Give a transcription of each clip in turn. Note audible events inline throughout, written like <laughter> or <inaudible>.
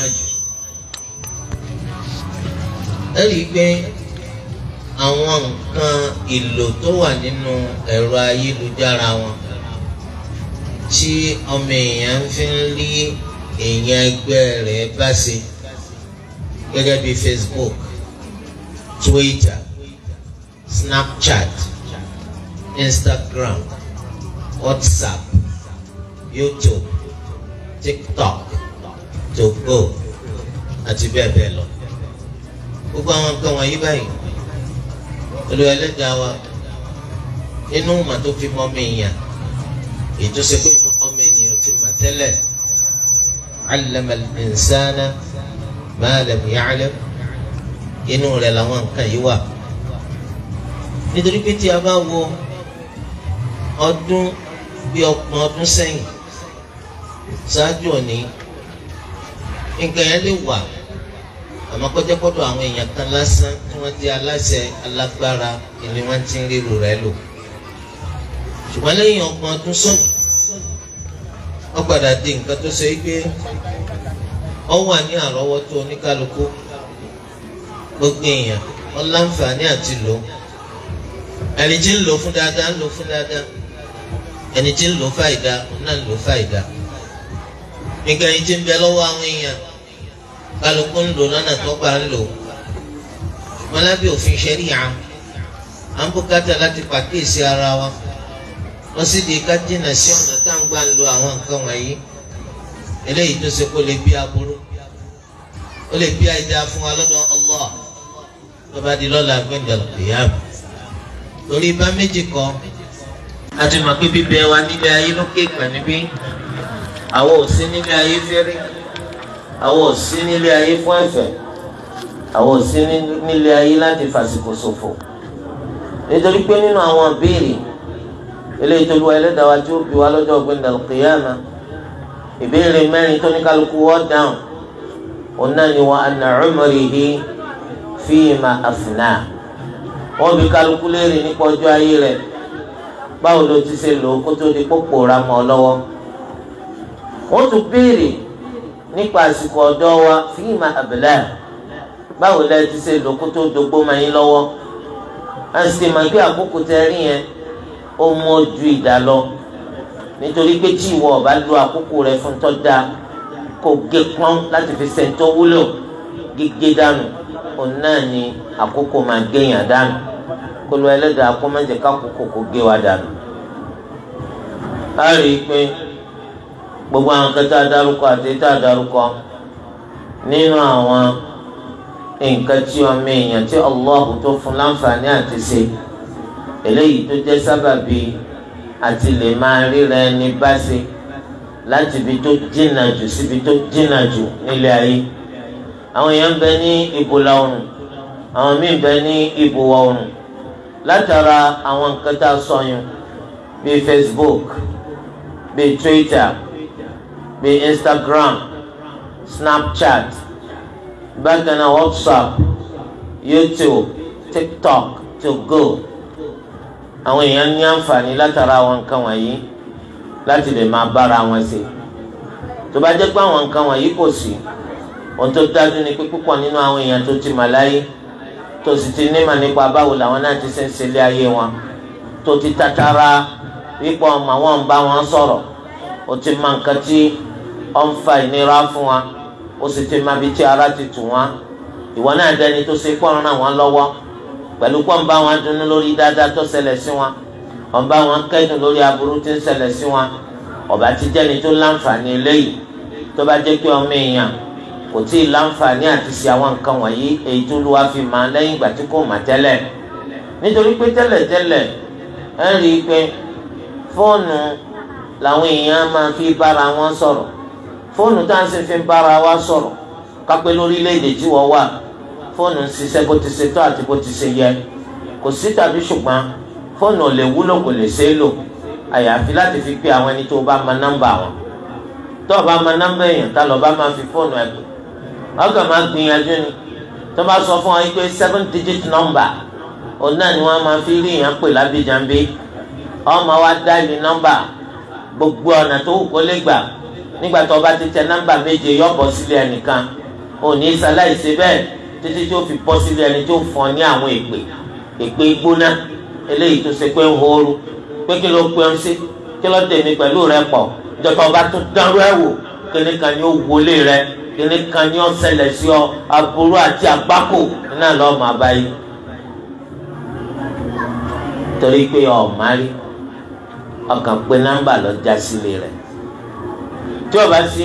má jù. ẹ rí i pé àwọn nǹkan èlò tó wà nínú ẹ̀rọ ayélujára wọn tí ọmọ èèyàn fi ń rí èèyàn ẹgbẹ́ rẹ̀ bá ṣe gẹ́gẹ́ bí Facebook, Twitter, Snapchat, Instagram, WhatsApp, YouTube, TikTok. Togo àti bẹ́ẹ̀ bẹ́ẹ̀ lọ gbogbo àwọn nǹkan wọ̀nyí báyìí Olúwa Ẹlẹ́dàá wa nínú ìmọ̀ tó fi mọ́ mi yàn ìtúnṣe pé ọmọ ènìyàn ti mà tẹ́lẹ̀ allama al-insana ma lam ya'lam inú rẹ̀ làwọn nǹkan yìí wà nítorí pé tí a bá wo ọdún bí ọgbọ̀n ọdún sẹ́yìn ṣáájú òní nǹkan yẹn lè wà àmọ́ kọjá kọ́dọ̀ àwọn èèyàn kan lásán tí wọ́n di aláṣẹ alágbára ìlú wọn ti ń ríru rẹ lò ṣùgbọ́n lẹ́yìn ọgbọ̀n ọdún sọ̀rọ̀ wọ́n padà di nǹkan tó ṣe pé ó wà ní àrọ́wọ́tó oníkálukú gbogbo èèyàn wọ́n láǹfààní àti lò ẹni tí ń lò fún dáadáa ń lò fún dáadáa ẹni tí ń lò fàìdá náà ń lò fàìdá nǹkan yìí ti ń bẹ lọ́wọ́ àwọn èèyàn kálukú ń lò lọ́nà tó gbà ń lò mọ́lábí òfin ṣẹ́ríà à ń bùkátà láti pàkíyèsí ara wa wọ́n sì di ká dínà sí ọ̀nà tá à ń gbà ń lo àwọn nǹkan wọ̀nyí eléyìí tó ṣe kó lè bí aburú ó lè bí àìdá fún wa lọ́dọ̀ Allah tó bá di lọ́la gbẹ̀ngàn kìyàm torí bá méjì kan a ti mọ̀ pé bíbẹ wa nílé ayé ló ké ìgbà níbí àwọn ò sí nílé ayé fẹ́rẹ́ àwọn ò sí nílé ayé fún ẹ̀fẹ̀ àwọn ò sí nílé ayé láti fàsìkò ṣòfò nítorí pé nínú àwọn béèrè eléyìí tó lu ẹlẹ́dàá wa tí ó bí wa lọ́jọ́ ọ̀gbìn dàlùkìyàmà ìbéèrè mẹ́rin tó ní kálukú wọ́n òun náà ni wa anna umrihi fíìmà àfìnà wọ́n bí kálukú léèrè nípa ọjọ́ ayé rẹ̀ báwo ló ti ṣe lò ó kó tó di pópó ra lọ́wọ́ wọ́n tún béèrè nípa àsìkò ọ̀dọ́ wa fíìmà àbẹ̀lẹ̀ báwo lẹ ti ṣe lòkú tó dogbó ma yín lọ́wọ́ a sì máa gbé àkókò tẹ rí yẹn ó mọ ju ìdá lọ nítorí pé tí ìwọ ọba lo àkókò rẹ fún tọ́ da kò gé pọ́n láti fi ṣètò wúlò gígé dànù òun náà ni àkókò máa géèyàn dànù kó lọ ẹlẹ́dàá kó má jẹ́ ká àkókò kó gé wa dànù. a rí i pé gbogbo àwọn kẹta adarúkọ àti tá adarúkọ nínú àwọn nǹkan tí ọmọ èèyàn tí Allahu tó fún láǹfààní àti ṣe eléyìí tó jẹ́ sábàbí àti lè máa ríra ẹni bá ṣe láti ibi tó jìnnà jù síbi tó jìnnà jù nílé ayé àwọn èèyàn bẹ ní ibùlà oòrùn àwọn míì bẹ ní ibùwọ̀ oòrùn látara àwọn nǹkan tá a sọyún bíi Facebook bíi Twitter bíi instagram snapchat bákan náà whatsapp youtube tiktok to go àwọn èèyàn ní àǹfààní látara àwọn nǹkan wọ̀nyí láti lè máa bára wọn ṣe tó bá jẹ́ pé àwọn nǹkan wọ̀nyí kò sí ohun tó dájú ni pé púpọ̀ nínú àwọn èèyàn tó ti mà láyé tó sì ti nímọ̀ nípa báwo làwọn náà ti ṣe ń ṣẹlẹ̀ ayé wọn tó ti tatara wípé ọmọ àwọn ń bá wọn sọ̀rọ̀ ó ti mọ nǹkan tí ó ń fa ìnira fún wa ó sì ti máa bi tí ara ti tù wọ́n ìwọ náà dẹni tó ṣe pọ́n ràn wọ́n lọ́wọ́ pẹ̀lú pọ́n bá wọn dunnú lórí dáadáa tó ṣẹlẹ̀ sí wọn ọ̀n bá wọn kẹ́dùn lórí aburú tí ń ṣẹlẹ̀ sí wọn ọ̀bá ti jẹ́ni tó láǹfààní eléyìí tó bá jẹ́ pé ọmọ èèyàn kò tí ì láǹfààní àti ṣe àwọn nǹkan wọ̀nyí èyí tó lu wa fi máa lẹ́yìn ìgbà tí kò mà tẹ́lẹ̀ nítorí pé tẹ́lẹ̀tẹ́lẹ̀ ẹ̀ rí i pé fóònù làwọn èèyàn máa fi bára wọn sọ̀rọ̀ fóònù tá à ń ṣe fi ń bára wa sọ̀rọ̀ kápẹ́ lórílẹ̀‐èdè tí wọ́n wà fóònù ń ṣiṣẹ́ bó ti ṣe tó àti bó ti ṣe yẹ kò sí tàbí ṣùgbọ́n fóònù ò lè wúlò kò lè ṣeé lò àyàfi láti fi pé àwọn ẹni tó bá ma nọ́mbà wọn tó o bá ma nọ́mbà èèyàn tá lọ bá ma fi fóònù ẹ pè ọkàn máa gbìyànjú ni tó bá sọ fún ọ pé seven digit number òun náà ni wọ́n máa fi rí èèyàn pè lábíjàmbé ọmọ wa dá ìlú nọ́mbà gbogbo ọ̀nà tó wù kó gbà nígbà tó bá ti tẹ nọ́mbà méje yọ bọ́ sílé ẹnìkan òní ṣaláìsí bẹ́ẹ̀ títí tó fi bọ́ sílé ẹni tó fọn ní àwọn èpè èpè gbóná eléyìí tó ṣe pé ń hooru pé kí ló pẹ́ ń sí kí ló tèmi pẹ̀lú rẹ pọ̀ ìjọba ọba tó dánrú ẹ̀ wò kíní kan ni ó wọlé rẹ kíní kan ni ó ṣẹlẹ̀ sí ọ aburú àti àgbákò iná lọ́ọ́ máa bá torí pé ọ̀ máa rí ọkàn pé nọ́mbà lọ já sílé rẹ̀ tí ó bá sí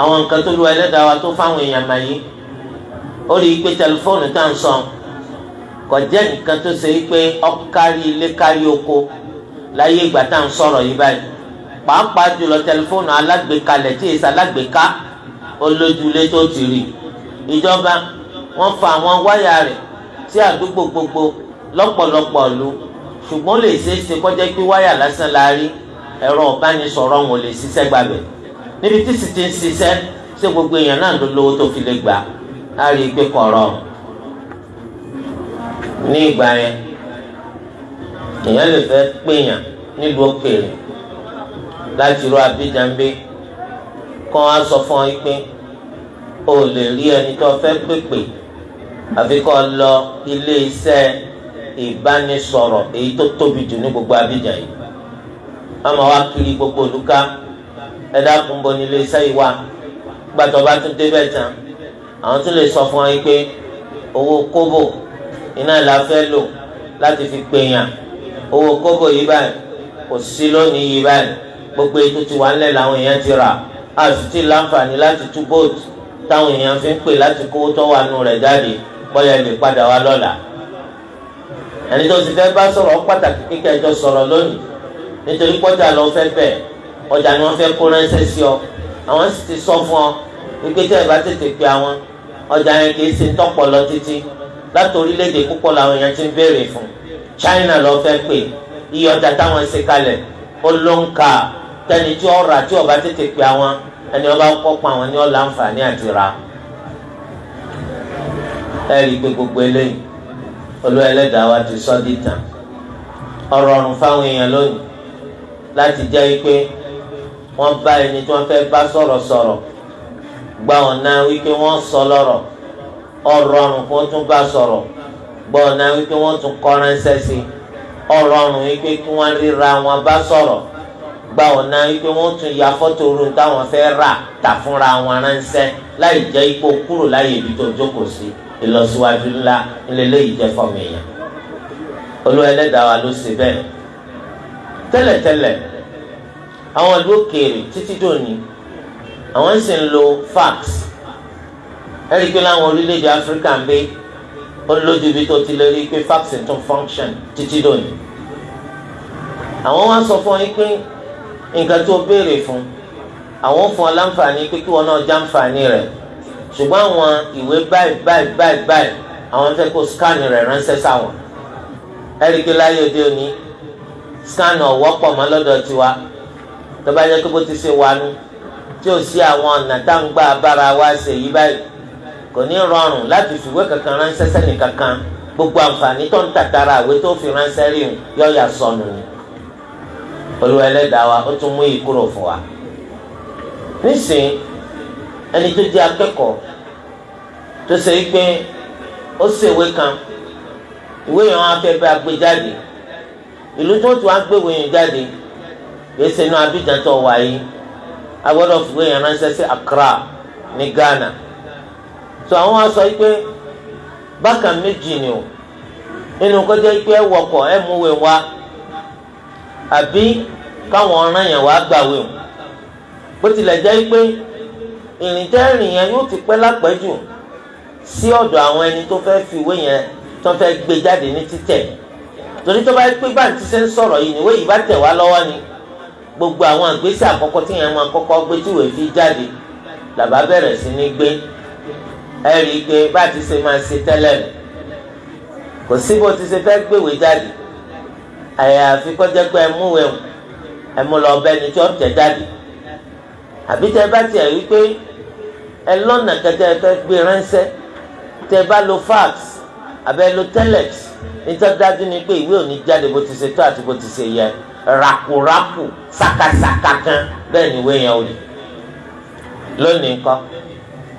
àwọn nǹkan tó lu ẹlẹ́dàá wa tó fáwọn èèyàn mà yìí ó rí i pé tẹlifóònù tá à ń sọ kò jẹ́ nǹkan tó ṣe é pé ọkárí ilé kárí oko láyé ìgbà tá à ń sọ̀rọ̀ yìí báyìí pàápàá jùlọ tẹlifóònù alágbèékalẹ̀ tí èsì alágbèéká olójúlé tó ti rí ìjọba wọ́n fa àwọn wáyà rẹ̀ sí àdúgbò gbogbo lọ́pọ̀lọpọ̀ lu ṣùgbọ́n lè ṣeé ṣe kọjá pé wáyà lásán la rí ẹ̀rọ ọ̀bánisọ̀rọ̀ wọn lè ṣiṣẹ́ gbàgbẹ́ níbi tí sì ti ń ṣiṣẹ́ ṣé gbogbo èèyàn náà ló lówó tó fi lè gbà á rí i pé kọ̀ọ̀rọ̀ ní ìgbà yẹn èèyàn lè fẹ́ péyàn nílùú òkèèrè láti ru Abidjan bí kọ́ á sọ fún ọ pé o lè rí ẹni tó fẹ́ pèpè àfi kọ́ lọ ilé iṣẹ́ ìbánisọ̀rọ̀ èyí tó tóbi jù ní gbogbo Abidjan yìí wọ́n máa wá kiri gbogbo olùkà ẹ dákun bọ nílé iṣẹ́ ìwà gbàtọ́ bá tún débẹ̀ tán àwọn tún lè sọ fún wọn pé owó kóbò iná ìlà fẹ́ lò láti fi pèèyàn owó kóbò yìí báyìí kò sí lónìí yìí báyìí gbogbo ètò tí wà ńlẹ̀ làwọn èèyàn ti rà á sì ti láǹfààní láti tú bóòtù táwọn èèyàn fi ń pè láti kówó tó wà nù rẹ̀ jáde bọ́yá lè padà wá lọ́la ẹni tó ti fẹ́ bá sọ̀rọ̀ pàtàkì kíkẹ́ ẹjọ́ lónìí nítorí pọ́jà lọ fẹ́ bẹ́ẹ̀ ọjà ni wọ́n fẹ́ kó ránṣẹ́ sí ọ àwọn sì ti sọ fún ọ wípé tẹ́ ẹ bá tètè pe àwọn ọjà yẹn kì í ṣe tọ́pọ̀ lọ títí láti orílẹ̀-èdè làwọn èèyàn ti ń béèrè fún China lọ fẹ́ pè iye ọjà táwọn ṣe kalẹ̀ ó ló ń ka tẹni tí ọ̀rà tí ọba tètè pe àwọn ẹni ọba kọ́pọ̀ àwọn ni ọ̀la àǹfààní àti ra ẹ rí pé gbogbo eléyìí olú ẹlẹ́dàá wa ti sọ́ dìtàn ọ̀rọ̀ ọ̀run fáwọn èèyàn lónìí láti jẹ́ wípé wọ́n bá ẹni tí wọ́n fẹ́ bá sọ̀rọ̀ sọ̀rọ̀ gba ọ̀nà wípé wọ́n sọ lọ́rọ̀ ọ̀rọ̀rùn kó tún bá sọ̀rọ̀ gba ọ̀nà wípé wọ́n tún kọ ránṣẹ́ sí ọ̀rọ̀rùn wípé kí wọ́n ríra wọn bá sọ̀rọ̀ gba ọ̀nà wípé wọ́n tún ya fọ́tò oru táwọn fẹ́ rà tà fúnra wọn ránṣẹ́ láì jẹ́ ipò kúrò láyè ibi tó jókòó sí ìlọsíwájú ńlá ńlẹ́lẹ́yìí jẹ́ fọ́mìyàn olú ẹlẹ́dàá wa ló ṣe bẹ́ẹ̀ tẹ́lẹ̀tẹ́lẹ̀ àwọn ìlú òkèèrè títí dòní àwọn sì ń lo fax ẹ rí i pé láwọn orílẹ̀-èdè áfíríkà ń bẹ ó lójú ibi tó ti lè rí pé fax tún function títí dòní àwọn wá sọ fún yín pé nǹkan tó béèrè fún àwọn fún ọ láǹfààní pé kí wọn náà já ǹfààní rẹ̀ ṣùgbọ́n àwọn ìwé báyìí báyìí báyìí báyìí àwọn fẹ́ kó scan rẹ̀ ránṣẹ́ sáwọn ẹ̀ríkì láyé òde òní scan ọ̀wọ́pọ̀ mọ́ lọ́dọ̀ tiwa tó bá jẹ́ pé bó ti ṣe wà nù tí ò sí àwọn ọ̀nà tá ń gbà bára wa ṣe yí báyìí kò ní rọrùn láti fìwé kankan ránṣẹ́ sẹ́ni kankan gbogbo àǹfààní tó ń tàtàrà àwé tó fi ránṣẹ́ rí un yọ̀ọ̀yà sọnù ni olúwa ẹlẹ́dàá wa ó tún mú yìí kúrò fún wa nísìnyí ẹni tó jẹ́ akẹ́kọ̀ọ́ tó ṣe é pé ó ṣèwé kan ìwé yẹn wọn á fẹ́ bá gbé jáde ìlú tó tún á gbéwé yẹn jáde gbèsè inú Abidjan tó wà yìí agbọ́dọ̀ fún èèyàn sí Accra ní Ghana tó àwọn wa sọ pé bákan méjì ni o nínú kọjá pé ẹ wọkọ̀ ẹ múwèé wá àbí káwọn ọ̀ràn yẹn wàá gbàwé o bó tilẹ̀ jẹ́ pé ìrìntẹ́rìn yẹn yóò ti pẹ́ lápẹ́jù sí ọ̀dọ̀ àwọn ẹni tó fẹ́ fi ìwé yẹn tó fẹ́ gbé jáde ní títẹ̀ torí tó bá pé báńtí ṣe ń sọ̀rọ̀ yìí ni ìwé bá tẹ̀ wá lọ́wọ́ ni gbogbo àwọn àgbésẹ̀ àkọ́kọ́ tí yẹn máa kọ́kọ́ gbé tí ìwé fi jáde làbá bẹ̀rẹ̀ sí ní gbé ẹ rí i pé bá ti ṣe máa ṣe tẹ́lẹ̀ nù kò sí bó ti ṣe fẹ́ gbéwèé jáde àyàfi kọjá pé ẹ mú wẹ̀wù ẹ mú lọ bẹ́ẹ̀ ni tí wọ́n tẹ̀ jáde àbí tẹ bá tiẹ̀ rí i pé ẹ lọ́nà kẹtẹ fẹ́ gbé ránṣẹ́ tẹ bá lo fax àbẹ lo telex ní tọ́jú dájú ni pé ìwé ò ní jáde bó ti ṣe tó àti bó ti ṣe yẹ rakuraku sakasaka kan bẹ́ẹ̀ ni ìwé yẹn ò ní lónìí kọ́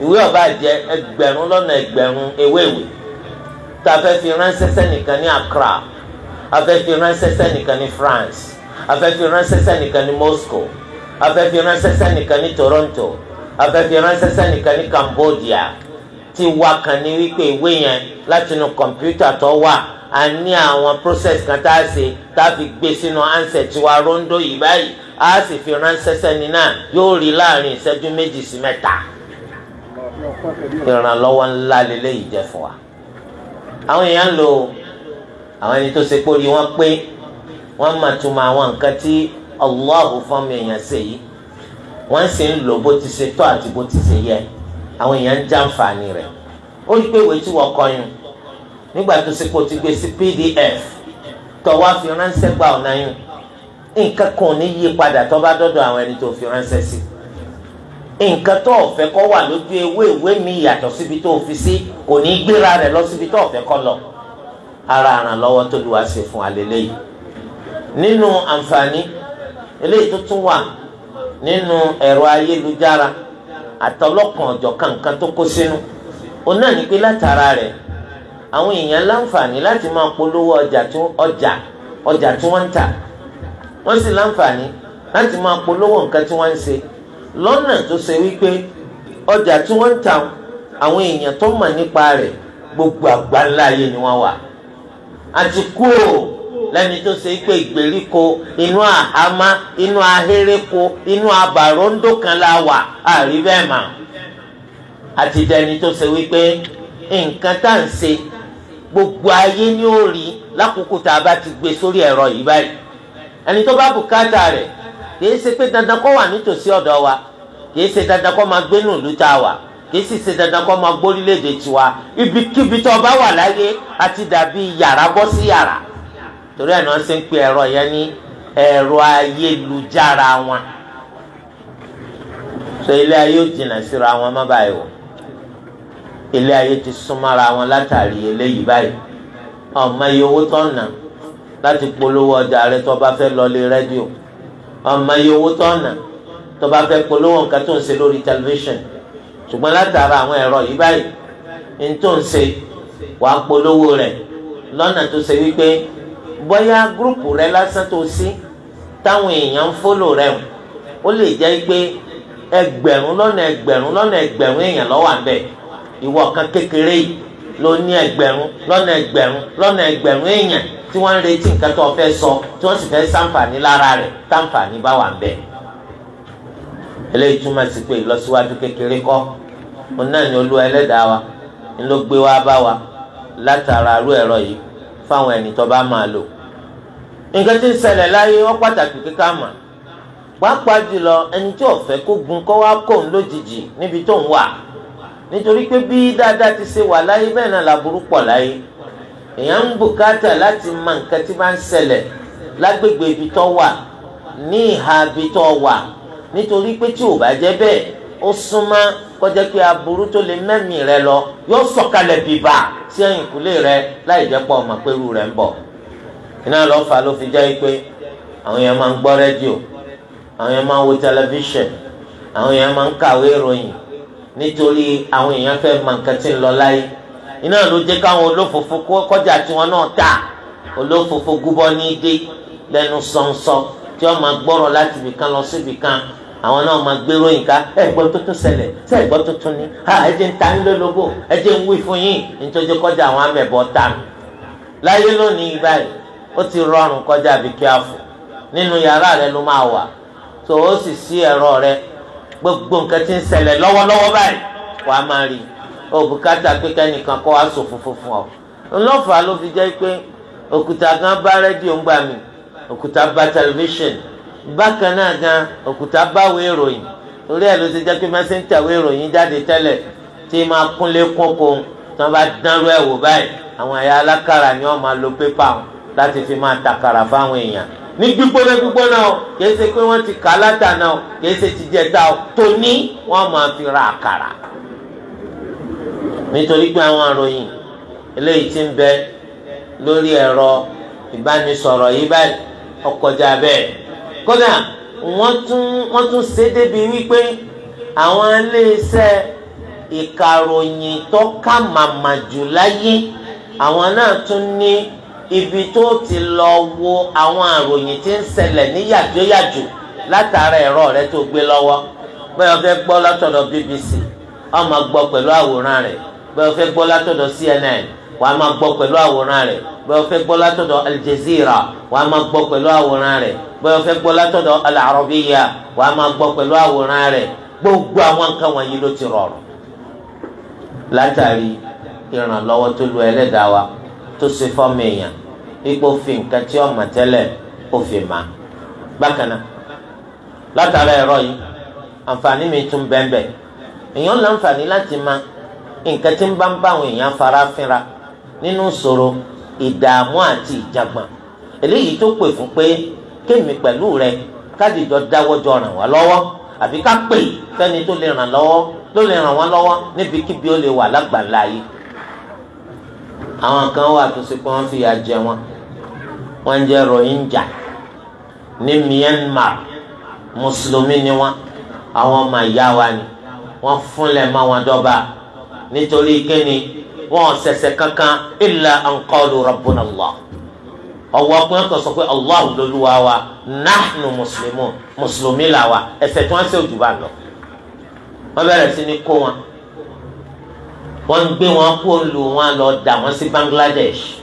ìwé ọba jẹ ẹgbẹ̀rún lọ́nà ẹgbẹ̀rún ewéèwé tá a fẹ́ fi ránṣẹ́ sẹ́nìkan ní Accra a fẹ́ fi ránṣẹ́ sẹ́nìkan ní France a fẹ́ fi ránṣẹ́ sẹ́nìkan ní Moscow a fẹ́ fi ránṣẹ́ sẹ́nìkan ní Toronto a fẹ́ fi ránṣẹ́ sẹ́nìkan ní Cambodia ti wá kan ní wípé ìwé yẹn látinú kọ̀ǹpútà tó wà a ní àwọn process kan tá a ṣe tá a fi gbé sínú ansẹ̀ tiwa rondo yìí báyìí a sì fi ránṣẹ́ sẹ́ni náà yóò rí láàrin ìṣẹ́jú méjì sí mẹ́ta ìrànlọ́wọ́ ńlá lélẹ́yìí jẹ́ fún wa àwọn èèyàn ń lo àwọn ẹni tó ṣe pé orí wọn pé wọn máa tún máa àwọn nǹkan tí Allahu fún mi èèyàn ṣe yìí wọn sì ń lò bó ti ṣe tọ́ àti bó ti ṣe yẹ àwọn èèyàn ń jàǹfààní rẹ̀ ó rí pé ìwé tí wọ́n kọ́ yun nígbà tó ṣe pé o ti gbé sí pdf tó wá fi ránṣẹ́ gba ọ̀nà yẹn nǹkan kan ò ní yí padà tó bá dọ́dọ̀ àwọn ẹni tó fi ránṣẹ́ sí nǹkan tó ọ̀fẹ́ kọ́ wà lójú ewé ìwé mi yàtọ̀ síbi tó fi sí kò ní gbéra rẹ̀ lọ síbi tó ọ̀fẹ́ kọ́ lọ ara àrànlọ́wọ́ tó lù wá ṣe fún alẹ́lẹ́ yìí nínú àǹfààní eléyìí tó tún wà nínú ẹ̀rọ ayélujára àtọlọ́kan ọ̀jọ̀kan nǹkan tó kó sínú òun náà ní pé látara rẹ̀ àwọn èèyàn láǹfààní láti máa polówó ọjà tí ọjà ọjà tí wọ́n ń tà wọ́n sì láǹfààní láti máa polówó nǹkan tí wọ́n ń ṣe lọ́nà tó ṣe wípé ọjà tí wọ́n ń tà àwọn èèyàn tó mọ̀ nípa rẹ̀ gbogbo àgbáńlá ni wọ́n wà àti kúrò lẹ́ni tó ṣe pé ìgbèríko inú àhámá inú ahéreko inú abàròndó kan la wà àrí bẹ́ẹ̀ mà àti dẹni tó ṣe wípé nǹkan tá à ń ṣe gbogbo ayé ni ó rí lákòókò tá a bá ti gbé sórí ẹ̀rọ yìí báyìí ẹni tó bá bùkátà rẹ̀ kìí ṣe pé dandan kó wà nítòsí ọ̀dọ̀ wa kìí ṣe dandan kó máa gbénú ìlú tá a wà kìí sì ṣe dandan kó máa gbórílẹ̀-èdè tiwa ibikíbi tó bá wà láyé àti dàbí yàrá bọ́ sí yàrá torí ẹ̀ ṣe ń pe ẹ̀rọ yẹn ní ẹ̀rọ ayélujára wọn so ilé ayé ò jìnnà síra wọn má báyìí wò ilé ayé ti súnmọ́ra wọn látàrí eléyìí báyìí ọmọ iye owó tó ń ná láti polówó ọjà rẹ tó bá fẹ́ lọlé rédíò ọmọ iye owó tó ń ná tó bá fẹ́ polówó nǹkan tó ń ṣe lórí tẹlifíṣàn ṣùgbọ́n látara àwọn ẹ̀rọ yìí báyìí ní tó ń ṣe wàá polówó rẹ̀ lọ́nà tó ṣe wípé bóyá gúrùpù rẹ lásán tó sí táwọn èèyàn ń fólò rẹ ó lè jẹ́ pé ẹgbẹ̀rún lọ́nà ẹgbẹ̀rún lọ́nà ẹgbẹ̀rún èèyàn ló wà ìwọ kan kékeré yìí ló ní ẹgbẹrún lọ́nà ẹgbẹrún lọ́nà ẹgbẹrún èèyàn tí wọ́n ń retí nǹkan tó fẹ́ sọ tí wọ́n sì fẹ́ sàǹfààní lára rẹ̀ sàǹfààní bá wà ń bẹ̀. eléyìí túmọ̀ sí pé ìlọsíwájú kékeré kọ́ òun náà ni olú ẹlẹ́dàá wa ń ló gbé wá bá wa látara arú ẹ̀rọ yìí fáwọn ẹni tó bá máa lò. nǹkan tí ń ṣẹlẹ̀ láyé wọ́n pàtàkì kíkà mà pàápàá jùlọ ẹni tí ò fẹ́ kó gun kọ́ wá kóun lójijì níbi tó ń wà nítorí pé bí dáadáa ti ṣe wà láyé bẹ́ẹ̀ náà làbúrú pọ̀ láyé èèyàn ń bùkátà láti mọ nǹkan tí bá ń ṣẹlẹ̀ lágbègbè ibi tó wà ní ìhà ibi tó wà nítorí pé tí ò bá jẹ́ bẹ́ẹ̀ ó súnmọ́ kọjá pé aburú tó lè mẹ́mí rẹ lọ yóò sọ̀kalẹ̀ bìbà sí ẹ̀yìn ìkúlé rẹ láì jẹ́ pọ̀ ọmọ pẹ̀lú rẹ̀ ń bọ̀ iná lọ fà ló fi jẹ́ pé àwọn èèyàn máa ń gbọ́ rédíò àwọn èèyàn máa ń wo tẹlifíṣàn àwọn èèyàn máa ń kàwé ìròyìn nítorí àwọn èèyàn fẹ́ mọ nǹkan tí ń lọ láyé iná ló jẹ́ káwọn olófòfò kọjá tiwọn náà tà olófòfò gúbọ́ ní dé lẹ́nu sọ̀nsọ̀ tí wọ́n máa gbọ́rọ̀ láti ibìkan lọ sí ibìkan àwọn náà máa gbé ròyìn ká ẹgbọ́n tuntun ṣẹlẹ̀ ṣé ẹgbọ́n tuntun ni ẹjẹ ń ta ń lé lóbò ẹjẹ ń wí fún yín nítorí kọjá àwọn amẹ̀bọ̀ tà mí. láyé lónìí báyìí ó ti rọrùn kọjá àbíkí àfọ̀ nínú yàrá rẹ ló máa wà tó o sì sí ẹ̀rọ rẹ gbogbo nǹkan tí ń ṣẹlẹ̀ lọ́wọ́lọ́wọ́ báyìí wàá máa rí o bùkátà pé kẹ́nìkan kọ́ wá sọ funfun fún ọ. ńlọ́fà ló fi jẹ́ pé òkúta gan bá rédíò ń gbà mí òkúta bá tẹlifíṣàn bákan náà gan òkúta báwo ìròyìn orí ẹ̀ ló ti jẹ́ pé mẹ́sì ń tẹ̀wé ìròyìn jáde tẹ́lẹ̀ tí máa kúnlé kókó tí wọ́n bá dánrú ẹ̀ wò báyìí àwọn ẹ̀yà alákàrà ni wọ́n máa lo pépà láti fi máa tàkàrà fáwọn èèyàn ní gbígbóná gbígbóná o kìí ṣe pé wọ́n ti kà á látàná o kìí ṣe ti jẹta o tóní wọ́n máa fi ra àkàrà nítorí pé àwọn àròyìn eléyìí ti ń bẹ lórí ẹ̀rọ ìbánisọ̀rọ̀ yìí báyìí ọkọjà bẹ́ẹ̀ kódà wọ́n tún wọ́n tún ṣe débi wípé àwọn iléeṣẹ́ ìkàròyìn tó kà màmá jù láyé àwọn náà tún ní ibi tó ti lọ wo àwọn àròyìn tí ń ṣẹlẹ̀ ní yàjóyàjó látara ẹ̀rọ rẹ tó gbé lọ́wọ́ bẹ́ẹ̀ o gbọ́ látọ̀dọ̀ BBC ọmọ gbọ́ pẹ̀lú àwòrán rẹ̀ bẹ́ẹ̀ o gbọ́ látọ̀dọ̀ CNN wà á máa gbọ́ pẹ̀lú àwòrán rẹ̀ bẹ́ẹ̀ o gbọ́ látọ̀dọ̀ Al Jazeera wà á máa gbọ́ pẹ̀lú àwòrán rẹ̀ bẹ́ẹ̀ o gbọ́ látọ̀dọ̀ Al Arabiya wà á máa gbọ́ pẹ̀lú àwòrán rẹ̀ gbogbo àwọn nǹkan wọ̀nyí ló ti rọrùn látàrí ìrànlọ́wọ́ tó lu ẹlẹ́dàá wa tó ṣe fọ́ọ̀mù èèyàn ipò fi nǹkan tí ọmọ tẹ́lẹ̀ ó fi mà á látara ẹ̀rọ yìí àǹfààní mi tún bẹ́ẹ̀ èèyàn láǹfààní láti ma nǹkan tí ń bá ń bá àwọn èèyàn fara fínra nínú ìṣòro ìdààmú àti ìjàgbọ̀n eléyìí tó pè fún pé kémi pẹ̀lú rẹ kádìjọ dáwọ́jọ ràn wá lọ́wọ́ àbí ká pè fẹ́ni tó lè ràn lọ́wọ́ tó lè ràn wá àwọn kan wà tó ṣe pé wọ́n fi ìyà jẹ wọn wọ́n ń jẹ́ Rohingya ní Myanmar mùsùlùmí ni wọ́n àwọn ọmọ ìyá wa ni wọ́n fúnlẹ̀ mọ́ wọn dọ́ba nítorí kíni wọ́n ṣẹ̀ṣẹ̀ kankan illa an qalu rabbuna Allah ọwọ́ ọkùnrin kan sọ pé Allah lolúwa wa nahnu muslimun Muslimi la wa ẹ̀ṣẹ̀ tí wọ́n ṣe òjò bá lọ wọ́n bẹ̀rẹ̀ sí ní kó wọn wọ́n gbé wọn kó lu wọn lọ dà wọ́n sí Bangladesh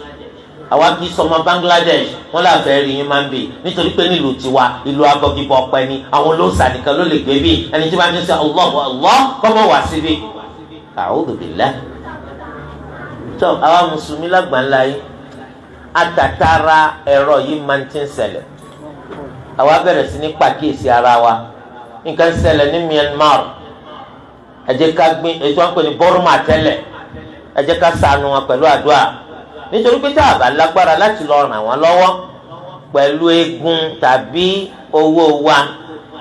àwa kì í sọmọ Bangladesh wọn là fẹ́ rí yín máa ń bè nítorí pé nílùú tiwa ìlú abọ́gibọ́ ọ̀pẹ ni àwọn olóòsà nìkan ló lè gbé bí ẹni tí wọ́n ti sọ Allah Allah kọ́mọ wá síbi. A'udhu billah. tó àwa mùsùlùmí lágbàńlá yìí àtàtàrà ẹ̀rọ yìí máa ń ti ń ṣẹlẹ̀ àwa bẹ̀rẹ̀ sí ní pàkíyèsí ara wa nǹkan ṣẹlẹ̀ ní Myanmar ẹ jẹ́ ká gbin ètò wọn pè ní bọ́rùmà tẹ́lẹ̀ ẹ jẹ́ ká ṣàánú wọn pẹ̀lú àdúrà nítorí pé tá a bá lágbára láti lọ ràn wọ́n lọ́wọ́ pẹ̀lú egun tàbí owó wa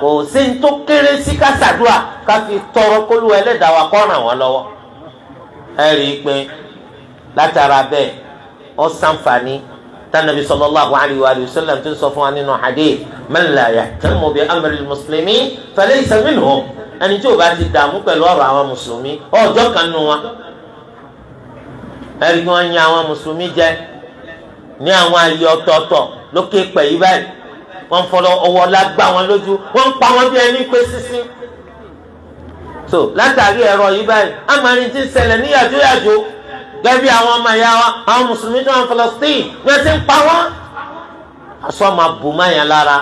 kò sí ní tó kéré sí ká ṣàdúrà ká fi tọrọ kólú ẹlẹ́dàá wa kó ràn wọ́n lọ́wọ́ ẹ rí i pé látara bẹ́ẹ̀ ó ṣàǹfààní tanabi sallallahu alayhi wa sallam tó ń sọ fún wa nínú hadith man la yahtamu bi amri al-muslimin ẹni tí ò bá ti dààmú pẹ̀lú ọ̀rọ̀ àwọn mùsùlùmí ọjọ́ kan nù wọn ẹni wọn yan àwọn mùsùlùmí jẹ ní àwọn ayé ọ̀tọ̀ọ̀tọ̀ lókè pẹ̀ yí báyìí wọ́n fọlọ́ ọwọ́ lágbá wọn lójú wọ́n pa wọn bí ẹni pé sísí so látàrí ẹ̀rọ yìí báyìí amarin ti ṣẹlẹ̀ ní yàjóyàjó gẹ́bí àwọn ọmọ ìyá wa àwọn mùsùlùmí tó ń Palestine ní ẹ ti ń pa wọ́n aṣọ máa bù máa lára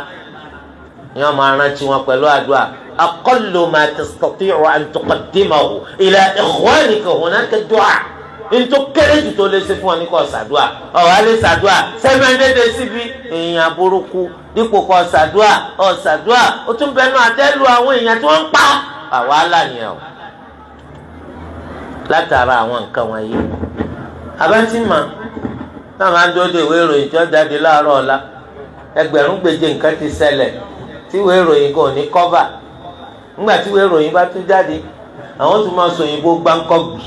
ni wọ́n máa wọn pẹ̀lú àdúrà أقل ما تستطيع أن تقدمه إلى إخوانك هناك الدعاء ntó kéré jù tó lè ṣe fún ọ ní kò ṣàdúà ọ̀hà lè ṣàdúà sẹ́mẹ́ndéde síbi èèyàn burúkú dípò kò ṣàdúà ọ̀ ṣàdúà ó tún bẹnu àtẹ́lu àwọn èèyàn tí wọ́n ń pa àwa lànìyàn o látara àwọn nǹkan wọ̀nyí abẹ́ntí mà náà máa ń dúró de ìwé ìròyìn tó jáde láàárọ̀ ọ̀la ẹgbẹ̀rún gbèje nǹkan ti ṣẹlẹ̀ tí ìwé ìròyìn kò ní kọ́fà ńgbà tí wọ́n ìròyìn bá tún jáde àwọn tún máa sọ òyìnbó gbáǹkọ́gbì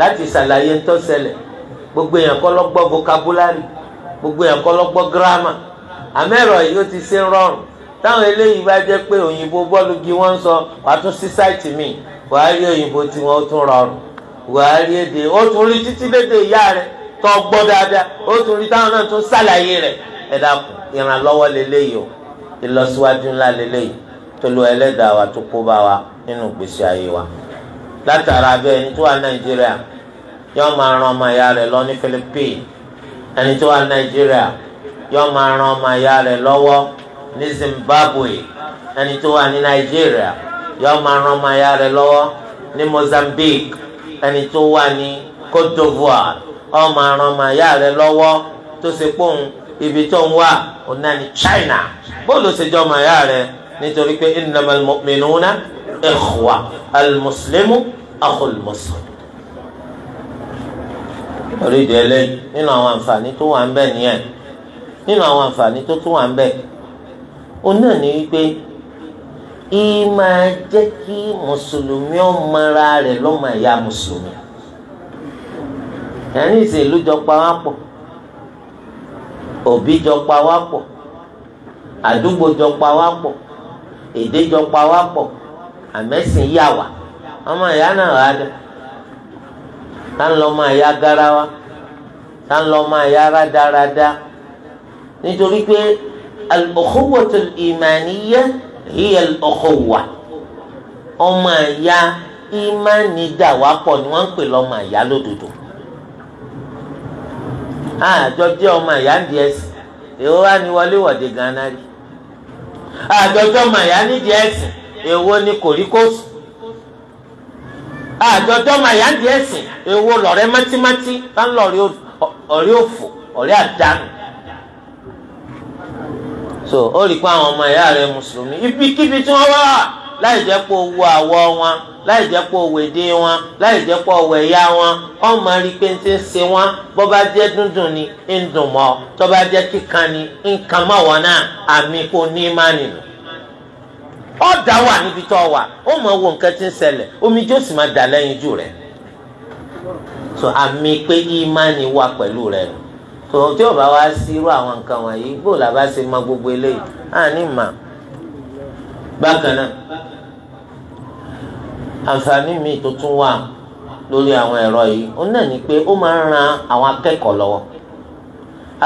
láti ṣàlàyé ńtọ́sẹ̀lẹ̀ gbogbo èèyàn kọ́ lọ́gbọ́ vocabulary gbogbo èèyàn kọ́ lọ́gbọ́ grammar àmẹ́rọ̀ yìí ó ti ṣe ń rọrùn táwọn eléyìí bá jẹ́ pé òyìnbó bọ́ọ̀lù gi wọ́n ń sọ wàá tún sí sáìtì mi wàá rí òyìnbó tí wọ́n tún rọrùn wàá rí èdè ó tún rí títí lédè ìyá rẹ̀ tó gbọ́ dáadáa ó tún rí táwọn náà tún ṣàlàyé rẹ̀ ẹ ìrànlọ́wọ́ lélẹ́yìí o ìlọsíwájú ńlá lélẹ́yìí tolu ẹlẹ́dàá wa tó kó bá wa nínú gbèsè ayé wa látara abẹ ẹni tó wà nàìjíríà yóò máa ran ọmọ ìyá rẹ̀ lọ ní philippines ẹni tó wà nàìjíríà yóò máa ran ọmọ ìyá rẹ̀ lọ́wọ́ ní zimbabwe ẹni tó wà ní nàìjíríà yóò máa ran ọmọ ìyá rẹ̀ lọ́wọ́ ní mozambique ẹni tó wà ní cote d'ivoire yóò máa ran ọmọ ìyá rẹ̀ lọ́wọ́ tó ṣe pòun ibi tó ń wà ọ̀nà ní china bó ló ṣe jọ ọmọ ìyá rẹ̀ nítorí pé innamal mu'minuna ikhwa al-muslimu akhul muslim. orí ìdẹ́lẹ́ nínú àwọn àǹfààní tó wà ń bẹ nìyẹn nínú àwọn àǹfààní tó tún wà ń bẹ òun náà ní wípé ìmọ̀ jẹ́ kí mùsùlùmí ọmọ ara rẹ̀ lọ́mọ ìyá mùsùlùmí yẹnni ìṣèlú jọ pa wá pọ̀ òbí jọ pa wá pọ̀ àdúgbò jọ pa wá pọ̀ èdè jọ pa wá pọ̀ àmẹ́sìn yà wá ọmọ ìyá náà wà dẹ tá ń lọ ọmọ ìyá garawa tá ń lọ ọmọ ìyá rádaràda nítorí pé al-ukhuwwatu al-imaniyya ọmọ ìyá ìmánì ni wọ́n ń pè lọ́mọ ìyá lódodo àjọ jẹ́ ọmọ ìyá ń di ẹsẹ̀ èèwọ̀ wá ní wọléwọ̀de gan-an àjọjọ́ màyà nídìí ẹ̀sìn Ewo ni kòríkòsù àjọjọ́ màyà nídìí ẹ̀sìn èwo lọ̀rẹ́ mátímátí bá ń lọ ọ̀rẹ́ òfò ọ̀rẹ́ àdánù so ó rí i pé àwọn ọmọ ìyá rẹ mùsùlùmí ibikíbi tí wọ́n wà láì jẹ́ pé owó àwọ̀ wọn. láì jẹ́ pọ̀ òwe dé wọn láì jẹ́ pọ̀ òwe ya wọn ọmọ rí pé ń ti ń ṣe wọn bó bá jẹ́ dúndùn ni ń dùn mọ́ tó bá jẹ́ kíkan ni ń kan mọ́ wọn náà àmì kò ní má nìyẹn ọ̀dà wà níbi tó wà ó nǹkan ti ń ṣẹlẹ̀ omi jó sì máa dà lẹ́yìn jù rẹ̀ so àmì pé ìmánì wà pẹ̀lú rẹ̀ so tí ò àǹfààní mi tó tún wà lórí àwọn ẹ̀rọ yìí ó náà ní pé ó máa ń ran àwọn akẹ́kọ̀ọ́ lọ́wọ́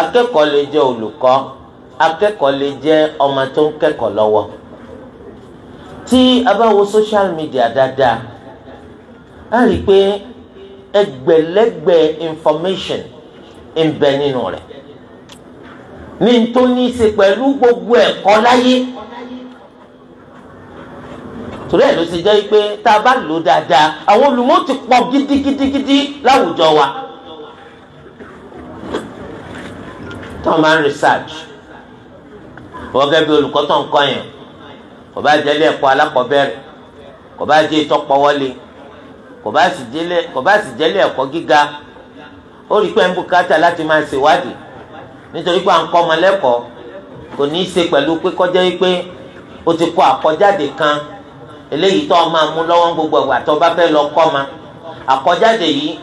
akẹ́kọ̀ọ́ lè jẹ́ olùkọ́ akẹ́kọ̀ọ́ lè jẹ́ ọmọ tó ń kẹ́kọ̀ọ́ lọ́wọ́ tí a bá wo social media dáadáa a rí i pé ẹgbẹ̀lẹ́gbẹ̀ information ń bẹ nínú rẹ̀ ní tó ní í ṣe pẹ̀lú gbogbo ẹ̀kọ́ láyé torí ẹ̀ ló ti jẹ́ pé tá a bá lò dáadáa àwọn olùmọ̀ ti pọ̀ gidigidigidi láwùjọ wa tó máa ń research wọ́n gẹ́gẹ́ bí olùkọ́ tó ń kọ́ yẹn kò bá jẹ́ ilé ẹ̀kọ́ alákọ̀ọ́bẹ̀rẹ̀ kò bá jẹ́ ìtọ́pọ̀wọ́lé kò bá sì jẹ́ ilé ẹ̀kọ́ gíga ó rí pé ń bùkátà láti máa ṣèwádìí nítorí pé à ń kọ́ ọmọ lẹ́kọ̀ọ́ kò ní í ṣe pẹ̀lú pé kọjá yìí pé o ti kọ àkọjáde kan eléyìí tó máa mú lọ́wọ́ gbogbo ọ̀gbà tó bá fẹ́ lọ kọ́ ma àkọ́jáde yìí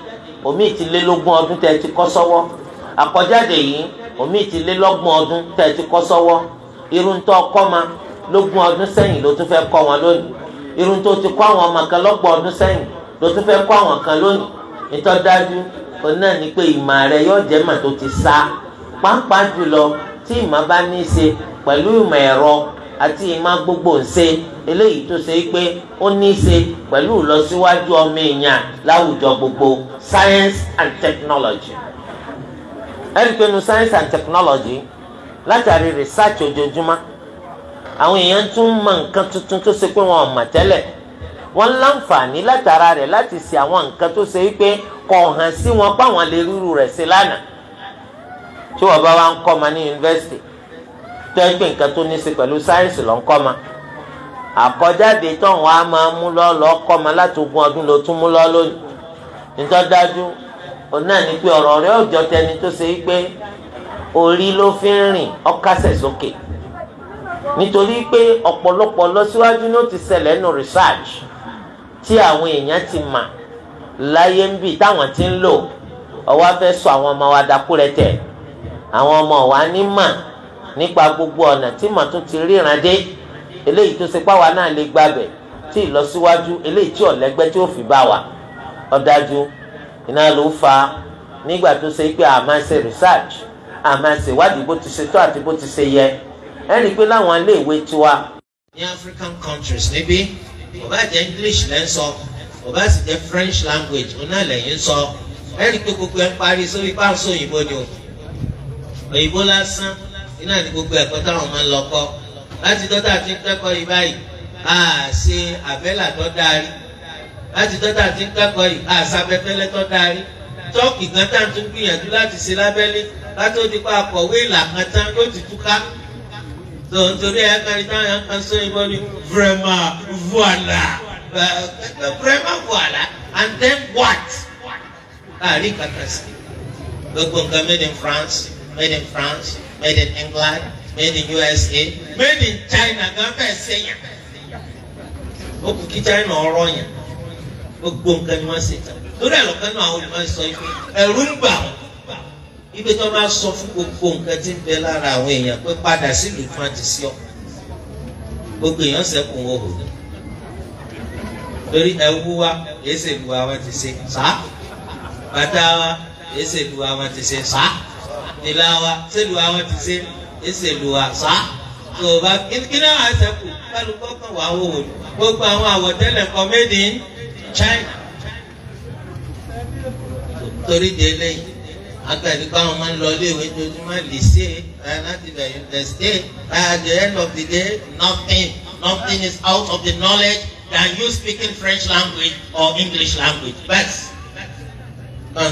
omi ti lé lógún ọdún tẹ́ ti kọ́ sọ́wọ́ àkọ́jáde yìí omi ti lé lọ́gbọ̀n ọdún tẹ́ ti kọ́ sọ́wọ́ irun tó kọ́ ma lógún ọdún sẹ́yìn ló tún fẹ́ kọ́ wọn lónìí irun tó ti kọ́ àwọn ọmọ kan lọ́gbọ̀n ọdún sẹ́yìn ló tún fẹ́ kọ́ àwọn kan lónìí ìtọ́dájú òun náà ni pé ìmọ̀ rẹ yóò jẹ́ mà tó ti sá pàápàá jùlọ tí ìmọ̀ bá ní í ṣe pẹ̀lú ìmọ̀ ẹ̀rọ àti ìmọ̀ gbogbo ńṣe eléyìí tó ṣe pé ó ní í ṣe pẹ̀lú ìlọsíwájú ọmọ èèyàn láwùjọ gbogbo science and technology ẹ̀rí pé science and technology látàrí research ojoojúmọ́ àwọn èèyàn tún mọ nǹkan tuntun tó ṣe pé wọn ò mọ̀ tẹ́lẹ̀ wọ́n láǹfààní látara rẹ̀ láti ṣe àwọn nǹkan tó ṣe pé kò hàn sí wọn páwọn lè rírú rẹ̀ ṣe lánàá tí wọ́n bá wá ń kọ́ ọmọ ní yunifásitì tẹ́ pé nǹkan tó ní í ṣe pẹ̀lú sáyẹ́ǹsì ló ń kọ́ ma àkọjáde tọ̀hún á máa mú lọ́ọ́lọ́ kọ́ ma láti ogún ọdún ló tún mú lọ́ọ́ lónìí nítorí dájú òun náà ni pé ọ̀rọ̀ rẹ̀ òjọ tẹni tó ṣe pé orí ló fi ń rìn ọkàṣẹ̀ sókè nítorí pé ọ̀pọ̀lọpọ̀ lọ síwájú ló ti ṣẹlẹ̀ nù research tí àwọn èèyàn ti mà láyé ń bì táwọn ti ń lò ọwọ́ fẹ́ sọ àwọn ọmọ wa dakú àwọn ọmọ wa ní mà nípa gbogbo ọ̀nà tí mà tún ti ríran dé eléyìí tó ṣe páwa náà lè gbàbẹ̀ tí ìlọsíwájú eléyìí tí ọ̀lẹ́gbẹ́ tí ó fi bá wa ọ̀dájú iná ló fa nígbà tó ṣe pé a máa ṣe research a máa ṣe ìwádìí bó ti ṣe tó àti bó ti ṣe yẹ ẹ pé láwọn iléèwé tiwa. ní African countries níbí kò bá English lẹ́ ń sọ kò sì jẹ́ French language òun náà lẹ́yìn ń sọ ẹ rí i pé gbogbo ẹ ń parí sórí páàsì òyìnbó ni òyìnbó lásán iná ní gbogbo ẹ̀kọ́ táwọn máa ń lọ kọ́ láti dọ́tà tí ń kẹ́kọ̀ọ́ yìí báyìí a ṣe àbẹ́là tó darí láti dọ́tà tí ń kẹ́kọ̀ọ́ yìí a ṣàbẹ́fẹ́lẹ́ tó darí tọ́ọ̀kì kan tá à ń tún gbìyànjú láti ṣe lábẹ́lé látó di pa àkọ̀wé ìlà kan tán yóò ti túká tó nítorí ẹ̀ kárí táwọn kan sóyún bọ́ ni vraiment voilà vraiment voilà and then what? àrí kàkà sí gbogbo nǹkan made in France made in France made in England made in USA made in China gan fẹ́ sẹ́yìn ó kù kí China ọ̀rọ̀ yẹn gbogbo nǹkan ni wọ́n ṣe tán lórí àlọ́kàn náà àwọn olùmọ̀ sọ ife ẹ̀rú ń bà wọ́n ibi tí wọ́n bá sọ fún gbogbo nǹkan tí ń bẹ lára àwọn èèyàn pé padà sílùú tí wọ́n ti gbogbo èèyàn sẹ́kùn òhò ni torí ẹ̀wú wa èsèlú wa wọ́n ti ṣe sá bàtà wa èsèlú wa wọ́n ti ṣe sá nílá wa sílùú ti ṣe ìṣèlú àṣà tó o bá kí náà kan wà wò ó gbogbo àwọn àwọ̀tẹ́lẹ̀ kan China torí di eléyìí agbẹ̀bí báwọn máa ń lọ ilé ìwé lìsè láti bẹ̀ yunifásitì at the end of the day nothing nothing is out of the knowledge than you speaking French language or English language bẹ́ẹ̀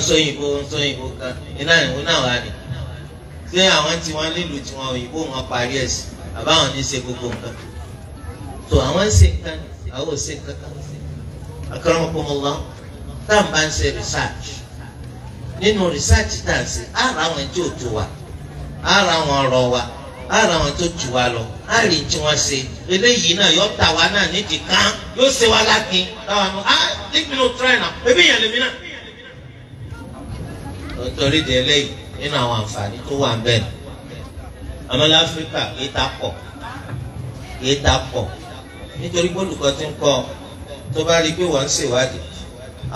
sọ òyìnbó sọ òyìnbó kan iná ìwọ wà ní pé àwọn tí wọ́n nílùú tí wọ́n òyìnbó wọn parí ẹ̀sìn àbáwọn ní í ṣe gbogbo nǹkan tó àwọn ń ṣe nǹkan àwọn ò ṣe nǹkan kan akramakumullah tá à ń bá ń ṣe research nínú research tá à ń ṣe á ra àwọn tí ò tó wa á ra àwọn ọ̀rọ̀ wa á ra àwọn tó jù wa lọ á rí tí wọ́n ṣe eléyìí náà yọ tà wá náà nídìí kan yóò ṣe wá lákin táwa ah, nù á leave me no try now ebi yẹn lèmi náà. lọ́tọ̀rí de eléyìí nínú àwọn àǹfààní tó wà ń bẹ̀ ni àmọ́ láfíríkà kìí ta pọ̀ kìí ta pọ̀ nítorí olùkọ́ ti ń kọ́ tó bá rí pé wọ́n ń ṣèwádìí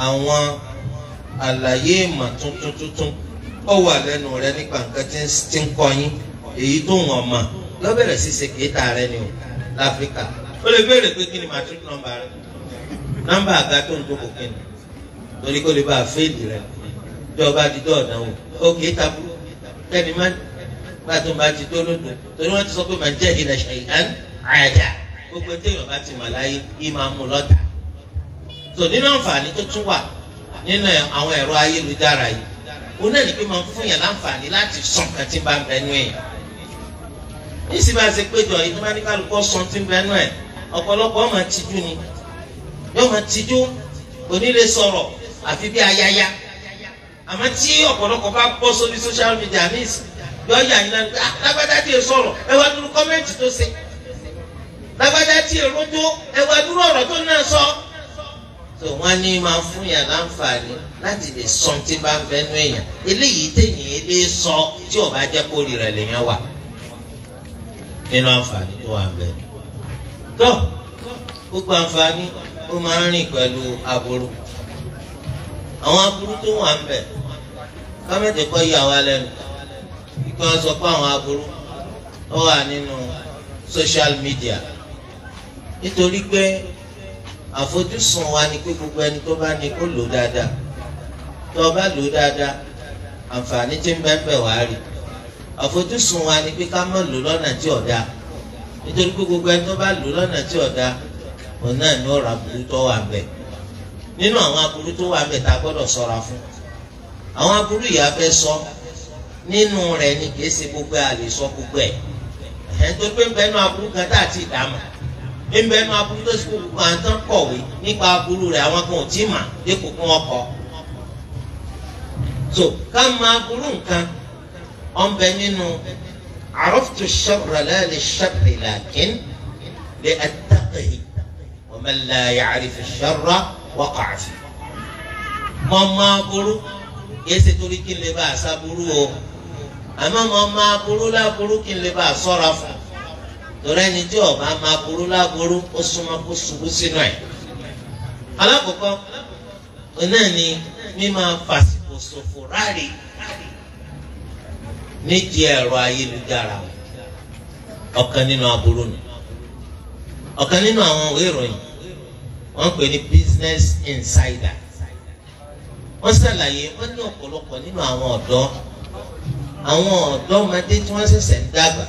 àwọn àlàyé ìmọ̀ tuntun tuntun ó wà lẹ́nu rẹ nípa nǹkan tí ń kọ́ yín èyí tó wọ̀n mọ̀ lọ́bẹ̀rẹ̀ sí kìí ta rẹ ni o láfíríkà ó lè béèrè pé kí ni matric number rẹ nọ́mbà àga tó ń dókòó kí ni torí kó lè bá a fèèdì rẹ jọba dídọ́ ọ̀dánwò ókè tabu kẹ́ni má gbàtó bá ti tó lódò torí wọ́n ti sọ pé màá jẹ́ ìdàṣà ìhán àyàjà gbogbo téèyàn bá ti wà láyé ìmọ̀ amúlọ́ta tò nínú àǹfààní tó tún wà nínú àwọn ẹ̀rọ ayélujára yìí òun náà ní pé máa ń fún yàn láǹfààní láti sàn kan tí ń bá ń bẹnu ẹ̀ níṣì bá ṣe péjọ yìí tó bá ní kálukọ́ sàn tí ń bẹnu ẹ̀ ọ̀pọ̀lọpọ̀ ọmọ tijú ni yóò máa tijú onílé sọ̀rọ̀ àfi bí ayáyá àmọ́ tí ọ̀pọ̀lọpọ̀ bá bọ́ sórí social media ní ìsìn yọ yà yín lẹ́nu ah, lágbádá tí ì sọ̀rọ̀ ẹ wá dúró kọ́mẹ́ǹtì tó ṣe lágbádá tí o rójó ẹ wá dúró ọ̀rọ̀ tó náà sọ. tó wọ́n ní máa fún yàn láǹfààní láti lè sọ tí bá ń fẹ́ nú èèyàn eléyìí téèyàn ilé sọ tí ò bá jẹ́ kórì rẹ̀ lèèyàn wà nínú àǹfààní tó wà bẹ́ẹ̀. tó gbogbo àǹfààní ó máa ń rìn pẹ̀lú aburú àwọn aburú tó wà ń bẹ̀ẹ́ kámẹ́tì kọ́ yà wá lẹ́nu ikú wọn sọ pé àwọn aburú ó wà nínú social media nítorí pé àfojúsùn wa ni pé gbogbo ẹni tó bá ní kó lò dáadáa tó o bá lò dáadáa àǹfààní tí ń bẹ́ẹ̀ wá rí àfojúsùn wa ni pé ká má lò lọ́nà tí ò dáa nítorí pé gbogbo ẹni tó bá lò lọ́nà tí ò dáa òun náà ni ó ra burú tó wà bẹ̀ nínú àwọn aburú tó wà bẹ̀ tá a gbọ́dọ̀ ṣọ́ra fún àwọn aburú yìí a fẹ́ sọ nínú rẹ̀ ni kìí ṣe gbogbo a lè sọ gbogbo ẹ̀ ẹ̀ tó pé nbẹ́nu aburú kan tá a ti dà mà nbẹ́nu aburú tó ṣe gbogbo à ń tán kọ̀wé nípa aburú rẹ̀ àwọn kan ò tí mà dípò kí wọ́n so ká máa aburú nǹkan ọ̀nbẹ nínú àròftù sharra la li sharri lakin li attaqihi wa man la ya'rif ash-sharra máa aburú kìí ṣe torí kí n lè bá àṣà burú o àmọ́ mo máa burú láburú kí n lè bá àṣọ́ra fún torí ẹni tí ọba máa burú láburú ó súnmọ́ kó ṣubú sínú ẹ̀. alákọ̀ọ́kọ́ náà ni mímọ fàṣìkò ṣòfò ráàlì nídìí ẹ̀rọ ayélujára ọ̀kan nínú aburú ni ọ̀kan nínú àwọn ìròyìn wọ́n pè ní business insider wọ́n ṣàlàyé wọ́n ní ọ̀pọ̀lọpọ̀ nínú àwọn ọ̀dọ́ àwọn ọ̀dọ́ ọmọdé tí wọ́n ṣẹ̀ṣẹ̀ ń dàgbà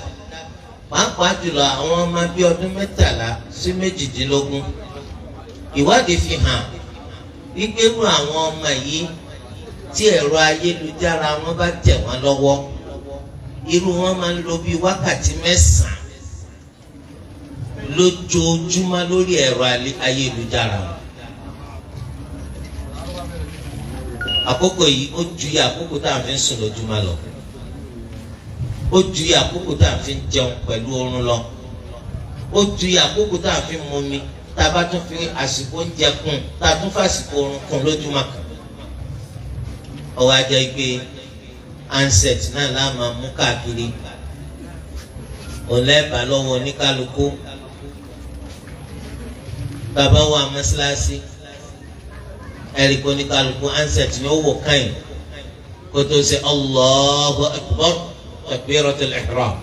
pàápàá jùlọ àwọn ọmọ bíi ọdún mẹ́tàlá sí méjìdínlógún ìwádìí fi hàn gbígbérú àwọn ọmọ yìí tí ẹ̀rọ ayélujára wọn bá tẹ̀ wọ́n lọ́wọ́ irú wọn máa ń lo bíi wákàtí mẹ́sàn-án lójoojúmọ́ lórí ẹ̀rọ ayélujára wọn àkókò yìí ó ju iye àkókò tá a ń fi ń sùn lójúmọ́ lọ ó ju iye àkókò tá a ń fi ń jẹun pẹ̀lú oorun lọ ó ju iye àkókò tá à ń fi ń mumi tá a bá tún fi àsìkò oúnjẹ kún tá a tún fàsìkò oorun kún lójúmọ́ kan ọwọ́ ajá igbe handset náà la máa mú káàkiri ọlẹ́bàá lọ́wọ́ oníkálukú bàbá wa mọ́ṣáláṣí ẹ̀ríkò oníkàlùkù ansẹ̀t ni ó wò káyìn kó tó ṣe Allahu akbar takbiratul ihram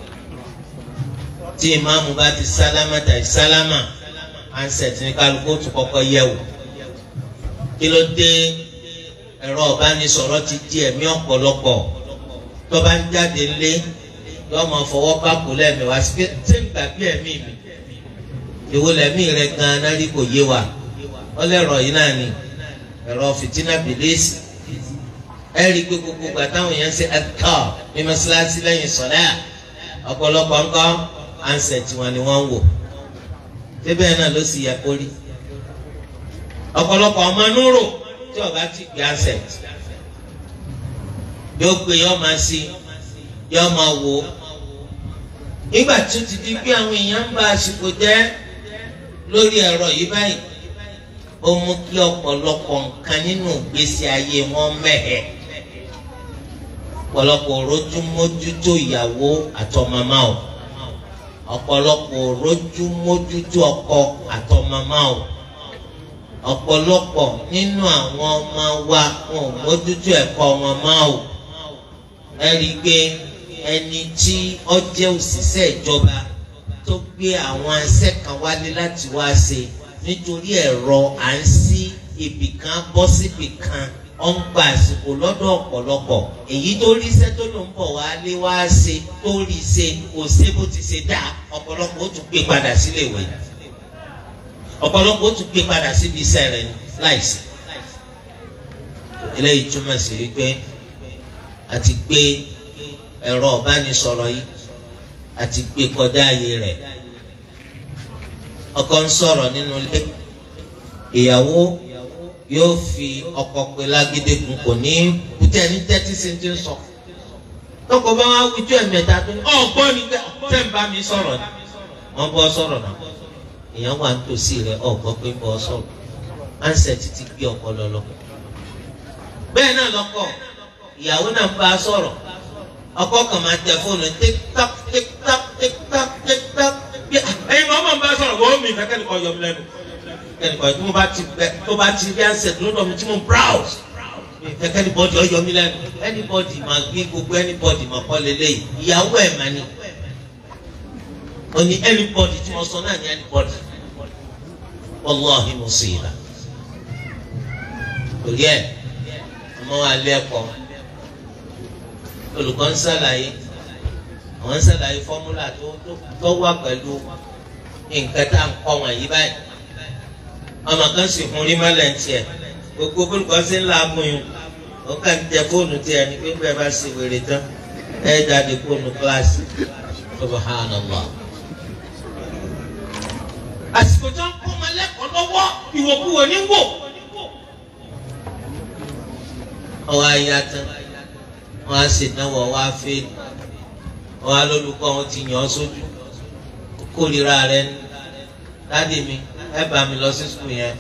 tí ìmáàmù bá ti sálámà tàbí sálámà ansẹ̀t ni kàlùkù tó kọ́kọ́ yẹ̀ wò kí ló dé ẹ̀rọ ọ̀bánisọ̀rọ̀ ti di ẹ̀mí ọ̀pọ̀lọpọ̀ tó bá ń jáde lé lọ́mọ fọwọ́ pákó lẹ́mìí wá sí ṣé ń gbàgbé ẹ̀mí mi ìwọ lẹ́mìí rẹ gan-an náà rí kò yé wa ọlẹ́rọ̀ yìí náà ni. ẹ̀rọ fìtínà bìlísì ẹ rí i pé gbogbo gbà táwọn èèyàn ń ṣe ẹ̀kọ́ lẹ́yìn ọ̀pọ̀lọpọ̀ ńkọ́ ansẹ̀ tiwọn ni wọ́n ń wò débẹ̀ náà ló sì yẹ kó rí ọ̀pọ̀lọpọ̀ ọmọ núrò tí ọ̀gá ti gbé ansẹ̀ yóò yóò máa sí máa wò ó mú kí ọ̀pọ̀lọpọ̀ nǹkan nínú ìgbésí ayé wọn mẹ́hẹ̀ ọ̀pọ̀lọpọ̀ rojú mójútó ìyàwó àtọmọmọ o ọ̀pọ̀lọpọ̀ rojú mójútó ọkọ àtọmọmọ o ọ̀pọ̀lọpọ̀ nínú àwọn ọmọ wa wọn ò mójútó ẹ̀kọ́ wọn mọ́ o ẹ rí i pé ẹni tí ó jẹ́ òṣìṣẹ́ ìjọba tó gbé àwọn iṣẹ́ kan wálé láti wá ṣe nítorí ẹ̀rọ à ń sí ibì kan bọ́ síbì kan ó ń gba àsìkò lọ́dọ̀ ọ̀pọ̀lọpọ̀ èyí tó rí iṣẹ́ tó ló ń bọ̀ wá lé wá ṣe tó rí ṣe kò ṣe bó ti ṣe dá ọ̀pọ̀lọpọ̀ ó tún gbé padà sílé ìwé ọ̀pọ̀lọpọ̀ ó tún gbé padà síbi iṣẹ́ rẹ̀ láìsí. eléyìí túmọ̀ sí wípé a gbé ẹ̀rọ ọ̀bánisọ̀rọ̀ yìí a gbé kọjá ayé rẹ̀ ọkọ ń sọ̀rọ̀ nínú ilé ìyàwó yóò fi ọkọ pé lágídégun kò ní kútẹ́ ní tẹ́tí sí ti ń sọ tọkọ bá wá wíjú ẹ̀mẹ́ta tó ní ọ̀gbọ́n ni tẹ́ ń bá mi sọ̀rọ̀ ni wọ́n bọ́ sọ̀rọ̀ náà èèyàn wà nítòsí rẹ̀ ọ̀gbọ́n pé ń bọ́ sọ̀rọ̀ ansẹ̀ títí gbé ọkọ lọ́lọ́ bẹ́ẹ̀ náà lọ́kọ ìyàwó náà bá a sọ̀rọ̀ ọkọ kan máa tẹ fóònù tíktọ́k tíktọ́k tíktọ́k tíktọ́k mi fẹ́ kẹ́nìkan yọ mi lẹ́nu kẹ́nìkan tí mo bá ti bẹ tó bá ti rí ansẹ̀t lọ́dọ̀ tí mo browse mi fẹ́ kẹ́nìbọ́dì ọyọ mi lẹ́nu anybody máa gbé gbogbo anybody máa kọ́ lélẹ́yìí ìyàwó ẹ̀ mà ní òní anybody tí mo sọ náà ní anybody wallahi mo sì yìí la torí ẹ ọmọ wa lé ẹ̀kọ́ olùkọ́ ń ṣàlàyé àwọn ń ṣàlàyé fọ́múlà tó wà pẹ̀lú nǹkan tá à ń kọ́ wọn yìí báyìí ọmọ kan sì hun rí mọ́lẹ̀ ń tiẹ̀ gbogbo olùkọ́ sí ńlá amúyun ó kàn fóònù tiẹ̀ ní pípẹ́ bá ṣe wèrè tán ẹ jáde fóònù kíláàsì subhanallah. àsìkò tó ń kọ́ ọmọ lẹ́kọ̀ọ́ lọ́wọ́ ìwòkuwò ní wò. ọwọ́ ayé atán wọ́n á sì náwó ọwọ́ afẹ́ wọ́n á wọn ti yàn án sójú kórìíra rẹ dádì mi ẹ bá mi lọ sí sùkúl yẹn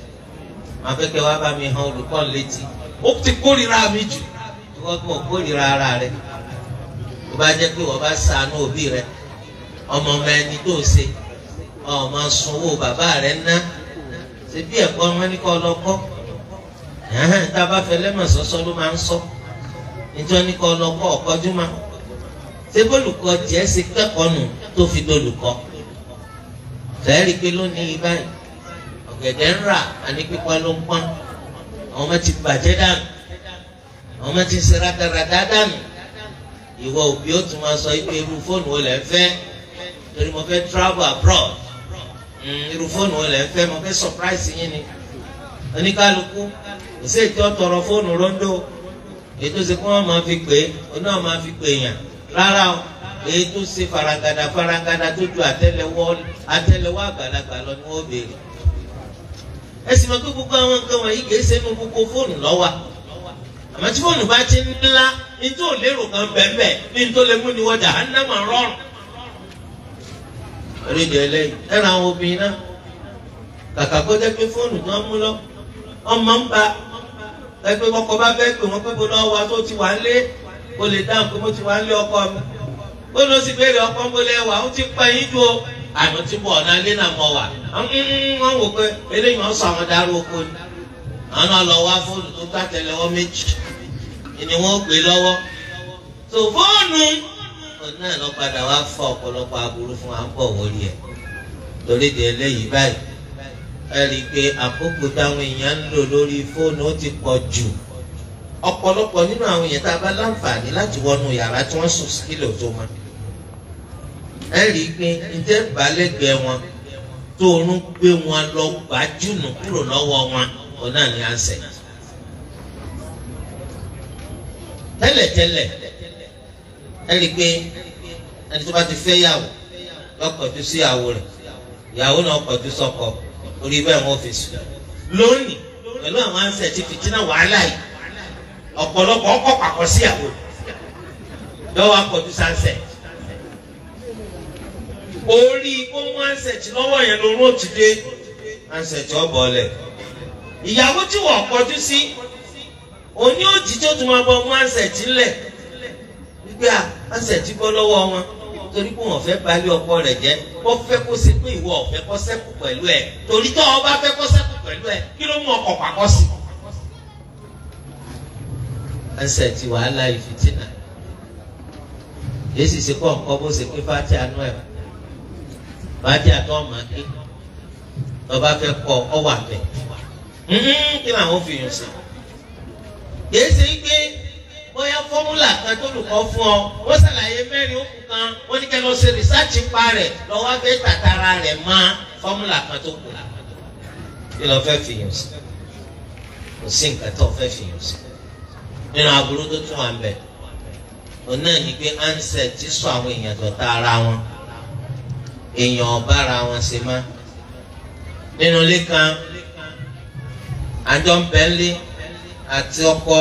màá fẹ́ kẹ́ wá bá mi hàn olùkọ́ létí ó ti kórìíra mi jù wọ́n kò kórìíra ara rẹ tó bá jẹ́ pé wọ́n bá ṣàánú òbí rẹ ọmọ ọmọ ẹni tó ṣe ọmọ sunwó bàbá rẹ ná ṣe bí ẹ̀kọ́ wọn ní kọ́ lọ́kọ́ tá a bá fẹ́ lẹ́mọ̀ sọ́sọ́ ló máa ń sọ níjọ́ ní kọ́ lọ́kọ́ ọ̀kọ́júmọ́ ṣé bólùkọ́ jẹ́ ṣe kẹ́kọ̀ọ́ nù tó fi dolùkọ́ tẹ́rì pé lónìí báyìí ọ̀gẹ̀dẹ̀ ń rà àní pípa ló ń pọ́n àwọn ọmọ ti bàjẹ́ dànù àwọn ọmọ ti ṣe rádaràdá dànù ìwọ òbí ó tún máa sọ pé irú fóònù wo lẹ̀ ń fẹ́ torí mo fẹ́ travel abroad hmm, irú fóònù wo lẹ̀ ń fẹ́ mo fẹ́ surprise yín ni oníkálukú kò sí ètò ọ̀tọ̀rọ̀ fóònù rondo ètò ìsìnkú wọn máa fi pè é oní wọn máa fi pè yàn rárá o. èyí tó ṣe farangada farangada tó ju àtẹ́lẹwọ́ àtẹ́lẹwọ́ ni wọ́n beere ẹ sì mọ̀ gbogbo àwọn nǹkan wọ̀nyí kìí ṣe inú gbogbo tí bá ti kan bẹ́ẹ̀ ni wọ́n jà á ń dámọ̀ rọrùn. oríṣi ẹlẹ́yìn ẹ̀rọ àwọn obìnrin náà kàkà kó jẹ́ pé tó ń mú lọ ọmọ ń ba ẹgbẹ́ kọ́kọ́ bá wọ́n wa tó ti wà ń lé kó lè dáhùn pé ó lọ sí béèrè ọkọ ń bọ́lẹ̀ wà ó ti pa yín ju o àná tí mo ọ̀nà ilé náà mọ̀ wà wọ́n wò pé eléyìí wọ́n sọ àwọn dárú oko ni àwọn náà lọ wá fóònù tó gbà tẹ̀lẹ́wọ́ méjì ni wọ́n gbé lọ́wọ́ tó fóònù náà lọ padà wá fọ ọ̀pọ̀lọpọ̀ aburú fún wa ń bọ̀ wọlé ẹ̀ torí di eléyìí báyìí ẹ rí i pé àkókò táwọn èèyàn ń lò lórí fóònù ó ti pọ̀ jù ọ̀pọ̀lọpọ̀ nínú àwọn èèyàn tá a bá láǹfààní láti wọnú yàrá tí wọ́n sùn sílẹ̀ tó máa ẹ rí i pé njẹ́ balẹ̀gbẹ́ wọn tó oorun gbé wọn lọ gbajúnù kúrò lọ́wọ́ wọn ọ̀ náà ní ànsẹ̀. tẹ́lẹ̀tẹ́lẹ̀ ẹ rí i pé ẹni tó bá ti fẹ́ yàwó lọ́kọ̀ọ́jú sí ìyàwó rẹ̀ ìyàwó náà kọ̀ọ́jú sọ́kọ orí bẹ́ẹ̀ wọ́n fi sùn. lónìí pẹ̀lú àwọn ànsẹ̀ ti fìtínà wàhálà yìí ọ̀pọ̀lọpọ̀ ọkọ̀ pàkọ́ sí ìyàwó lọ́wọ́ akọ̀ọ́jú sánsẹ̀ orí kó mú ansẹ̀tì lọ́wọ́ yẹn lórun òtí dé ansẹ̀tì ọ̀bọ̀ ọ̀lẹ̀ ìyàwó tí wọ́n kọjú sí oní òjì tó tún máa bọ̀ mú ansẹ̀tì ńlẹ̀ wípé ansẹ̀tì bọ́ lọ́wọ́ wọn torí pé wọ́n fẹ́ balẹ̀ ọkọ rẹ̀ jẹ́ kó fẹ́ kó ṣe pé ìwọ ọ̀fẹ́ kó ṣẹ́kù pẹ̀lú ẹ̀ torí tó o bá fẹ́ kó ṣẹ́kù pẹ̀lú ẹ̀ kí ló mú ọkọ pàkọ́ sí. ansẹ̀tì wàhálà ìfìtínà yéésì ṣe kọ́ ọ̀kọ́ bó ṣe pé fáti àánú ẹ̀ fàájì àtọ ọmọ ké tọba fẹ́ kọ ọwọ àbẹ mm-hmm, kí làwọn fi yàn sí. kìí ṣe pé bóyá fọ́múlà kan tó lùkọ́ fún ọ wọ́n ṣàlàyé mẹ́rin òkú kan wọ́n ní kẹ́ lọ ṣe rìsáàcì pa rẹ̀ lọ́wọ́ abẹ́ tàtàrà rẹ̀ mọ́ fọ́múlà kan tó kù kí lọ fẹ́ fi yàn sí kò sí nǹkan tó fẹ́ fi yàn sí nínú aburú tó tún wà ń bẹ̀ òun náà ní pé ansẹ̀ ti sọ àwọn èèyàn tó ta ara wọn. èèyàn ọ̀bára wọn ṣe má nínú ilé kan àjọ ń àti ọkọ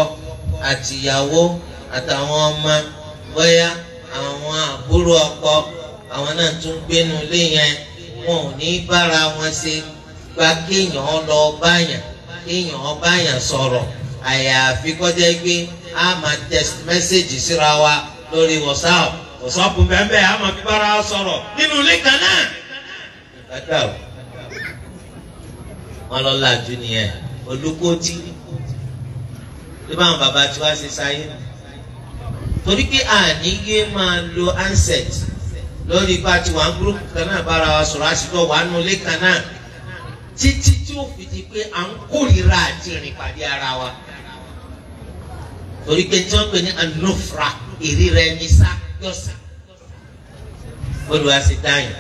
àti ìyàwó àtàwọn ọmọ bóyá àwọn àbúrò ọkọ àwọn náà tún gbénu ilé yẹn wọn ò ní bára wọn ṣe gba kéèyàn lọ báyàn kéèyàn báyàn sọ̀rọ̀ àyàfi kọjá gbé a máa wa lórí WhatsApp kò sọ́ọ̀pù bẹ́ẹ̀ àmọ́ bíbára sọ̀rọ̀ nínú ilé kan náà. kàkà o wọn lọ làjú nìyẹn olùkọ́tì bí báwọn bàbá tí wàá ṣe sáyé torí pé àníyé máa lo handset lórí ipa tí wàá gúrúùpù kan náà bára wa sọ̀rọ̀ àṣìjọ wàá nu ilé kan náà títí tí ó fi di pé à ń kórìíra àti ìrìn pàdé ara wa torí pé tí wọ́n pè ní anufra ìrírẹ́ ní sáà yọ̀sà olùwà sì dáyìn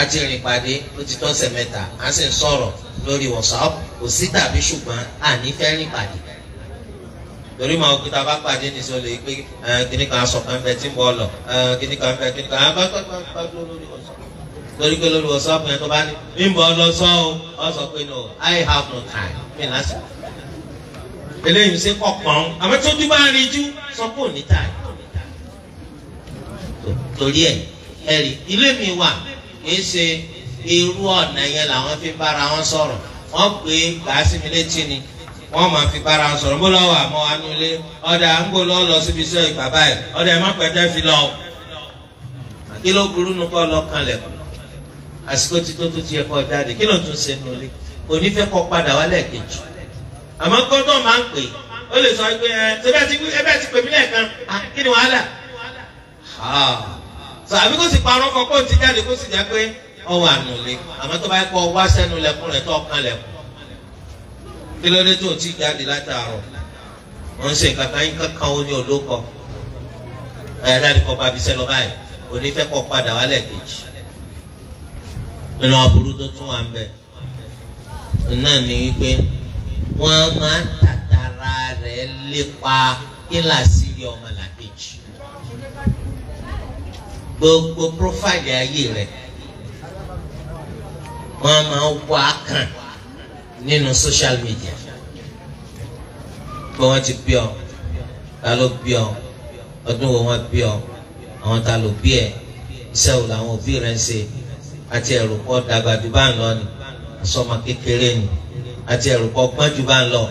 àti ìrìn pàdé ó ti tọ́sẹ̀ mẹ́ta à ń sì ń sọ̀rọ̀ lórí WhatsApp kò sí tàbí ṣùgbọ́n àní fẹ́ rìn pàdé torí màá kí ta bá pàdé ní sọ lè pé kíní kan aṣọ kan bẹ tí ń bọ ọ lọ kíní kan bẹ kíní kan bá bá bá lórí WhatsApp torí pé lórí WhatsApp yẹn tó bá ní mí ń bọ lọ sọ ọ ọ sọ pé no I have no time mi lásìkò eléyìí ń ṣe kọ̀ọ̀kan àmọ́ tó dúpọ̀ àríjú sọ pé ò ní time torí ẹ̀ ẹ̀rí ilé mi wà kì í ṣe irú ọ̀nà yẹn làwọn fi bára wọn sọ̀rọ̀ wọ́n pè é gbàásìmí létí ni wọ́n máa fi bára wọn sọ̀rọ̀ bólọ́ wà mọ́ wa nílé ọ̀dà ń gbó lọ́ọ́ lọ síbi iṣẹ́ ìgbà báyìí ọ̀dà ẹ̀ má pẹ́tẹ́ fi lọ. kí ló burú nu kọ́ lọ́kàn lẹ̀ àsìkò tí tó tó ti yẹ kọ́ jáde kí ló tún ṣe nulẹ̀ onífẹ́ kọ́ padà wálẹ̀ kejì àmọ́ gbọ́dọ̀ máa ń pè ó lè sọ pé ẹ ṣe bẹ́ẹ̀ ti pè mí lẹ́ẹ̀kan ah, kí ni wàhálà. Ah, àbí kó sì parọ́ kọ́ kó ti jáde kó sì jẹ́ pé ọwọ́ ànulẹ̀ àmọ́ tó bá yẹ kó wá sẹ́nu lẹ́kùn rẹ̀ tó kàn lẹ́kùn kí ló dé tó ti jáde látàárọ̀ wọ́n ń ṣe kankan yín kankan ó ní olókọ ẹ̀yà dáadé kọ́ bàbí sẹ́lọ báyìí onífẹ́ kọ́ padà wálẹ̀ kejì nínú aburú tó tún wà ń bẹ̀ náà ní wípé wọ́n máa ń tàtàrà rẹ̀ lépa kíláàsì yọ ọmọlá gbogbo profaili ayé rẹ̀ wọ́n máa ń wá kàn nínú social media pé wọ́n ti bí ọ ta ló bí ọ ọdún wo wọ́n bí ọ àwọn ta ló bí ẹ iṣẹ́ wo làwọn òbí rẹ̀ ń ṣe àti ẹ̀rù kọ́ dàgbà jù bá ń lọ ni àsọmọ kékeré ni àti ẹ̀rù kọ́ gbọ́n jù bá ń lọ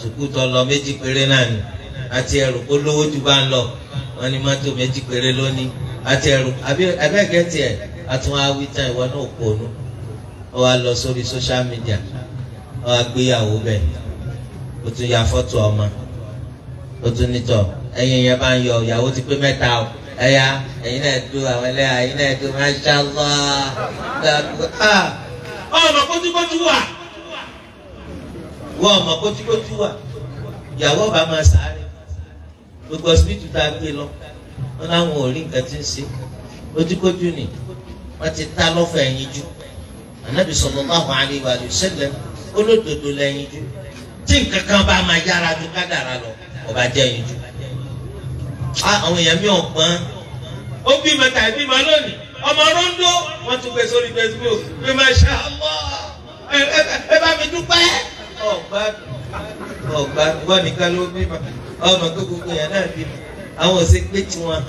sùkúù tó lọ méjì péré náà ni àti ẹ̀rù kó lówó jù bá ń lọ wọ́n ní mọ́tò méjì péré lónìí àti ẹ̀rù abẹ́ẹ̀kẹ́ tiẹ̀ àtún awi tán ìwọ náà kò nu ọ wa lọ sórí social media ọ wa gbéyàwó bẹ́ẹ̀ o tún ya fọ́tò ọmọ o tún nítọ̀ ẹ̀yin yẹn bá ń yọ ìyàwó ti pé mẹ́ta o ẹ̀yà ẹ̀yin náà dúró àwọn ẹlẹ́yà ẹ̀yin náà dúró masha Allah ah, ọmọ kótókótó wà wọ́n ọmọ kótókótó wà ìyàwó ọba máa sáré gbogbo ọsibítù tá a gbé lọ wọn láwọn ò rí nǹkan tí ń ṣe ojúkójú ni wọn ti ta lọ́fọ̀ ẹ̀yìn jù ànábì sallallahu alaihi wa sallam olódodo lẹ́yìn jù tí nǹkan kan bá máa yára ju kádàrá lọ ọba jẹ́ ẹ̀yìn jù. àwọn èèyàn mi ò gbọ́n ó bímọ tàbí bímọ lónìí ọmọ rondo wọn tún gbé sórí Facebook pé masha Allah ẹ bá mi dúpẹ́ ọgbà ọgbà gbọ́ nìkan ló bímọ ọmọ gbogbo yẹn náà bímọ àwọn òsè pé tiwọn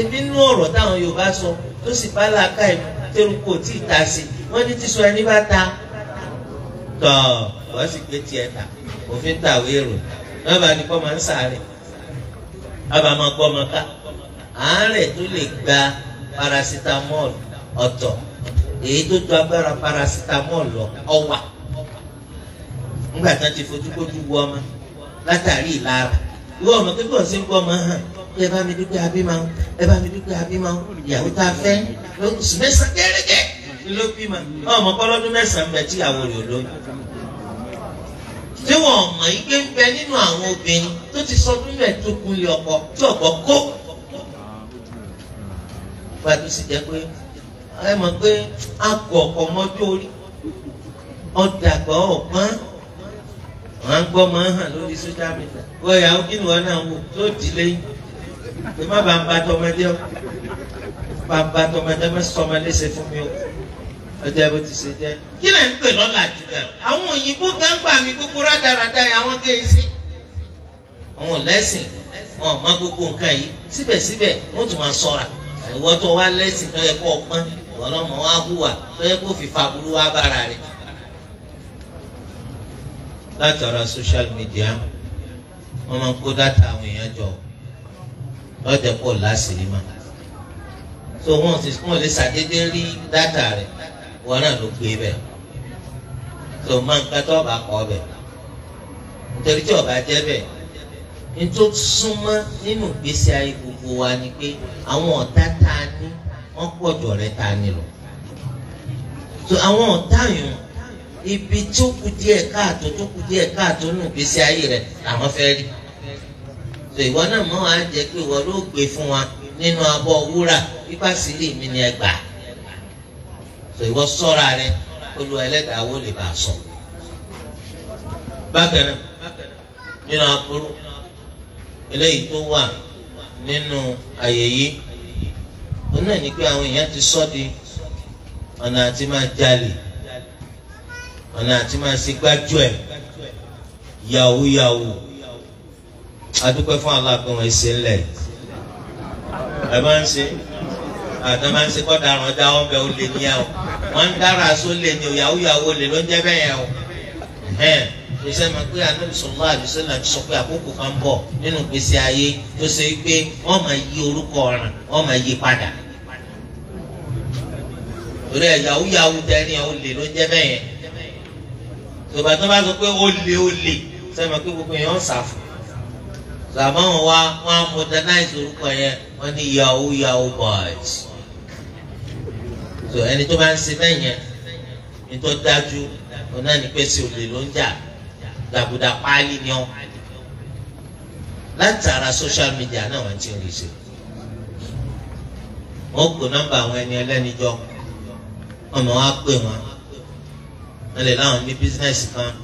ebi nú ọ̀rọ̀ táwọn Yorùbá sọ tó sì bá làákà ẹ̀ tẹ́lu kò tí ì ta sí wọ́n ní tíṣọ ẹni bá ta tọ̀ wọ́n sì pé tiẹ̀ ta òfin tàwé èrò náà bá ní kọ́ máa ń sàárẹ̀ bàbá máa gbọ́ máa ká àárẹ̀ tó lè gba paracetamol ọ̀tọ̀ èyí tó tó agbára paracetamol lọ ọwà tán ti fojú wọ ọmọ látàrí ìlara ìwọ ọmọ kíkọ sí ń kọ ọmọ hàn ẹ bá mi dúpẹ́ abímọ ẹ bá mi dúpẹ́ abímọ ìyàwó tá a fẹ́ lóṣù mẹ́sàn kẹ́rẹ́kẹ́ ló bímọ ọmọ kọ́lọ́dún mẹ́sàn-án bẹ tí àwọn yòó lóyún tí wọn mọ̀ yí pé ń bẹ nínú àwọn obìnrin tó ti sọ fún ilẹ̀ tó kun lé ọkọ tí ọkọ kó gbàdúrà sì jẹ́ pé ẹ mọ̀ pé a kọ ọkọ mọ́jú orí ọ̀dàgbọ́ ọ̀gbọ́n wọn ń gbọ́ máa ń hàn lórí social media wọ́n yà ó kínú wọn náà wò tó dì lẹ́yìn pé má bàa ba tọmọdé ọ bá ba tọmọdé má sọmọdé ṣe fún mi o ọjà bó ti ṣe jẹ. kí lẹ̀ ń pè lọ́la jùlọ àwọn òyìnbó kan gbà mí gbogbo rádaràda yẹn àwọn kéè sí. àwọn lẹ́sìn wọn ò mọ gbogbo nǹkan yìí síbẹ̀síbẹ̀ wọ́n tún máa sọ̀ra ìwọ́tọ̀ wa lẹ́sìn tó yẹ kó ọgbọ́n ìwọ́lọ́mọ wa hùwà tó yẹ kó fìfà burú wa bára rẹ̀ látara social media wọ́n máa ń kó dátà àwọn èèyàn jọ lọ́jọ́ pọ̀ láṣìírí mà so wọ́n ti wọ́n lè ṣàdédé rí dátà rẹ̀ wọ́n náà ló gbé bẹ̀ so máa ń kátó ọba kọ́ bẹ̀ nítorí tí ọba jẹ́ bẹ̀ nítorí súnmọ́ nínú ìgbésí ayé gbogbo wa ni pé àwọn ọ̀tá tá a ní wọ́n pọ̀ jù ọ̀rẹ́ tá a lọ so àwọn ọ̀tá yìí ibi tó kù díẹ̀ káàtó tó kù díẹ̀ káàtó nù gbèsè ayé rẹ̀ làwọn fẹ́ rí so ìwọ náà mọ wàá jẹ pé ìwọ ló gbé fún wa nínú abọ́ wúrà pípa sílé mi ni ẹ gbà so ìwọ sọ́ra rẹ olú ẹlẹ́dàá wo lè bá a sọ. bákan náà nínú aburú eléyìí tó wà nínú àyè yìí òun náà ní pé àwọn èèyàn ti sọ́ di ọ̀nà àti máa jalè ọ̀nà àti máa ṣe gbájú ẹ̀ yahoo yahoo adúpẹ́ fún aláàgbọ̀n wọn ṣe ńlẹ̀ ẹ máa ń ṣe àti máa ń ṣe kọ́ daràn dá wọn bẹ́ẹ̀ ó lè ní ẹ o wọ́n ń dára aṣọ lè ní o yahoo yahoo lè ló ń jẹ́ bẹ́ẹ̀ yẹn o ṣe máa pé anabi sọlá ti sọ pé àkókò kan bọ̀ nínú gbèsè ayé tó ṣe pé wọ́n máa yí orúkọ ọ̀ràn wọ́n máa yí padà. torí ẹ̀ yahoo yahoo tẹ́ ẹ̀ ó lè ló ń jẹ́ bẹ́ẹ̀ yẹn ìgbà tó bá sọ pé ó lé ó lé sẹ́mi pé gbogbo yẹn ń sàfù sàmọ́ wọn wá wọn á modernize orúkọ yẹn wọn ní yahoo yahoo boys so ẹni tó bá ń ṣe bẹ́ẹ̀ yẹn ní tó dájú òun náà ní pé sí olè ló ń jà dàbùdà páálí ni ọ́ látara social media náà wọ́n ti ń rí ṣe wọ́n kó nọ́mbà àwọn ẹni ẹlẹ́ni ọmọ wa pè wọ́n wọ́n lè láwọn ní bísínẹ́sì kan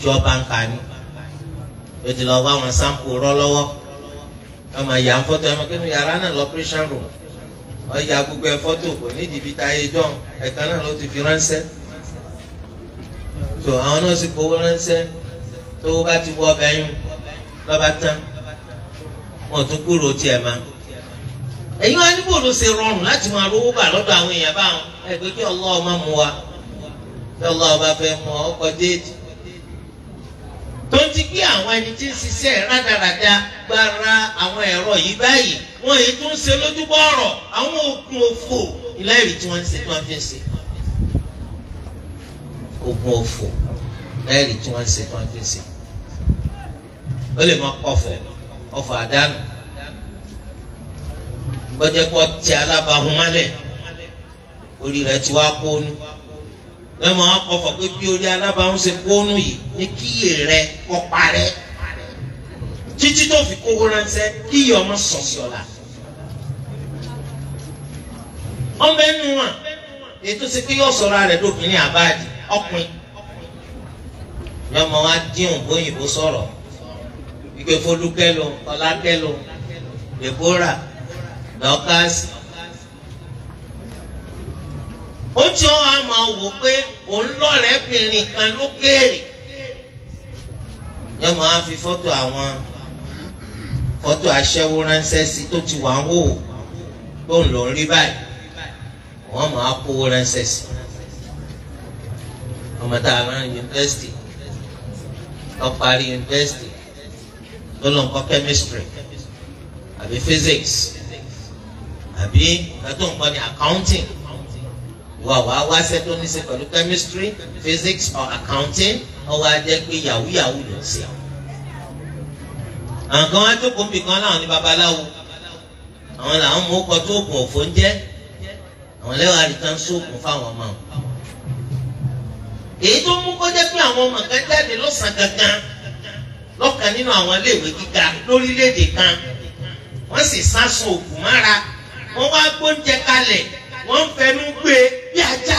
tí wọ́n bá ń ka ni o ti lọ wá àwọn sampo rọ́ lọ́wọ́ wọ́n máa yà ń fọ́tò ẹ̀ mọ́ kí ni yàrá náà l'operation room wọ́n ya gbogbo ẹ̀ fọ́tò kò ní ìdìbí táyé dán ẹ̀ka náà ló ti fi ránṣẹ́ tó àwọn náà sì kówó ránṣẹ́ tó bá ti wọ ọbẹ̀ yín lọ́ba tán wọn ò tún kúrò tiẹ̀ máa ẹ̀yin wá níbo ló ṣe rọrùn láti máa rówó bà lọ́dọ̀ àwọn èèyàn báwọn ẹ̀gbẹ́ kí ọlọ́ọ̀ máa mú wa tọ́lọ́ ọba fẹ́ mọ ọkọ̀ déètì tó ti gbé àwọn ẹni tí ń ṣiṣẹ́ rádaràda gbára àwọn ẹ̀rọ yìí báyìí wọ́n èyí tó ń ṣe lójúbọ̀ ọ̀rọ̀ àwọn oògùn òfò ìláìrí tí wọ́n ń ṣe tí wọ́n fi ń ṣe oògùn òfò ìláìrí tí wọ́n ń ṣe tí wọ́n fi ń ṣe ó lè mọ ọ̀fọ̀ ọ̀fọ̀ àdánù gbọ́dọ̀ pọ̀ tí alábàáhùn mọ́lẹ̀ orí rẹ̀ ti wá kónú ẹ mọ̀ ọkọ̀ pé bí orí alábàáhùn ṣe kónú yìí ní kíyè rẹ kó parẹ́ títí tó fi kówó ránṣẹ́ kíyè ọmọ sọ̀sọ̀la. ọmọ ẹnu wọn ètò ṣe pé yóò sọra rẹ lóbìnrin àbáàdì ọkùnrin lọmọ wa dín òǹbó òyìnbó sọ̀rọ̀ ìgbẹ́fọ́dúkẹ́ lọ ọlákẹ́ lọ dèbóra dọ́kásì ó tí ó wá máa wò pé òun lọ́rẹ̀ẹ́bìnrin kan ló béèrè yóò máa fi fọ́tò àwọn fọ́tò aṣẹ́wó ránṣẹ́ sí tó ti wà ń wò tó ń lò ń rí báyìí wọ́n máa kówó ránṣẹ́ sí ọmọ tá a rán yunifásitì ó parí yunifásitì tó lọ ń kọ́ chemistry àbí physics àbí ẹ̀ tó ń kọ́ ní accounting wà wá wáṣẹ́ tó ní ṣe pẹ̀lú chemistry physics or accounting ọwọ́ ajẹ́ pé yahoo yahoo ló ń ṣe àwọn. àǹkan wá jókòó nbì kan láwọn ní babaláwo àwọn làwọn mú kọ tó oògùn òfò ń jẹ́ àwọn lẹ́wọ̀n àríkan sóògùn fáwọn ọmọ àwọn. èyí tó mú kọjá pé àwọn ọmọ kan jáde lọ́sàn-án gangan lọ́kàn nínú àwọn iléèwé gíga lórílẹ̀‐èdè kan wọ́n sì sásùn òògùn mára wọ́n wá gbóúnjẹ kalẹ̀ wọ́n ń fẹnu gbé bí ajá.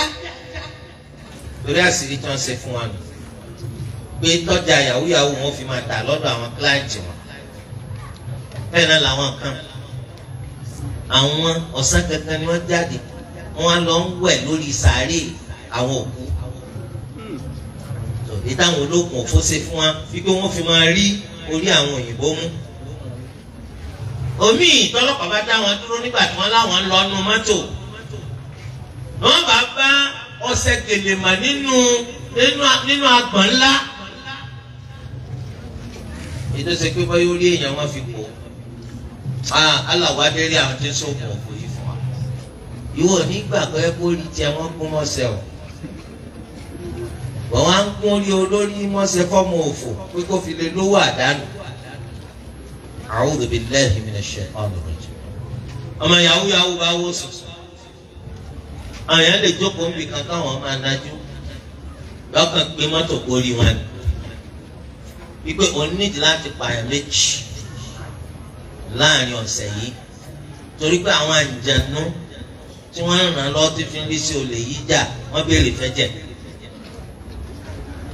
torí àṣírí tí wọ́n ṣe fún wa nù pé tọ́jà yahoo yahoo wọn fi máa tà lọ́dọ̀ àwọn kíláǹtì wọn bẹ́ẹ̀ náà làwọn kan àwọn ọ̀sán kankan ni wọ́n jáde wọ́n á lọ ń wẹ̀ lórí sàárè àwọn òkú tòbí táwọn olókùn òfóse fún wa fi pé wọ́n fi máa rí orí àwọn òyìnbó mú omi ìtọ́lọ́pàá bá dá wọn dúró nígbà tí wọ́n láwọn ń lọ́nu mọ́tò wọ́n bá bá ọṣẹ gèlèmà nínú nínú agbọ̀n ńlá ètò ṣe pé báyọ̀ rí èèyàn wọn fi kó aláwádé rí àwọn tí ń sọ̀kùn ọ̀kọ̀ yìí fún wa ìwọ nígbà kan ẹ kó rí tiẹ wọn gún mọ́sẹ̀ o wọ́n wá ń gún orí olórí mọ́sẹ̀ fọ́mọ òfò pé kó fi lè lówó àdánù a'udhu billahi minash shaitanir rajim ọmọ yahoo yahoo bá wó sọ̀sọ̀ àwọn èèyàn lè jókòó níbi kan káwọn máa dájú lọ́kàn gbé mọ́tò kórìí wọn ni wípé òun nídìí láti pààyàn méjì láàrin ọ̀sẹ̀ yìí torí pé àwọn àjẹnú tí wọ́n ń ràn lọ́ ti fi ń rí sí olè yìí jà wọ́n béèrè fẹ́jẹ̀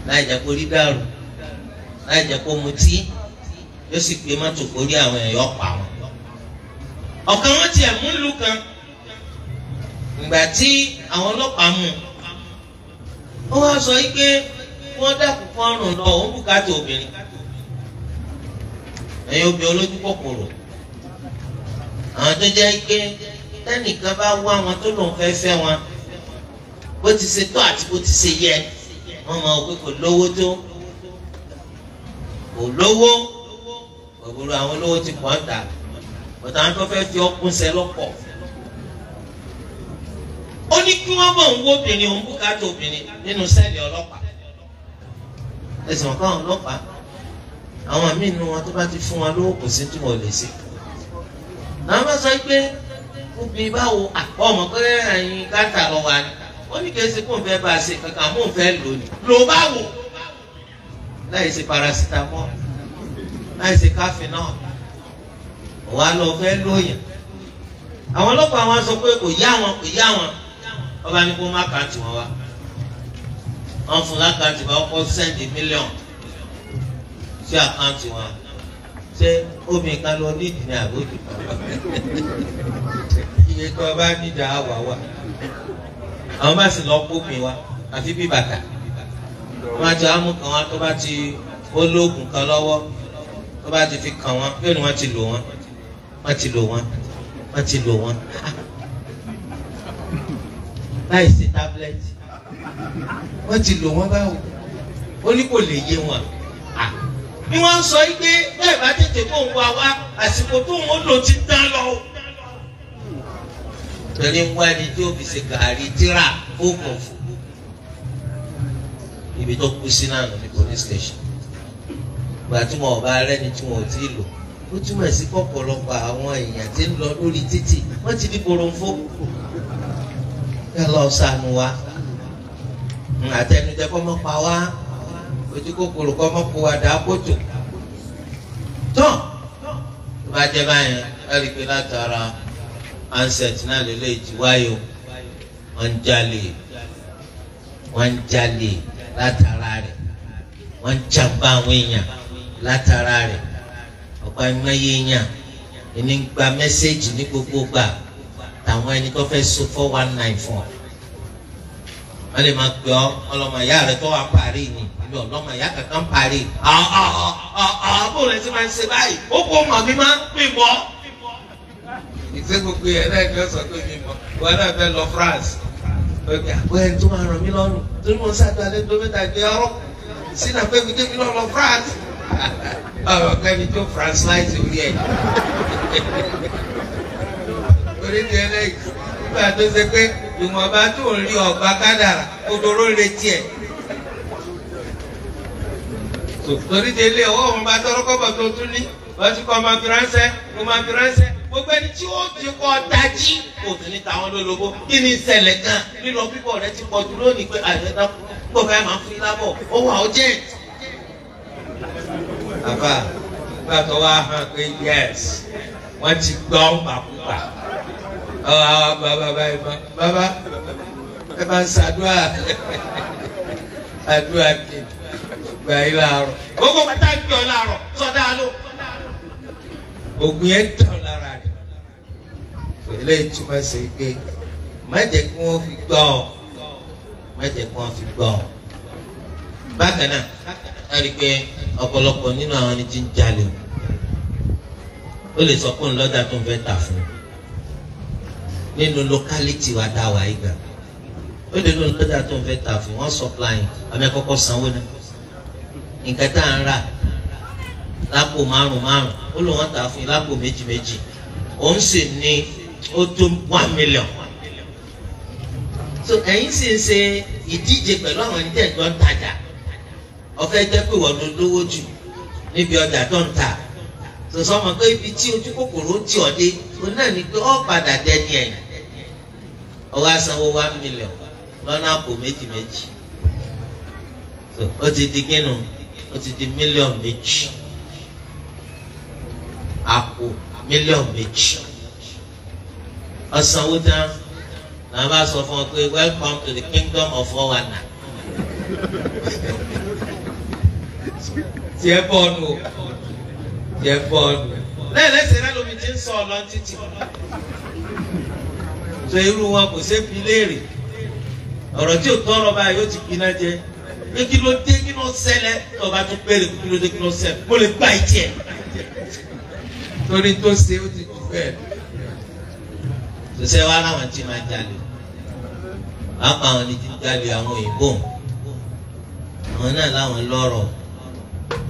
láì jẹ́ kó rí dàrú láì jẹ́ kó mutí yóò sì gbé mọ́tò kórìí àwọn èèyàn pa wọn. ọ̀kan wọn tiẹ̀ mú ìlú kan ìgbà tí àwọn ọlọ́pàá mú ó wá sọ yìí pé wọ́n dàkú kán rùn lọ òun bùkátà obìnrin ẹ̀yin obìnrin olójú kòkòrò àwọn tó jẹ́ pé tẹ́nìkan bá wá wọn tó lòun fẹ́ fẹ́ wọn bó ti ṣe tó àti bó ti ṣe yẹ wọ́n mọ̀ pé kò lówó tó kò lówó òwúrọ̀ àwọn olówó ti pọ̀ ń tà bọ̀dọ̀ àwọn tó fẹ́ fi ọkùn ṣe lọ́pọ̀ ó ní kí wọ́n bọ̀ ń wo obìnrin òun bùkátà obìnrin nínú sẹ́ẹ̀lì ọlọ́pàá ẹ̀sìn ọ̀kan ọlọ́pàá àwọn míì nu wọn tó bá ti fún wọn lówó kò sí tí wọ́n lè ṣe. àwọn bá sọ pé obìnrin báwo àpọ̀ ọmọ pé ẹ̀yin káńtà lọ wà ní ó ní kí kó n fẹ́ bá a ṣe kankan mò ń fẹ́ lò ní lò báwo láì ṣe paracetamol láì ṣe káfínọ́ọ̀ wà lọ fẹ́ lóyìn àwọn ọlọ́pàá wọn sọ pé kò yá wọn kò yá wọn wọ́n bá ní kó má kàǹtì wọn wá wọ́n fún lákàǹtì wọn kó sẹ́ǹdì mílíọ̀n sí àkáǹtì wọn ṣé omi kan lọ nídìí ní àbójú iye tó o bá nídìí àwà wa àwọn bá sì lọ pópin wa àfi bí bàtà wọ́n àti àmú kan wọn tó bá ti olóògùn kan lọ́wọ́ tó bá ti fi kàn wọ́n yóò ní wọ́n ti lò wọ́n wọ́n ti lò wọ́n wọ́n ti lò wọ́n láì sí tábìlẹ́tì wọ́n ti lò wọ́n báwo ó ní kò lè yé wọn ni wọ́n sọ pé bẹ́ẹ̀ bá tètè tó ń wá wá àsìkò tó ń lò ti dán lọ. torí ń wá ẹni tí ó fi ṣe gàárì tíra ó kàn fún ibi tó kú sí náà ní police station ìgbà tí wọn ò bá rẹ́ni tí wọn ò tí ì lò ó túmọ̀ sí pọ̀pọ̀lọpọ̀ àwọn èèyàn tí ń lọ lórí títì wọ́n ti di koronfó kẹlọ sànù wa àtẹnudẹ kọ́ mọ́ pa wá ojú kòkòrò kọ́ mọ́ kó wa dà á kótó tán tó bá jẹ́ báyìí ẹ̀rí pé látara ansẹ̀t náà lélẹ́yìí ti wáyé o wọ́n ń jalè wọ́n jalè látara rẹ̀ wọ́n jàmbá àwọn èèyàn látara rẹ̀ ọ̀pọ̀ ẹ̀mọ́ yé èèyàn ẹni gba mẹ́sẹ́ẹ̀jì ní gbogbo gbà àtàwọn ẹni tó fẹ́ so four one nine four wọ́n lè máa gbé ọ ọlọ́mọ ìyá rẹ tó wà Paris ni ìlú ọlọ́mọ ìyá kankan Paris àbò rẹ ti máa ń ṣe báyìí ó kó màmí máa ń pè mọ́. ìṣe gbogbo yẹn náà ni ó sọ pé mi mọ̀ wọn náà fẹ́ lọ France òkè àbọ̀ ẹni tó máa ràn mí lọ́rùn torí mo ń ṣàdúrà lẹ́nu tó mẹ́ta gbé ọrọ̀ sínú àpẹ́bí débi lọ́ọ́ lọ France <laughs> ọ̀rọ̀ kẹ́ni tó France láì sí orí ẹ̀. <laughs> torí ti ẹlẹ́yìn nígbà tó ṣe pé ìwọ̀nba tó ń rí ọ̀gbà kádàrà kodoro retí ẹ̀. torí ti ẹlẹ́yìn ọwọ́ òun bá tọrọ kọ́bọ̀ tó tún ní wọ́n ti kọ́ ọmọ fìránṣẹ́ ọmọ fìránṣẹ́ gbogbo ẹni tí ó ti kọ́ tají òfin ní tàwọn lólobó kí ni ìṣẹ̀lẹ̀ kan lílọ bíbọ̀ rẹ ti pọ̀ jù lónìí pé àyẹ̀dá gbọ̀gbà a máa ń fi lábọ̀ ó wà ó jẹ́ wọ́n ti gbọ́ màkúgbà bàbá bàbá ẹ máa ń ṣàdúrà àdúrà kì gbà yín láàárọ̀ gbogbo pátá ń gbọ́ láàárọ̀ sọdá ló ògùn yẹn tàn lára rẹ̀ pẹ̀lú ìtumọ̀ sí pé má jẹ́ kí wọ́n fi gbọ́ ọ má jẹ́ kí wọ́n fi gbọ́ ọ bákan náà a rí i pé ọ̀pọ̀lọpọ̀ nínú àwọn ẹni tí ń jalè o o lè sọ pé ńlọ́jà tó ń fẹ́ tà fún nínú locality wa dá wa ìgbà ó lè lóun lọ́jà tó ń fẹ́ tà fún wọ́n supply àmì kọ́kọ́ sanwó náà nǹkan tá à ń rà lápò márùn márùn ó lò wọ́n tà fún yín lápò méjì méjì òun sì ní ó tó one million so ẹ̀yin sì ń ṣe ìdíje pẹ̀lú àwọn ẹni tẹ̀ ń tajà ọ̀fẹ́ jẹ́ pé wọ́n ló lówó jù níbi ọjà tó ń tà tó sọmọ pé ibi tí ojú kòkòrò ń tì ọ́ dé ó náà ní pé ọ́ padà dẹni ẹ̀yìn ọwọ́ asanwó one million lọ́nà àpò méjì méjì o ti di kínú ó ti di mílíọ̀n méjì àpò mílíọ̀n méjì ọ̀sánwó tán náà bá sọ fún ọ pé welcome to the kingdom of ọ̀wànà <laughs> tiẹ̀ bọ́ọ̀nù yẹ bọ́ọ̀lù lẹ́ẹ̀lẹ́sẹ̀ náà lómi ti ń sọ ọ̀lọ́ títì tó irú wọn kò ṣe fi léèrè ọ̀rọ̀ tí ò tọrọ báyìí ó ti gbiná jẹ pé kí ló dé kí ló ṣẹlẹ̀ tó bá tún péré kí ló dé kí ló ṣẹlẹ̀ mo lè gbà ìjẹ ti jù bẹ́ẹ̀ ṣiṣẹ́ wa láwọn tí máa jalè àpá àwọn ni ti jalè àwọn òyìnbó àwọn náà láwọn lọ́rọ̀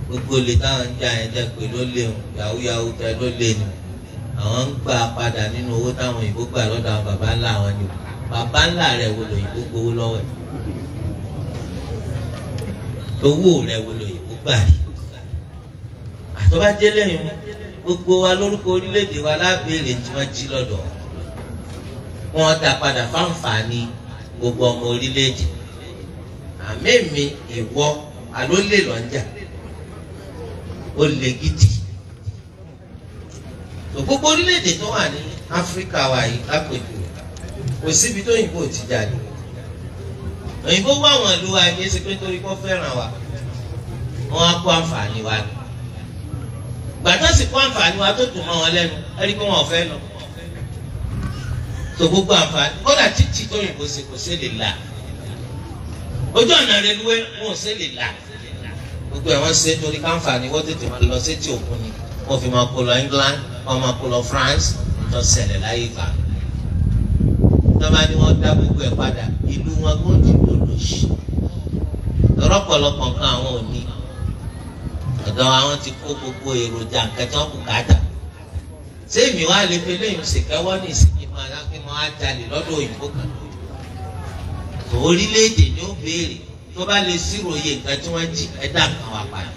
gbogbo olè táwọn ń jà yẹn tẹ pé ló lè hùn yahoo yahoo tẹ ló lè nù àwọn ń gbà padà nínú owó táwọn òyìnbó gbà lọ́dọ̀ àwọn baba ńlá àwọn ni baba ńlá rẹ̀ wo lòyìnbó gbowó lọ́wọ́ ẹ̀ owó rẹ̀ wo lòyìnbó gbà rí àtọ́bájẹ́ lẹ́yìn gbogbo wa lórúkọ orílẹ̀-èdè wa lábẹ́rẹ́ tí wọ́n jí lọ́dọ̀ wọn dá padà fáǹfààní gbogbo ọmọ orílẹ̀-èdè àmì ìwọ alólè lọ́njà ó le gidi tó gbogbo orílẹ̀-èdè tó wà ní áfíríkà wa yìí lápèjù kò síbi tó òyìnbó ti jáde òyìnbó wá àwọn ìlú wa kì í ṣe pé torí kó fẹ́ràn wa wọ́n á kó àǹfààní wa lọ gbàtọ́ sì kó àǹfààní wa tó dùn mọ́ wọn lẹ́nu ẹni pé wọn ò fẹ́ lọ tó gbogbo àǹfààní kódà títí tó òyìnbó ṣe kò ṣe lè là ojú ọ̀nà reluwé wọn ò ṣe lè là gbogbo ẹ̀ wọ́n ṣe torí káńfààní wọ́n tètè máa lọ sétí òkun ni wọ́n fi máa kó lọ England wọ́n máa kó lọ France tó ṣẹlẹ̀ láyé ìgbà. tọ́ba ni wọ́n dá gbogbo ẹ̀ padà ìlú wọn kó ti dòdò sí. lọ́pọ̀lọpọ̀ nǹkan àwọn ò ní. ọ̀dọ̀ àwọn ti kó gbogbo èròjà nǹkan tí wọ́n kù káàdà. ṣé èmi wá lè fi lóyún ṣèkẹ́wọ́ ní ìsinmi máa lápẹ́ máa jalè lọ́dọ̀ òyìnbó kan. orílẹ̀ tó bá lè sírò iye nǹkan tí wọ́n jí ẹ̀dá kan wà padà.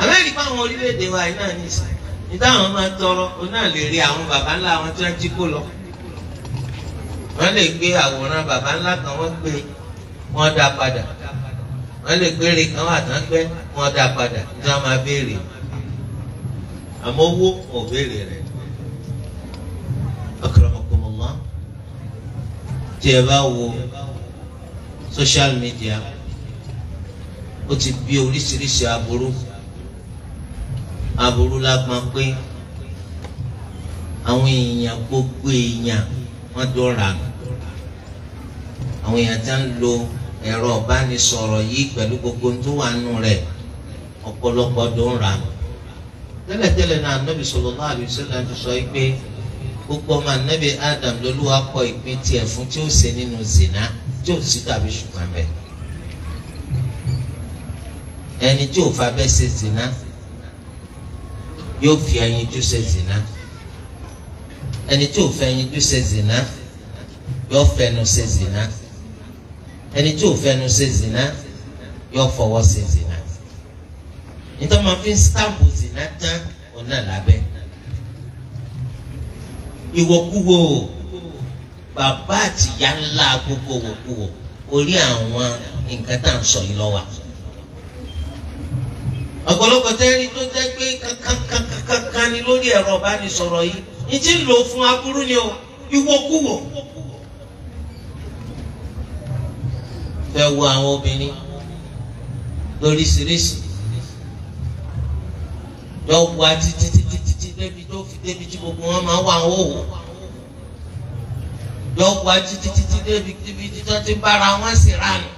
amẹ́ríkà àwọn orílẹ̀-èdè wa iná ní ìsìn ní táwọn máa tọrọ ó náà lè rí àwọn baba ńlá wọn tí wọ́n jí kó lọ. wọ́n lè gbé àwòrán baba ńlá kan wọ́n gbé wọ́n dá padà wọ́n lè gbére kan wà tán gbẹ́ wọ́n dá padà tí wọ́n máa béèrè àmọ́ owó ò béèrè rẹ̀ ọkọ̀rọ̀mọkọ̀mọ̀ mọ́ tí ẹ bá wo social media ó ti bí oríṣiríṣi aburú aburú lágbọn pé àwọn èèyàn gbogbo èèyàn wọn dọ̀ra àwọn èèyàn tá ń lo ẹ̀rọ ìbánisọ̀rọ̀ yìí pẹ̀lú gbogbo tó wà nù rẹ̀ ọ̀pọ̀lọpọ̀ dọ̀ra tẹ́lẹ̀tẹ́lẹ̀ náà anábì sallallahu alaihi wasallam ti sọ pé gbogbo ọmọ anábì Adam lolúwa kọ ìpín tiẹ̀ fún tí ó ṣe nínú zina. No tí ò sí tàbí ṣùgbọ́n bẹ́ẹ̀ ẹni tí ò fa bẹ́ẹ̀ ṣe zina yóò fi ẹyin jú ṣe zina ẹni tí ò fẹ́ ẹyin jú ṣe zina yóò fẹnu ṣe zina ẹni tí ò fẹnu ṣe zina yóò fọwọ́ ṣe zina nítorí wọn fi ń stamp zina tán ọ̀nà làbẹ́ ìwọ̀kúwò bàbá àti ìyá ńlá gbogbo wòkúwò orí àwọn nǹkan tá à ń sọ yìí lọ́wọ́ ọ̀pọ̀lọpọ̀ tẹ́rí tó jẹ́ pé kankankankan ni lórí ẹ̀rọ ìbánisọ̀rọ̀ yìí ní ti ń lò fún aburú ni o ìwòkúwò. fẹ́ wo àwọn obìnrin lóríṣiríṣi yọ wá títí títí títí débi tó fi débi tí gbogbo wọn máa wà wò wò àjọ wa títí títí débi tíbi títọ́ ti bára wọn sì ránù.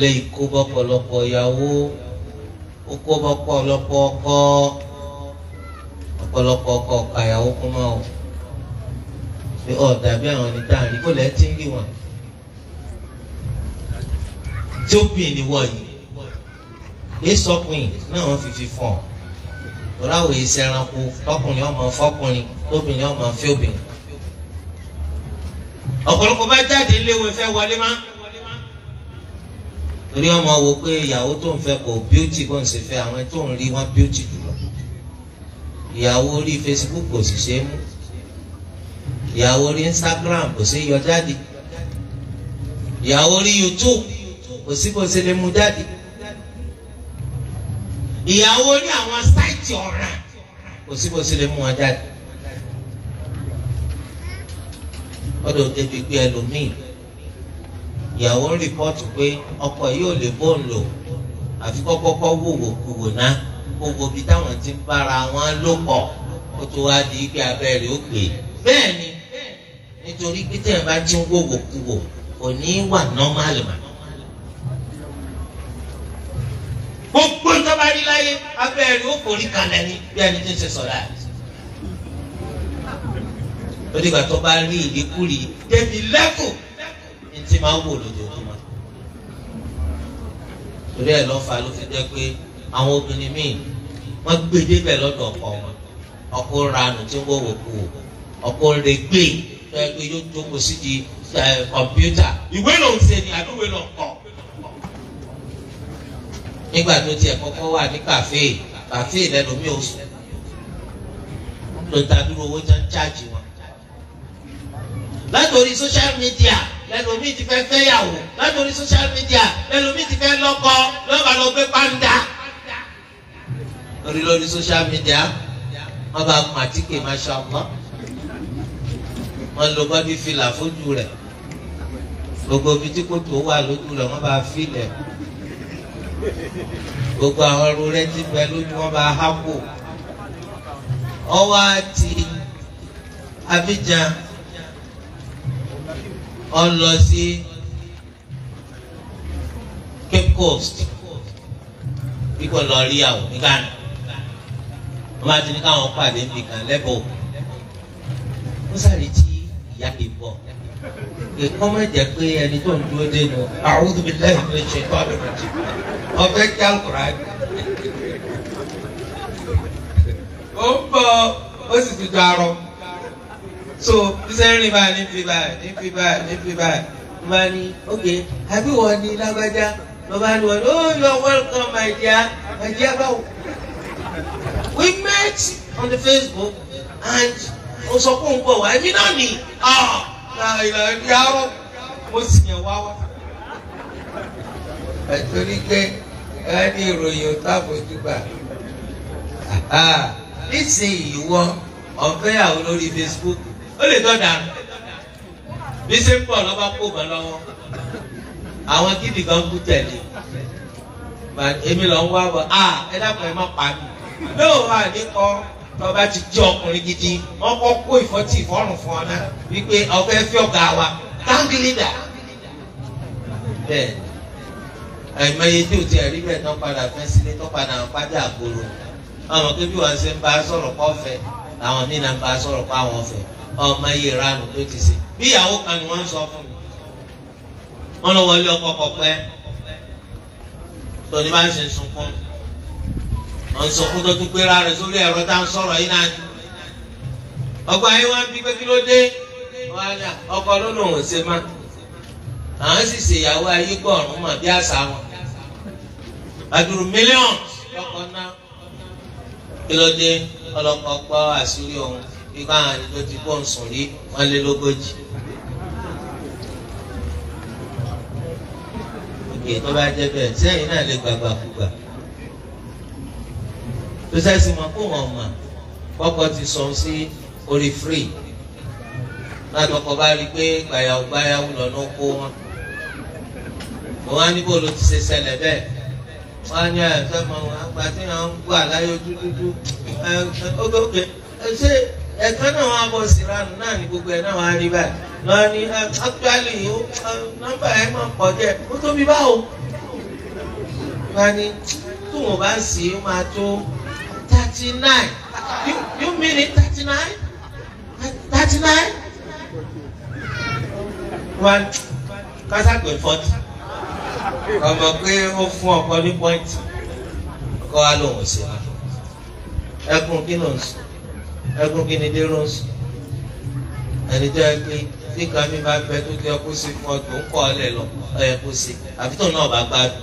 lè kó bọ́pọ̀lọpọ̀ ìyàwó ó kó bọ́pọ̀lọpọ̀ ọkọ ọ̀pọ̀lọpọ̀ ọkọ ọ̀ka ìyàwó kún mọ́ ọ. pé ọ̀ dàbí àwọn ẹni tá à ń rí kó lẹ́ẹ̀ tí ń rí wọn. tí ó pin ìníwọ̀ yìí èso pin náà wọ́n fi fi fún ọ torí àwọn èsì ẹranko tọkùnrin ọmọ fọkùnrin tóbìnrin ọmọ fíobìnrin. ọ̀pọ̀lọpọ̀ bá jáde léwu fẹ́ wọlé má torí ọmọ wo pé ìyàwó tó ń fẹ́ kò bíútì bó ń ṣe fẹ́ àwọn tó ń rí wọn bíútì jùlọ ìyàwó orí Facebook kò sì ṣe é mú ìyàwó orí Instagram kò sí yọ jáde ìyàwó orí YouTube kò sí kò sí lè mú jáde ìyàwó ní àwọn sáìtì ọ̀ràn kò sí bó ṣe lè mú wọn jáde ọdọ débi pé ẹlòmíì ìyàwó ń rìpọ́tù pé ọkọ yìí ò lè bóun lò àfi kọ́kọ́kọ́ wòwò kúwò náà gbogbo ibi táwọn ti ń bára wọn ló pọ̀ kó tó wá di ibi abẹ́rẹ́ ó pè bẹ́ẹ̀ ni nítorí pé tẹ̀ bá ti ń wòwò kúwò kò ní í wà nọ́màlì mà. gbogbo bá rí láyé abẹ́rẹ́ ó forí kalẹ̀ ní bí ẹni tí ń ṣe sọ̀rọ̀ àti. lórí ìgbà tó bá rí ìdíkùrì débi lẹ́kù ní ti máa ń wò lójoojúmọ́. torí ẹ̀ lọ́fà ló fi jẹ́ pé àwọn obìnrin míì wọ́n gbé débẹ̀ lọ́dọ̀ ọkọ wọn ọkọ ranù tí ń wọ̀wọ̀ kú ọkọ rẹ̀ gbé tó yẹ pé yóò jókòó sí kọ̀mpútà ìwé lòún ṣe ni àdúgbò lòún kọ̀ nígbà tó tiẹ̀ kọ́kọ́ wà ní kàfé kàfé lẹ́nu mi ò sùn tó ń ta dúró owó tó ń chájì wọn. látòrí social media lẹ́nu mi ti fẹ́ fẹ́yàwó látòrí social media lẹ́nu mi ti fẹ́ lọ́kọ lọ́ba lọ gbé pàǹdà. lórí lórí social media wọ́n bá kun àtíkè masha Allah wọ́n lo bọ́dí fìlà fojú rẹ̀ gbogbo ibi tí kò tó wà lójú rẹ̀ wọ́n bá filẹ̀ gbogbo àwọn rúrẹ́ ti bẹ lójú wọn bá há kù ọwọ́ àti Abidjan ọ lọ sí Cape Coast kíkọ lọ rí àwọn ní Ghana wọn bá ti ní káwọn pàdé nìkan lẹ́bọ̀ọ́ wọ́n sáré tí ìyá kì bọ̀ kọ́ mọ̀ jẹ́ pé ẹni tó ń dúró dé nu a'udhu billahi minash shaitanir rajim ọ̀fẹ́ kí àkùrá ni. ó ń bọ̀ ó sì ti gba so iṣẹ́ rìn báyìí ní fi báyìí ní fi báyìí ní fi báyìí máa ní ok àbí wọ́n ní lágbájá bàbá ni wọ́n ní oh you are welcome my dear my dear báwo. we met on the Facebook and mo sọ fún un pọ̀ wá èmi náà nì yàrá mo sì yàn wá wá. ẹ̀tọ́rí pé ẹ ní ìròyìn òtáfojúgbà nísìnyí ìwọ ọ̀fẹ́yàwó lórí Facebook ó lè tọ́ dànù bí ṣe ń bọ̀ lọ́ba kó mọ́ lọ́wọ́ àwọn kíndì kan kú tẹ̀lé èmi lọ ń wá bọ̀ ẹ dákun ẹ má pa mí lóòwà ní tó bá ti jẹ́ ọkùnrin gidi wọ́n kọ́ kó ìfọ́tì ìfọ́rùn fún ọ náà wípé ọ̀fẹ́ fi ọ̀gá wa káńgì lídà bẹ́ẹ̀ àìmọye tí o ti ẹ̀rí bẹ́ẹ̀ tó padà fẹ́ sílé tó padà ń pàdé àgbòrò ọmọ pé bí wọ́n ṣe ń bá a sọ̀rọ̀ kọ́ fẹ́ làwọn mí náà ń bá a sọ̀rọ̀ kọ́ àwọn fẹ́ ọmọ iye ìranù tó ti ṣe bí ìyàwó kan ni wọ́n ń sọ fún mi wọ́n lọ wọlé ọkọ̀ kọ̀pẹ́ tòní bá ń ṣe sunkún wọn sọ fún tó tún gbéra rẹ̀ sórí ẹ̀rọ tá à ń sọ̀rọ̀ yìí náà ni ọgbà yín wá ń bí pé kí ló dé ọkọ ló lòun ṣe má àwọn sì ṣèyàwó ayé gbọ̀ọ̀rún mà bí àṣà wọn àdúrú mílíọ̀nù lọkọ náà kí ló dé ọlọ́kọ gbọ́ àṣírí ọ̀hún ikú àwọn àdìgbò ti bọ̀ ń sùn rí wọn lé lógójì. ìgbè tó bá jẹ bẹ́ẹ̀ sẹ́yìn náà lè gbàgbà fúgbà tó sẹ́sì mọ̀ kó wọn mọ̀ kọ́kọ́ ti sọ sí orí free náà tọkọ bá rí i pé gbàyàwó gbàyàwó lọ́nà kó wọn wọn á ní bó ló ti ṣe ṣẹlẹ̀ bẹ́ẹ̀ wọn á ní àyàtọ̀ mọ wọn àgbà tí wọn ń gbọ́ àláyé ojú dúdú ọgọgẹ ṣé ẹ̀ka náà wọn á bọ̀ sí ránù náà ní gbogbo ẹ̀ náà wọn á rí báyìí lọ́wọ́ ní actually nọ́mbà ẹ̀ máa pọ̀ díẹ̀ ó tóbi báwo wọn á ní tó wọn bá sì í máa tó thirty-nine. You, you mean it thirty-nine? Thirty-nine? One, kásákò forty. Ọmọ pé ó fún ọkọ ní pọ́ìntì. Ọkọ wa ló ń sè wá. Ẹkùn kí ló ń sùn? Ẹkùn kí ni dé ló ń sùn? Ẹni jẹ́ pé bí kan mi bá bẹ tó kí ọkọ sí fún ọ tó ń kọ́ ọ lẹ̀ lọ, ọ yẹ kó sí. Àfi tó náà bá gbádùn.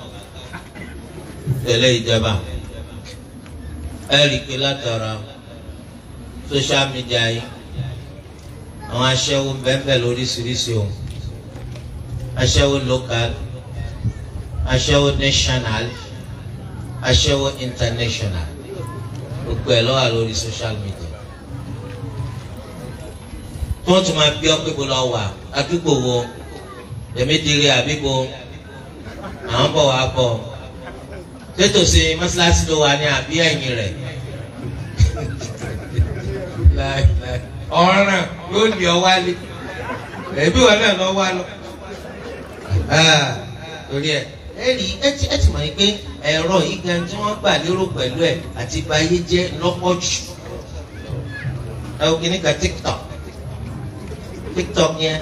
Tẹ̀lé ìjọba ẹ rí i pé látara social media yìí àwọn aṣẹ́wó bẹ́ẹ̀ lóríṣiríṣi o aṣẹ́wó local aṣẹ́wó national aṣẹ́wó international gbogbo ẹ̀ lọ́wọ́ lórí social media tí wọ́n tún máa bí ọ́ pé bó lọ wà àdúgbò wo èmi dirí àbíbo àwọn bọ̀ wá bọ̀ ọ́ tètòsí mọ́sálásí ló wà ní àbí ẹ̀yìn rẹ̀ ọ̀ràn yóò lè ọ wálé ẹ̀bí wọn náà lọ wá lọ torí ẹ̀ ẹ̀rí ẹtì ẹtì mọ̀ ní pé ẹ̀rọ ìgbà tí wọ́n gbà lérò pẹ̀lú ẹ̀ àti báyé jẹ́ lọ́pọ̀ jù ẹ o kìíní ka tiktok tiktok yẹn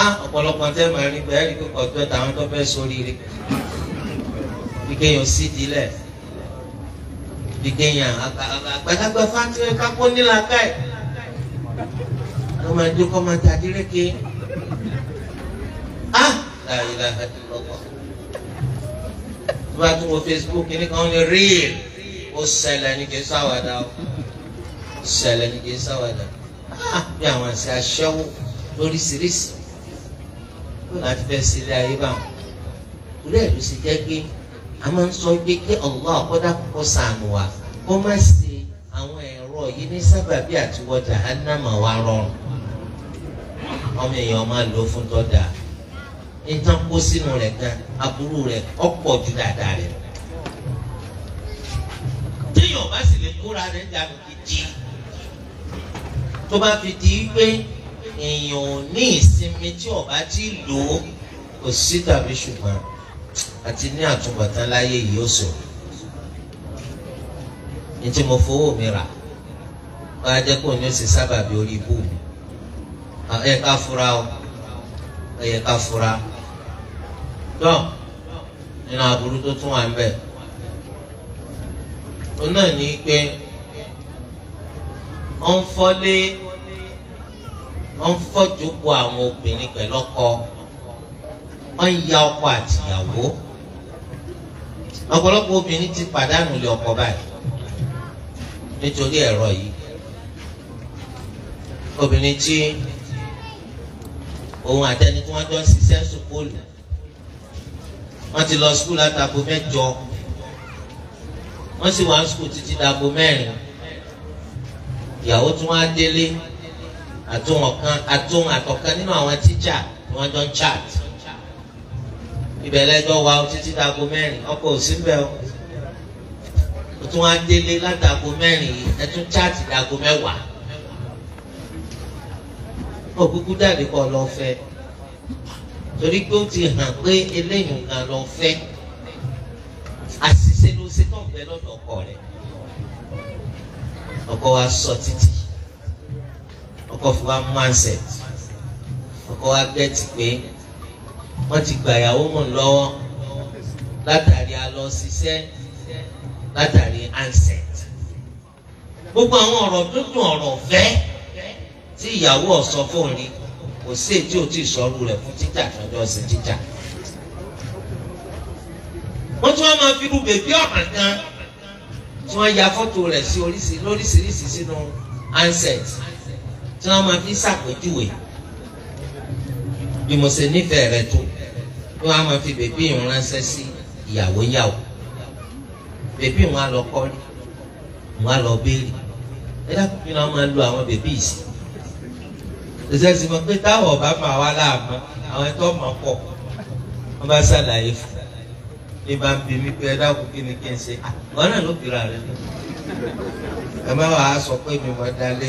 a ọ̀pọ̀lọpọ̀ tẹ́ mọ̀ ẹ́ rí pé ẹ̀rí pé kọ̀ọ̀tù ẹ̀ tàwọn tó fẹ́ sórí rẹ̀ ìkéyàn sídìí lẹ̀ ìkéyàn àgbàlagbà fáńtì kápó nílàkà ẹ̀ wọ́n máa dé kọ́ máa tàdí léke á láyé láyé lọ́wọ́ tó bá tún wo Facebook ní kan ní real ó ṣẹlẹ̀ ní kí n sáwàdà ó ṣẹlẹ̀ ní kí n sáwàdà bí àwọn àṣẹ aṣẹ́wó lóríṣiríṣi ó láti fẹ́ sílé ayé báwọn torí ẹ̀ jẹ́ pé a máa ń sọ pé kí Allah àkọ́dá kọ́kọ́ sànù wa kó má ṣe àwọn ẹ̀rọ yìí ní sábàbí àtiwọ jahannama wa rọrùn ọmọ èèyàn máa lò fún tọ́da nítorí kó sínú rẹ̀ gan aburú rẹ̀ ọ̀pọ̀ ju dáadáa rẹ̀ téèyàn bá sì lè kóra rẹ̀ dànù kìjì tó bá fi di pé èèyàn ò ní ìsinmi tí ọba ti lò ó kò sí tàbí ṣùgbọ́n àti ní àtúbọ̀tán láyé yìí ó ṣòro ní tí mo fowó mi rà wọ́n á jẹ́ kó ní sábà bí orí ibú mi ẹ ká fura o ẹ ká fura dán nínú aburú tó tún wà ń bẹ̀ òun náà ní pé ó ń fọ́lé ó ń fọ́jú po àwọn obìnrin pẹ̀lú ọkọ wọ́n ya ọkọ àtìyàwó ọ̀pọ̀lọpọ̀ obìnrin ti pàdánù lé ọkọ báyìí nítorí ẹ̀rọ yìí obìnrin tí òun àtẹni tí wọ́n jọ ń ṣiṣẹ́ sùkúlù wọ́n ti lọ sùkúlù àtàkùn mẹ́jọ wọ́n sì wá sùkúlù títí dàgbò mẹ́rin ìyàwó tí wọ́n á délé àtúnwọ̀n kan àtúnwọ̀n àtọ̀kan nínú àwọn tíjà tí wọ́n jọ ń chat ibẹ̀ lẹ́jọ́ wa títí dago mẹ́rin ọkọ̀ ò sí bẹ́ẹ̀ o o tún wá délé látago mẹ́rin ẹ tún chaati dago mẹ́wàá òkúkú dàdí kọ́ lọ fẹ́ torí pé ó ti hàn pé eléyìí gan lọ fẹ́ àṣìṣe ló ṣe tó ń bẹ lọ́dọ̀ ọkọ rẹ̀ ọkọ wa sọ títí ọkọ fún wa mindset ọkọ wa gẹ́tì pé wọ́n ti gba ìyàwó mọ̀ lọ́wọ́ látàrí alọ́ ṣiṣẹ́ látàrí ansẹt gbogbo àwọn ọ̀rọ̀ dúndùn ọ̀rọ̀ fẹ́ tí ìyàwó ọ̀sọ́ fóun rí kò sí èyí tí ò tí ì sọ́rù rẹ̀ fún títà tọ́jọ́ sí títà wọ́n tún wọ́n máa fi irú bèbí ọ̀ràn kan tí wọ́n ya fọ́tò rẹ̀ sí lóríṣiríṣi sínú ansẹt tí wọ́n máa fi ṣàpèjúwe. Si bí mo ṣe nífẹ̀ẹ́ rẹ tó wọn á máa fi bèbí ìrún ránṣẹ́ sí ìyàwó yàwó bèbí wọn á lọ kọ́lé wọn á lọ béèrè ẹ dákun kí wọn máa lo àwọn bèbí yìí sí ẹsẹ sì mọ pé táwọn ọba máa wá láàmú àwọn ẹtọ máa pọ̀ wọn bá ṣàlàyé fún mi bá ń bí mi pé ẹ dákun kí ni kí n ṣe àwọn náà ló bìrà rẹ lọ ẹ má wàá sọ pé mi mọ̀ dá lé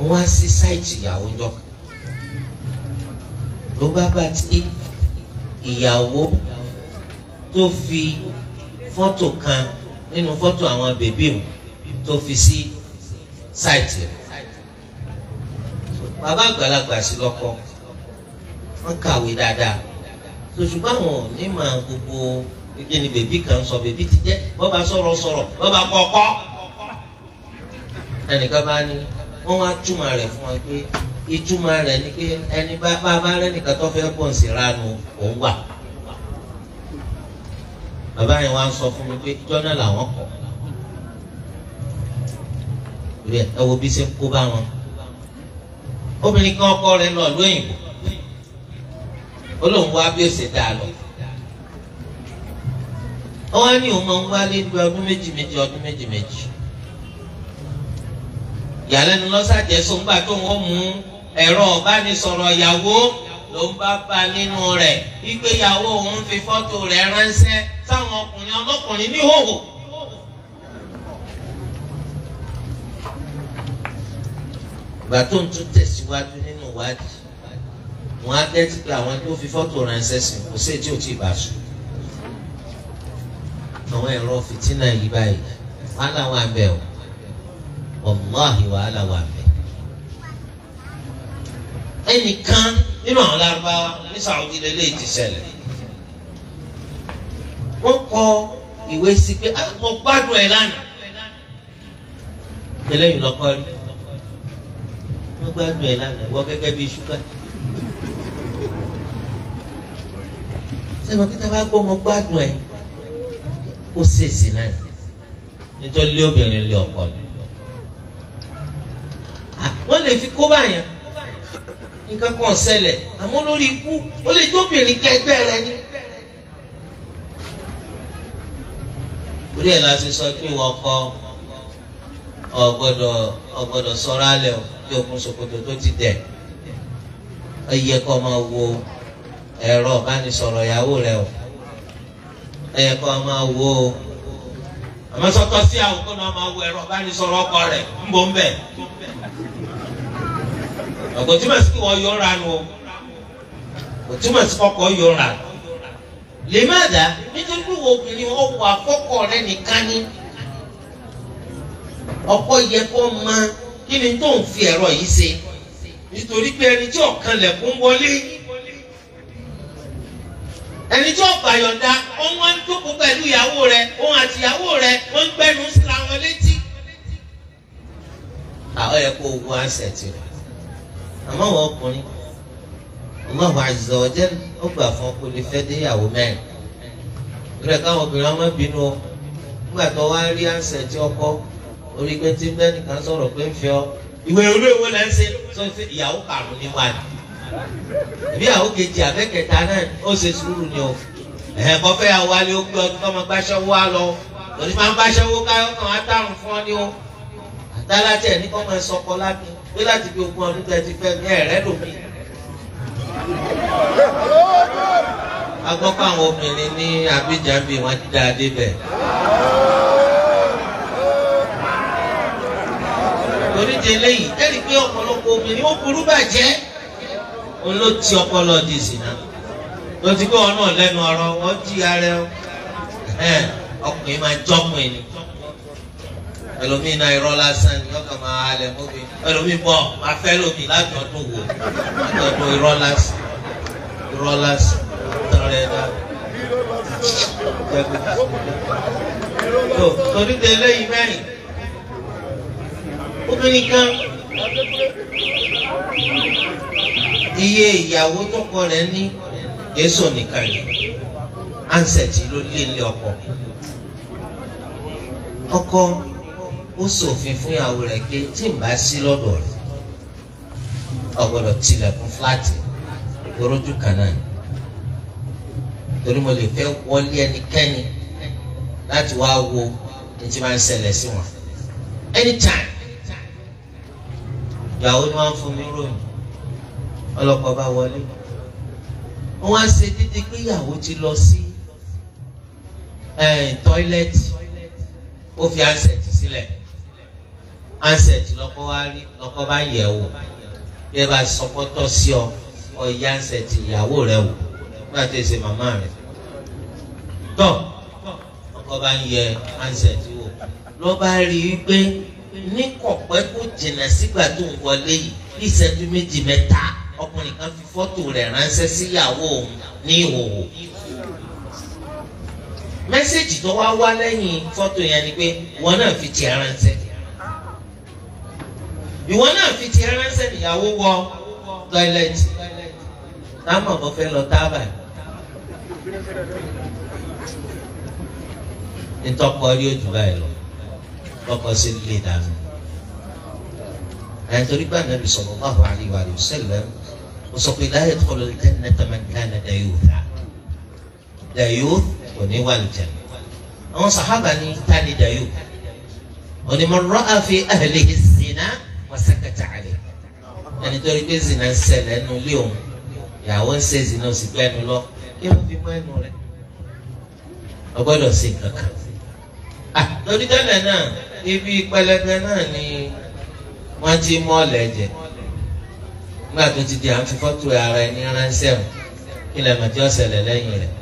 wọ́n wá sí sáìtì ìyàwó jọ ló bá bá tí ìyàwó tó fi fọ́tò kan nínú fọ́tò àwọn bèbí mu tó fi sí sáìtì rẹ̀ bàbá àgbàlagbà sí lọ́kọ wọ́n kàwé dáadáa ṣùgbọ́n àwọn ò ní màá gbogbo gbẹ́gbẹ́ ni bèbí kan sọ bèbí ti jẹ́ bọ́ bá sọ̀rọ̀ sọ̀rọ̀ bọ́ bá kọ́kọ́ ẹnìkan bá ní wọ́n wá túmọ̀ rẹ̀ fún wa pé ìtumọ̀ rẹ̀ ni pé ẹni bá bá bá rẹ́nìkan tó fẹ́ pọ̀ sí ránu òun wà. bàbá yẹn wá ń sọ fún mi pé jọ́nà làwọn kọ̀ rẹ̀ ẹ wo bí ṣe ń kó bá wọn. obìnrin kan ọkọ rẹ̀ lọ lóyìnbó ó lóun wá bí ó dá lọ wọ́n á òun máa ń wálé ní ọdún méjì méjì ọdún méjì méjì ìyàlẹ́nu lọ́sàjẹ́ sọ́ngbà tó wọ́n mú ẹ̀rọ ọ̀bánisọ̀rọ̀ ìyàwó ló ń bá bá nínú rẹ̀ ìgbéyàwó òun fi fọ́tò rẹ̀ ránṣẹ́ sáwọn ọkùnrin ọlọ́kùnrin ní ìhòòhò. ìgbà tó ń tún tẹ̀síwájú nínú ìwádìí wọn á tẹ́tí pé àwọn tó fi fọ́tò ránṣẹ́ sí kò sí ètí òtí ìbá sùn. àwọn ẹ̀rọ fìtínà yìí báyìí wọn á láwọn abẹ́ ọ̀ wàláhi wàhálà wà bẹ. ẹnìkan nínú àwọn lárúbáwá ní Saudi lélẹ́yìí ti ṣẹlẹ̀ wọ́n kọ ìwé sí pé ah, mo gbádùn ẹ̀ lánàá eléyìí lọ́kọ́ rí wọ́n gbádùn ẹ̀ lánàá wọ́n gẹ́gẹ́ bíi ṣúgà. sẹ́wọ̀n kí bá gbọ́ mo gbádùn ẹ̀ ó ṣèṣì náà nítorí lé obìnrin lé ọkọ ni wọ́n lè fi kó báyàn nǹkan kan ṣẹlẹ̀ àmọ́ lórí ikú ó lè jóbìnrin kẹgbẹ́ rẹ ní. orí ẹ̀ la ti sọ pé ìwọ ọkọ ọgbọ́dọ̀ ọgbọ́dọ̀ sọra lẹ o bí okùn ṣòkòtò tó ti dẹ̀ ẹ yẹ kó máa wo ẹ̀rọ ìbánisọ̀rọ̀ ìyàwó rẹ o ẹ yẹ kó máa wo àmọ́ sọ́tọ̀ sí àwọn kó náà máa wo ẹ̀rọ ìbánisọ̀rọ̀ ọkọ rẹ ń bọ̀ ń bẹ̀ kò túmọ̀ sí kí wọ́n yọ ra nu o kò túmọ̀ sí kọ́kọ́ yọ ra lè má dá nítorí pé wo obìnrin ọkọ àkọ́kọ́ rẹ nìkan ni ọkọ yẹ kó mọ kí ni tó ń fi ẹ̀rọ yìí ṣe nítorí pé ẹni tí ọ̀kan lẹ̀kún wọlé ẹni tí ọba yọ̀ǹda ọmọ ń jókòó pẹ̀lú ìyàwó rẹ̀ òun àti ìyàwó rẹ̀ wọ́n ń gbẹ́nu síra wọn létí. àwọn ẹ̀kọ́ ogun asẹ̀tì rẹ̀ àmọ́ wọ́n ọkùnrin Allahu azza wa jal ó gbà fún ọkùnrin fẹ́ dé ìyàwó mẹ́rin rẹ̀ káwọn obìnrin ọmọ bínú o nígbà tó wá rí ànsẹ̀ tí ọkọ orí pé tí mẹ́rin kan sọ̀rọ̀ pé ń fẹ́ ọ ìwé olówó lẹ́ ń ṣe tó ń fẹ́ ìyàwó karùn ní wa ni ìbí àwọn kejì àbẹ́kẹta náà ó ṣe sùúrù ni o ẹ̀ kọ́fẹ́ yà wálé ó gbé ọdún kọ́mọ gbáṣẹ́ wá lọ lọ́dún máa ń gbáṣẹ́ wó káyọ̀ kan á tàrùn fún ọ ní pé láti fi ogún ọdún tẹ́tí fẹ́ ní ẹ̀rẹ́ lómi. agbọ́pọ̀ àwọn obìnrin ní Abidjan bíi wọ́n ti dá a débẹ̀. torí di eléyìí ẹ̀rí pé ọ̀pọ̀lọpọ̀ obìnrin ó burú bàjẹ́ òun ló ti ọpọlọ di ìsìnà ló ti kó ọ̀nà lẹ́nu ọ̀rọ̀ wọ́n jí ara ẹ̀ ọkùnrin máa jọ́kùnrin ni ẹlòmíín irọ́ lásán ni ọkàn máa halẹ̀ mọ́bìnrin ẹlòmíì bọ máa fẹ́ lómi láti ọdún wo láti ọdún irọ́ lásì irọ́ lásì tọrẹ dá tó torí de eléyìí mẹ́rin obìnrin kan iye ìyàwó tọkọ rẹ̀ ní yéṣù nìkan yìí ansẹ̀tì ló lé ilé ọkọ ọkọ ó ṣòfin fún ìyàwó rẹ̀ pé tí n bá sí lọ́dọ̀ rẹ̀ ọ̀gbọ́dọ̀ tilẹ̀kùn fúláàtì ìgbórójú kan náà ni torí mo lè fẹ́ wọlé ẹnikẹ́ni láti wá wo ní tí máa ń ṣẹlẹ̀ sí wọn anytime ìyàwó ni wọ́n fún mi ròyìn ọlọ́pàá bá wọlé wọ́n wá ṣe dídí pé ìyàwó ti lọ sí eh, tọ́ílẹ̀tì ó fi ansẹ̀tì sílẹ̀. Si ansẹt lọkọ wa rí lọkọ bá yẹ̀ wò bí ẹ bá sọpọtọ sí ọ ọ yẹ ansẹt ìyàwó rẹ wò nígbà tó ṣe màmá rẹ tọ ọkọ bá ń yẹ̀ ansẹt wò lọ bá rí i pé ní kọ̀pẹ́ kó jìnnà sígbà tó ń wọlé yìí ní ìṣẹ́jú méjì mẹ́ta ọkùnrin kan fi fọ́tò rẹ̀ ránṣẹ́ síyàwó òun ní ìhòòhò mẹ́sẹ̀jì tó wá wá lẹ́yìn fọ́tò yẹn ni pé wọ́n náà fi tiẹ̀ ránṣẹ́. ìwọ náà fi ti ránṣẹ́ toilet. I'm a táwọn ọmọ fẹ́ lọ tábà nítọ́kọ rí ojú báyìí lọ lọ́kọ sí lè dànù àyàtọ̀rí bá nàbì sallallahu alaihi wa sallam wọ́n sọ pé la yadkhulul jannata man kana dayutha dayuth kò ní wà lè jẹun àwọn sàhábà ní tani dayuth onímọ̀ rọ́àfin ahlihi zina. wasakata ale ẹni tó rí pé zina ń ṣẹlẹ̀ ẹnu ilé òun ìyàwó ń ṣe zina òsì gbẹ́ ẹnu lọ kí wọ́n fi mọ́ ẹnu rẹ̀ ọgbọ́dọ̀ ṣe kankan. lórí tẹ́lẹ̀ náà ibi pẹlẹbẹ náà ni wọ́n ti mọ́ ọ̀lẹ́jẹ̀ nígbà tó ti di à ń fi fọ́tò ara ẹni ránṣẹ́ o kí lè mọ̀ tí ó lẹ́yìn rẹ̀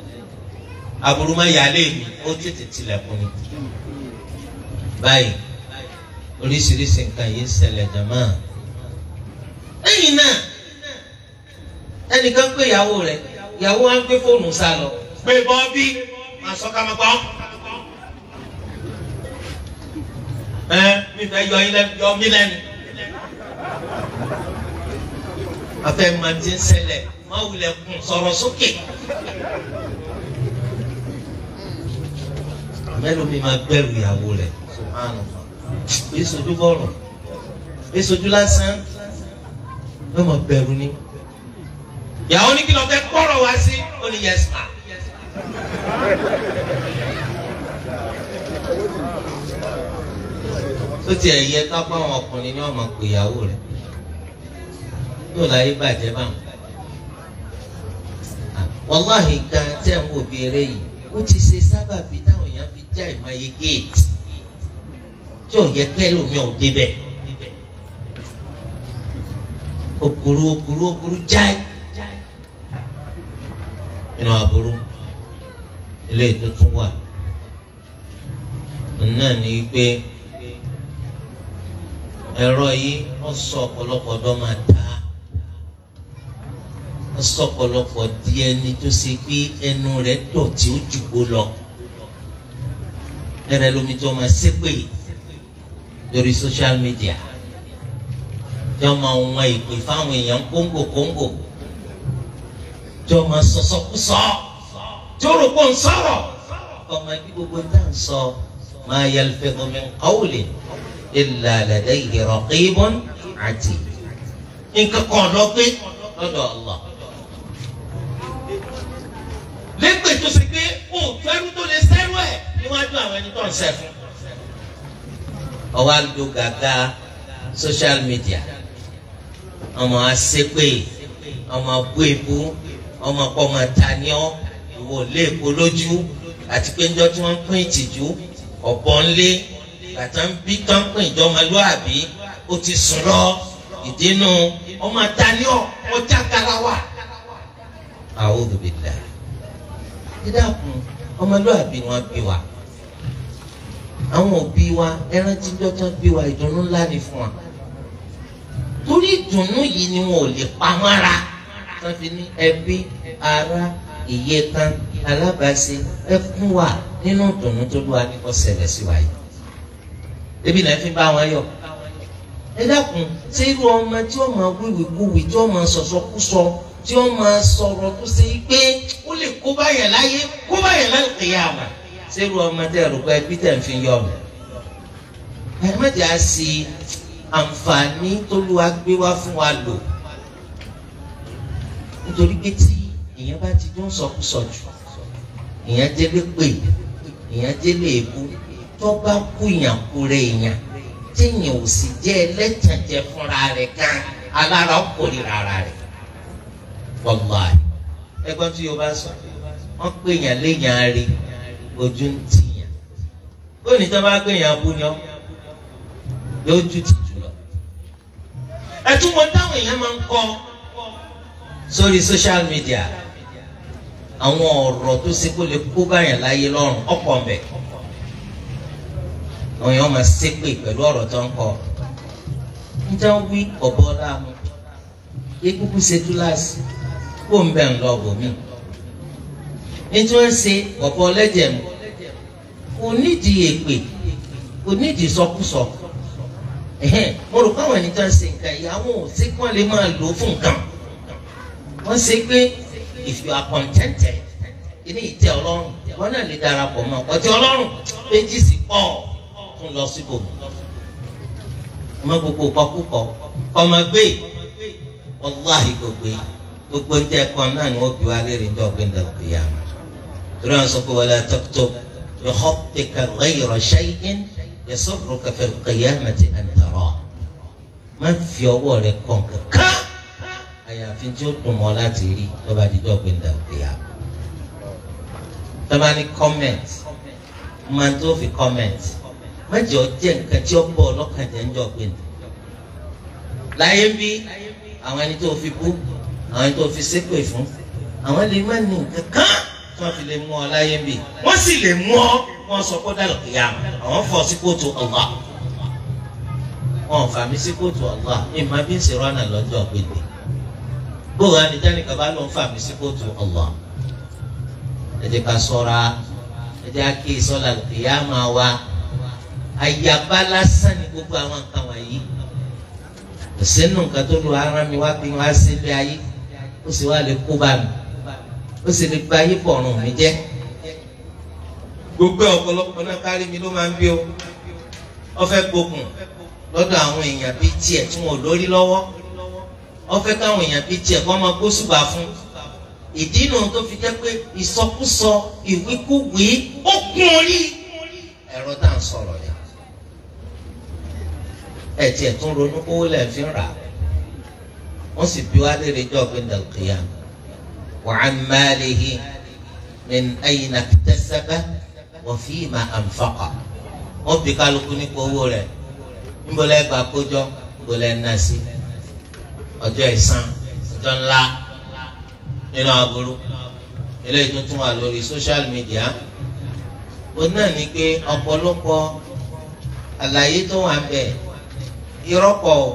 aburú má yálé mi ó tètè tilẹ̀kùn ni báyìí oríṣiríṣi nǹkan yìí ń ṣẹlẹ̀ jàmá. lẹ́yìn náà ẹnìkan pé ìyàwó rẹ̀ ìyàwó wa ń gbé fóònù sá lọ. pé bọ́ọ̀bì máa sọ ká máa gbọ́. ẹ mi fẹ́ yọ ilé yọ mí lẹ́nu. afẹ́ máa ti ń ṣẹlẹ̀ máa wulẹ̀ kùn sọ̀rọ̀ sókè. mẹ́lòmí máa bẹ̀rù ìyàwó rẹ̀ sùpáànù kì í sojú bọ̀rọ̀ kì í sojú lásán ló mọ̀ bẹ̀rù ni. ìyàwó ní kí lọ fẹ́ kọ́rọ̀ wá sí ó ní yes ma. ó ti ẹ̀ yẹ ká bá àwọn ọkùnrin ní ọmọ pé ìyàwó rẹ̀ yóò láyé bàjẹ́ báwọn. Ah, wàláhì gan tẹ̀ ń wò bí eré yìí ó ti ṣe sábàbí táwọn èèyàn fi já ìmọ̀ iye géètì tí ò yẹ pé lómi ò débẹ̀ okuru okuru okuru jáì nínú aburú ilé tuntun wà náà ní pé ẹ̀rọ yìí ó sọ ọ̀pọ̀lọpọ̀ ọ̀dọ́ máa ta ó sọ ọ̀pọ̀lọpọ̀ di ẹni tó ṣe pé ẹnu rẹ̀ dọ̀tí ó lọ ẹ̀rẹ̀ lómi tó máa ṣépè yìí lórí social media tí wọn máa wọn ìpè fáwọn èèyàn kóńgò kóńgò tí wọn máa sọsọkúsọ tí wọn rò pọ̀ ń sọ̀rọ̀ ọmọ ẹbí gbogbo ń tà ń sọ ma yalfidu min qawlin illa ladayhi raqibun atid nǹkan kan lọ pé lọ́dọ̀ Allah lẹ́gbẹ̀ẹ́ tó ṣe pé òun fẹ́rú tó lè sẹ́rú ẹ̀ níwájú àwọn ẹni tó ń ṣẹ́ fún ọwọ́ àlùdó gàgà social media ọmọ asépè ọmọ abú ebú ọmọ pọmọ taniọ ìwò léèpo lójú àti pé njọ tí wọ́n pín ìtìjú ọbọ ńlé bàtà ń bí tán pín ìjọmọlúàbí ó ti sùn lọ ìdínú ọmọ taniọ ọjà garawa àwọn olùbẹ̀dà dídàkùn ọmọlúàbí wọ́n bí wa àwọn òbí wa ẹran jíjọ́ tán bí wa ìdùnnú ńlá ni fún wa torí ìdùnnú yìí ni wọn ò lè pa mọ́ra tán fi ní ẹbí ará ìyẹ́ kan alábàáṣe ẹkún wà nínú ìdùnnú tó lù wá ní sí wa yìí ebi náà fi bá wọn yọ ẹ dákun ṣé irú ọmọ tí ó máa wíwìkúwì tí ó máa sọ̀sọ̀kúsọ tí ó máa sọ̀rọ̀ tó ṣe pé ó lè kó báyẹn láyé kó báyẹn láyé kìí àwọn sẹ́rù ọmọ tẹ ẹ̀rù pé ẹbí tẹ̀ ń fi yọ ọ̀bẹ. ẹ mẹ́jẹ̀ á sí àǹfààní t'Olúwa gbé wá fún wa lò nítorí pé tí èèyàn bá ti dún sọkúsọ jù èèyàn délé pè èèyàn délé èkó tó bá kú èèyàn kú rẹ èèyàn téèyàn ò sì jẹ́ ẹlẹ́tàjẹ fúnra rẹ̀ gan alára ọkùnrin rárá rẹ̀ wàláì ẹgbọ́n tí Yorùbá sọ wọ́n pè èèyàn léèyàn rí i ojú ń tìyàn ó ní tó bá gbé yàn abú ni ọ yóò ju ti jù lọ. ẹtú wọn táwọn èèyàn máa ń kọ sórí social media àwọn ọ̀rọ̀ tó ṣe kó lè kó báyàn láyé lọ́rùn ọ̀pọ̀ ọ̀bẹ àwọn èèyàn máa ṣépè pẹ̀lú ọ̀rọ̀ tó ń kọ níta ń wí ọ̀bọ láàmú egungun ṣe túláàsì kó ń bẹ̀ ń lọ bòmíì ètò ẹ̀sẹ̀ ọ̀pọ̀ ọlẹ́jẹ̀ mu kò nídìí èpè kò nídìí sọkúsọ mo rò káwọn ẹni tó ń ṣe nǹkan yìí àwọn ò sí kí wọ́n lè máa lò ó fún nǹkan wọ́n ṣe pé if you are contented ilé ìtẹ́ ọlọ́run wọn náà lè darapọ̀ mọ́ ọtí ọlọ́run méjì sí pọ̀ tún lọ síbò ọmọ gbogbo kọkúkọ kọmọ gbé wàláhì gbogbo gbogbo ń tẹ́ ẹ̀kọ́ náà ni wọ́n bí wa lérè ń jọ gbé yàrá torí àwọn sọ pé wala taktub bi khatika ghayra shay'in yasurruka fil qiyamati an tara má fi ọwọ́ rẹ kàn kankan àyàfi tí ó dùn mọ́ láti rí lọ́ba dídọ́ gbẹ̀ndà òkèèyà tọ́ba ní comment máa tó fi comment má jẹ́ ọjẹ́ nǹkan tí ó bọ̀ lọ́kàn jẹ́ ń jọ gbẹ̀ndà láyé bí àwọn ẹni tó fi bú àwọn ẹni fi ṣépè fún àwọn lè má ní nǹkan kan tí wọ́n fi lè mú ọ láyé bì wọ́n sì lè mú ọ wọ́n sọ pé dàlọ́ kìyà àwọn fọ sí kóòtù ọ̀gá wọn fà mí sí kóòtù ọ̀gá ìmọ̀ bí ń ṣe rọ́nà lọ́jọ́ gbèdé gbogbo anìjáni kaba ló ń fà mí sí kóòtù ọ̀gá ẹ jẹ́ ká sọ́ra ẹ jẹ́ kí sọ́la kìyà máa wá àyàbá lásán ni gbogbo àwọn nǹkan wọ̀nyí kò sínú nǹkan tó lu ara mi wá pín wá sílé ayé ó sì wá lè kó bá mi ó sì lè gba ayé bọ̀rùn mi jẹ́ gbogbo ọ̀pọ̀lọpọ̀ náà kárí mi ló máa ń bí o ọfẹ́ gbókùn lọ́dọ̀ àwọn èèyàn bíi tiẹ̀ tí wọn ò lórí lọ́wọ́ ọfẹ́ káwọn èèyàn bíi tiẹ̀ kọ́ máa kó ṣùgbà fún ìdí nù tó fi jẹ́ pé ìsọkúsọ ìwíkúwìí ó kún orí ẹ̀rọ tá à ń sọ̀rọ̀ yẹn ẹ̀ tiẹ̀ tún ronú kówó lẹ́ẹ̀ rà wọ́n sì bí wá lérè jọ́ pé وعن ماله من أين اكتسبه وفيما أنفقه wọ́n bi kálukú nípa owó rẹ̀ níbo lẹ́ gbà kójọ níbo lẹ́ ná sí ọjọ́ ìsan ọjọ́ ńlá nínú aburú eléyìí tuntun wà lórí social media ó náà ní pé ọ̀pọ̀lọpọ̀ àlàyé tó wà bẹ́ẹ̀ irọ́ pọ̀ o.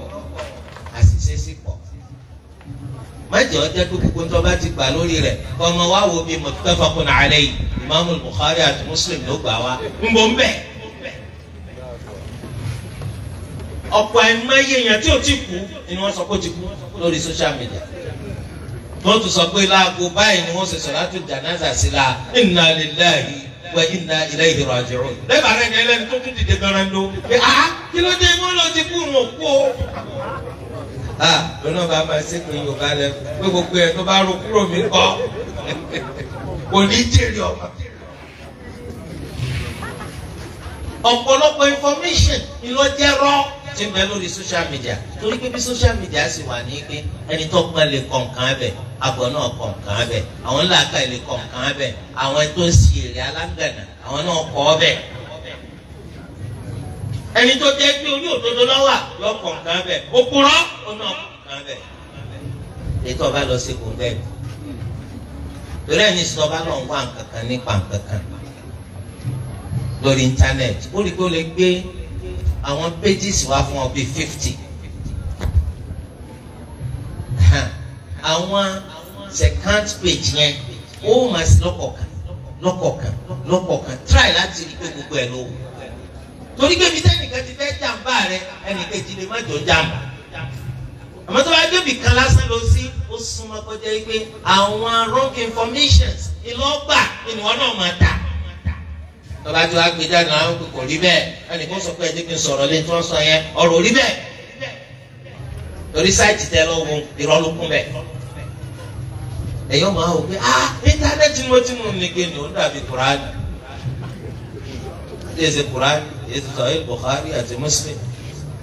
mẹjọ jẹ pé gbogbo tó bá ti gbà lórí rẹ̀ ọmọ wa wo bí muttafaqun alayhi imaamu bukhari àti muslim ló gbà wá ń bọ̀ ń bẹ̀. ọ̀pọ̀ àìmọye èèyàn tí ò ti kú ni wọ́n sọ pé ó ti kú lórí social media wọ́n tún sọ pé láago báyìí ni wọ́n ṣe sọ̀látù jànáza sí la inna lillahi wa inna ilayhi raji'un. lẹ́bàá rẹ̀ ní ẹlẹ́ni tó tún dìde gbọ́nrẹ́ ló pé a kí ló dé wọ́n lọ ti kú òun ò o a lọ́nà bá máa ṣe pé yorùbá lẹ pé gbogbo ẹ̀ tó bá ro kúrò mí kọ́ kò ní jèrè ọmọ. ọ̀pọ̀lọpọ̀ information ni ló jẹ́ rọ́ ti bẹ lórí social media torí pé bí social media sì wà ní pé ẹni tó pẹ́ lè kọ̀ nǹkan bẹ̀ àbọ̀ náà kọ̀ nǹkan bẹ̀ àwọn làákà lè kọ̀ nǹkan bẹ̀ àwọn tó ń si èrè alágànà àwọn náà kọ̀ ọ́ bẹ̀ ẹni tó jẹ́ pé orí òdodo lọ́wà lọ́kàn kan bẹ̀ òkúrọ́ ọ̀nà kan bẹ̀ ètò ọba lọ sí kùn bẹ́ẹ̀ torí ẹni sọ ọba náà wà nkankan nípa nkankan lórí íńtánẹ́ẹ̀tì ó rí i pé ó lè gbé àwọn pages wá fún ọ bíi fifty àwọn second page yẹn ó máa sí lọ́kọ̀ọ̀kan lọ́kọ̀ọ̀kan lọ́kọ̀ọ̀kan try láti rí i pé gbogbo ẹ̀ ló wù torí pé bíi sẹ́nìkan ti fẹ́ jàǹbá rẹ ẹnìkan ti lè má jọ jàǹbá àmọ́ tó bá débi kan lásán lọ sí ó súnmọ́ kọjá yìí pé àwọn wrong informations ìlọ́gbà ni wọ́n náà máa tà tọ́ba tí wàá gbé jáde àwọn kò rí bẹ́ẹ̀ ẹnìkan sọ pé ẹni kí n sọ̀rọ̀ lé tí wọ́n sọ yẹn ọ̀rọ̀ rí bẹ́ẹ̀ torí sáìtì tẹ lọ́wọ́ ìrọ́lùkún bẹ́ẹ̀ ẹ̀yọ́ máa wò pé ah íńtánẹ́ẹ̀tì mo ti mú un nìgbẹ́ ni ó dàbí kùránì ètò sọ̀rọ̀ Bukhari àti Muslim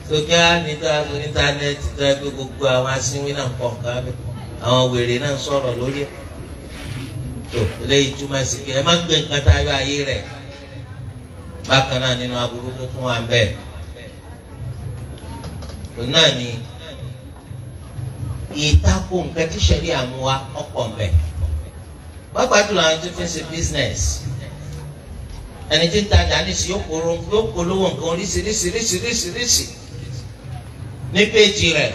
tókí á ní dáadọ́ íńtánẹ́ẹ̀tì tó ẹgbẹ́ gbogbo àwọn asínwín náà kọ̀ nǹkan bẹ́ẹ̀ àwọn wèrè náà sọ̀rọ̀ lórí ẹ̀ tó léyìí túmọ̀ sí kí ẹ má gbé nǹkan tá a yọ ayé rẹ̀ bákan náà nínú aburú tó tún wà ń bẹ́ẹ̀ tó náà ni ìtakò nǹkan tíṣẹ̀lì àmúwa ọ̀pọ̀ ń bẹ́ẹ̀ pápá jùlọ àwọn tó fi ń ṣe business ẹni tí ń tajà ní sí yóò polówó nǹkan oríṣiríṣiríṣiríṣi ní péjì rẹ̀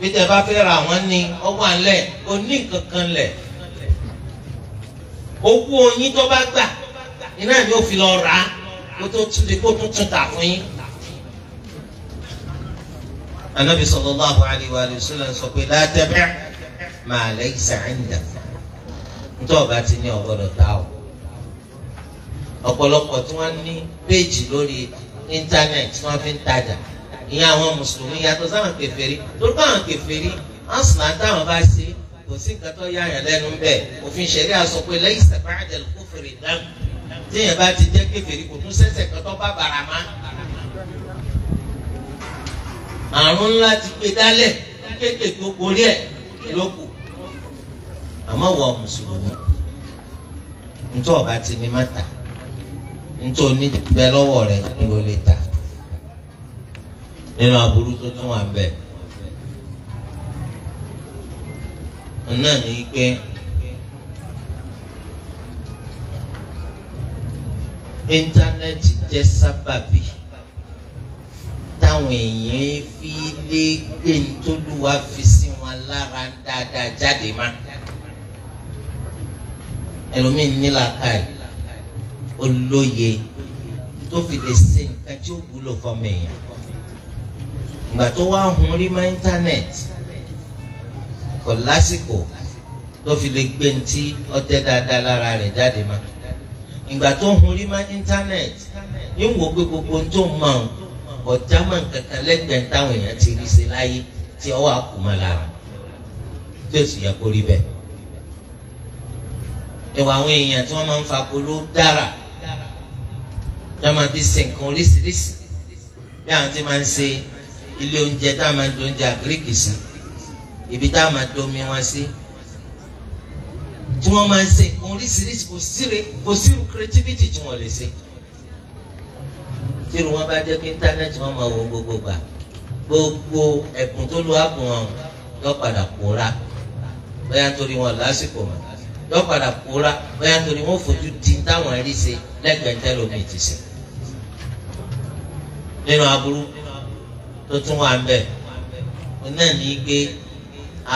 bí tẹ bá fẹ́ ra àwọn ní ọwọ́ àlẹ́ oní nǹkan kan lẹ̀ owó oyin tó bá gbà iná ni ó fi lọ rà á kó tó tún di kó tún tún tà fún yín. anabi sallallahu alayhi wa sallam sọ pé la tabi' ma laysa 'indak ntọ́ ọba ti ní ọgbọ́dọ̀ tá o ọ̀pọ̀lọpọ̀ tí wọ́n ní péèjì lórí íńtánẹ́ẹ̀tì tí wọ́n fi ń tajà ìyẹn àwọn mùsùlùmí yàtọ̀ sáwọn kèfèrí torí báwọn kèfèrí asùnà táwọn bá ṣe kò sí nǹkan tó yára lẹ́nu bẹ́ẹ̀ òfin ṣẹ̀rí àsọ pé lẹ́yìn sàbáàdà kófèrè dáhùn téèyàn bá ti jẹ́ kèfèrí kò tún sẹ́sẹ̀ kan tó bá bàrà má. àrùn ńlá ti gbé dálẹ̀ kéékèèké ó borí ẹ̀ lókù àmọ́ wọ nítorí bẹ lọ́wọ́ rẹ ni o lè ta nínú aburú tó tún wà bẹ náà ní pé íńtánẹ́ẹ̀tì jẹ́ sábàbí táwọn èèyàn fi lé gbé ntòlúwa fi sí wọn lára dáadáa jáde má ẹlòmíín nílà káyìí olóye tó fi lè ṣe nǹkan tí ó wúlò fọmọ èèyàn ìgbà tó wá hun rí mọ́ íńtánẹ́ẹ̀tì kò lásìkò tó fi lè gbé ntí ọtẹ dáadáa lára rẹ̀ jáde ma ìgbà tó hun rí mọ́ íńtánẹ́ẹ̀tì yín wò pé gbogbo tó mọ̀ ọ́n ọ̀já mọ̀ nǹkankan lẹ́gbẹ̀ẹ́ táwọn èèyàn ti rí sí láyé tí ọwọ́ àkùmọ̀ lára tí ó sì yẹ kó rí bẹ́ẹ̀ ẹ̀wọ̀ àwọn èèyàn tí wọ́n máa ń fa polówó dára ní a máa fi ṣe nǹkan oríṣiríṣi bí àwọn ti máa ń ṣe ilé oúnjẹ tá a máa ń do oúnjẹ àgíríkì sí ibi tá a máa domi wọn sí tí wọ́n máa ń ṣe nǹkan oríṣiríṣi kò síre kò síru creativity tí wọ́n lè ṣe tí wọ́n bá jẹ́ pé íńtánẹ́ẹ̀tì wọ́n máa wo gbogbo gbà gbogbo ẹ̀bùn tó lu àbùn ọ̀hún yóò padà pòórá bóyá torí wọn lásìkò mọ́ yóò padà pòórá bóyá torí wọn fojú di táwọn ẹ̀rí ṣe lẹ́gbẹ̀ẹ́ tẹ́lómi ti ṣe nínú aburú tó tún wà ń bẹ náà ní pé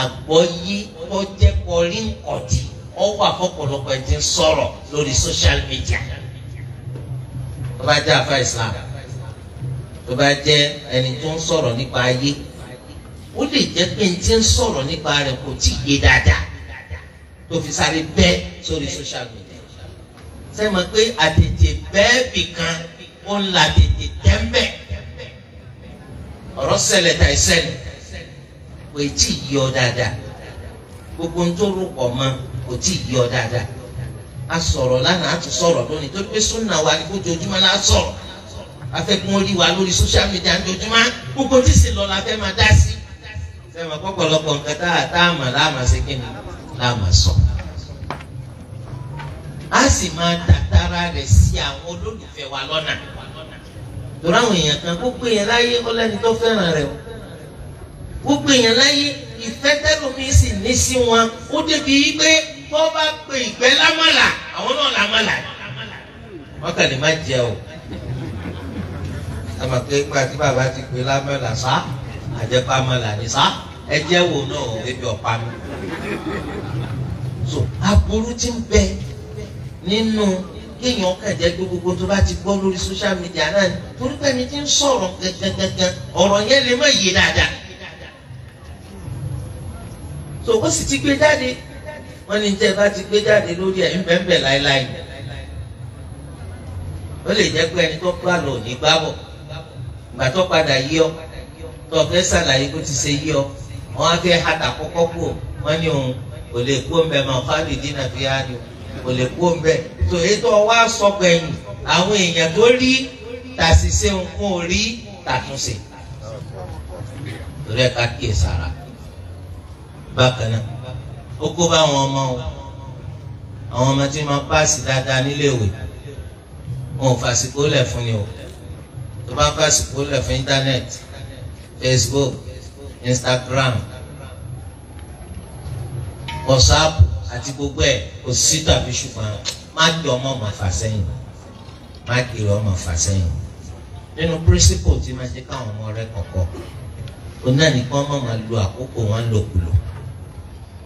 àgbọ́yé ó jẹ́ kọrí nkọ̀tì ó wà fọ́pọ̀lọpọ̀ ẹ̀ ń sọ̀rọ̀ lórí social media tó bá jẹ́ àfa Islam tó bá jẹ́ ẹni tó ń sọ̀rọ̀ nípa ayé ó lè jẹ́ pé n ti ń sọ̀rọ̀ nípa rẹ̀ kò tí ì yé dáadáa tó fi sáré bẹ́ sórí social media sẹ́mi pé àtẹ̀jẹ̀ bẹ́ẹ̀ bì kan ó ń la tètè tẹ́ḿbẹ̀ ọ̀rọ̀ ṣẹlẹ̀ tàì ṣẹlẹ̀ kò tí ì yọ dáadáa gbogbo ń tó rúpọ̀ mọ́ kò tí ì yọ dáadáa a sọ̀rọ̀ lánàá a tún sọ̀rọ̀ lónìí torí pé súnà wa ni kó jojúmọ́ la sọ̀rọ̀ afẹ́kùn orí wa lórí social media ń jojúmọ́ gbogbo tí sì lọ la fẹ́ máa dá sí fẹ́ẹ́ pọ̀pọ̀lọpọ̀ nǹkan tá a tá a mà láàmà ṣe kí ni láàmà sọ. a sì máa tàtàrà rẹ̀ sí àwọn olólùfẹ́ wa lọ́nà torí àwọn èèyàn kan gbogbo èèyàn láyé ó lẹ́ni tó fẹ́ràn rẹ̀ o gbogbo èèyàn láyé ìfẹ́ tẹ́lómi sì ní sí wọn ó débi pé tó bá pe ìgbẹ́ lámàlà àwọn náà lámàlà wọ́n kàn lè má jẹ o àmọ́ pé ipa tí bàbá ti pe lámàlà sá àjẹpá màlà ni sá ẹ jẹ́ wo náà o ebi ọ̀pá mi so aburú ti ń bẹ nínú kéèyàn kẹ̀jẹ́ gbé gbogbo tó bá ti gbọ́ lórí social media náà ni torí pé ẹni tí ń sọ̀rọ̀ gẹ́gẹ́gẹ́gẹ́ ọ̀rọ̀ yẹn lè má yé dáadáa. tó o sì ti gbé jáde wọ́n ní tẹ́ ẹ bá ti gbé jáde lórí ẹ̀ ń bẹ́ẹ̀ bẹ́ẹ̀ láéláé ó lè jẹ́ pé ẹni tó gbà lò ní gbàbọ̀ ìgbà tó padà yí ọ tó fẹ́ ṣàlàyé bó ti ṣe yí ọ wọ́n á fẹ́ hàtà kọ́kọ́ kú ọ wọ́n ní òun kò lè kó mbẹ́ fáwọn ìdí kò lè kú òun bẹ́ẹ̀ tó èyí tó wá sọ gbẹ̀yìn àwọn èèyàn tó rí tàṣìṣe nǹkan ò rí tàtúnṣe torí ẹ ká kíyè sára bákan náà ó kó bá àwọn ọmọ wọn àwọn ọmọ tí máa páàsì dáadáa níléèwé wọn ò fàsìkò lẹ̀ fún ni o tó bá fàsìkò lẹ̀ fún íńtánẹ́ẹ̀tì Facebook Instagram WhatsApp àti gbogbo ẹ̀ kò sí tàbí ṣùgbọ́n máàkì ọmọ ọmọ fà sẹ́yìn máàkì rẹ̀ ọmọ fà sẹ́yìn nínú pírísípò tí máa ṣe káwọn ọmọ rẹ̀ kọ̀kọ́ òun náà ní kí wọ́n máa lo àkókò wọn lòkulò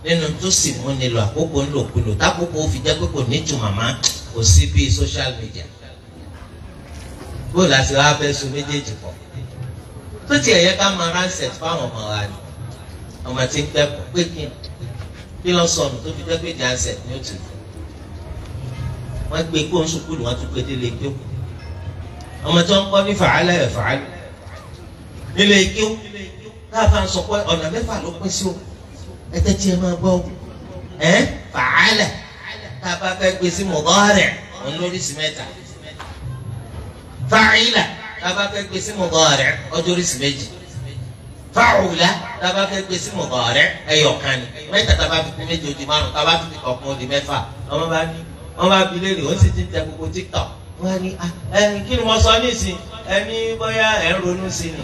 nínú tó sì mú ni lo àkókò ńlòkulò tákòkò fi jẹ́ pé kò ní ju màmá kò sí bíi social media bóòlù àti wàá fẹ́ so méjèèjì pọ̀ tó tiẹ̀ yẹ ká máa ránṣẹ́ fáwọn ọmọ wa ni ọmọ tí ń kẹ́kọ̀ọ́ pé kí ni kí ló sọnù tó fi dẹ́gbẹ́ ìdí ansẹ̀ ní òtún wọ́n gbé kó ń sùkúlù wọ́n tún gbé délé kí ó ọmọ tó ń kọ́ ní fàálẹ̀ ẹ̀ fàálẹ̀ nílé kí ó káfà ń sọ pé ọ̀nà mẹ́fà ló pín sí o ẹ tẹ́tí ẹ máa gbọ́ ẹ fàálẹ̀ káfà fẹ́ gbé sí mọ̀gọ́rẹ̀ òun lórí sìmẹ́ta fàáìlà káfà fẹ́ gbé sí mọ̀gọ́rẹ̀ ọjọ́ orí sìmẹ́jì fáwùlà tábà fẹ́ gbé sí mọ̀gàrẹ́ ẹ̀yọ̀ kan ni mẹ́ta tábà fi kún méje odi márùn tábà fi kọ̀ọ̀kan odi mẹ́fà ọmọ bá ní wọ́n bá bi léèrè ó sì ti tẹ gbogbo tiktok wọ́n á ní ẹ kí ni mo sọ nísìn ẹ ní bóyá ẹ ń ronú sí ni.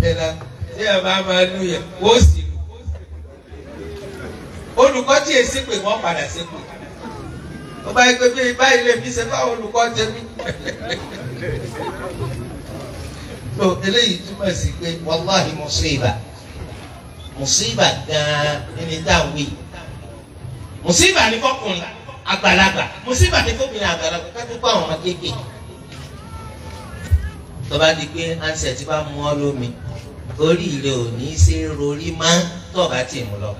tí ẹ bá máa lù yẹ wó sì lù olùkọ́ tí èsì pè wọ́n padà sí pè wọ́n bá yẹ pé báyìí lè fi ṣe báwọn olùkọ́ tẹ̀ mí so eléyìí túmọ̀ sí pé wàláhì mùsíbà mùsíbà gan-an ẹni tá a wí mùsíbà ni fọkùnrin àgbàlagbà mùsíbà ni fọkùnrin àgbàlagbà ká tó kó àwọn ọmọ kéékèèké tọba di pé ansẹ ti bá mú ọ lómi orí rẹ ò ní í ṣe má tọba tì mú lọ.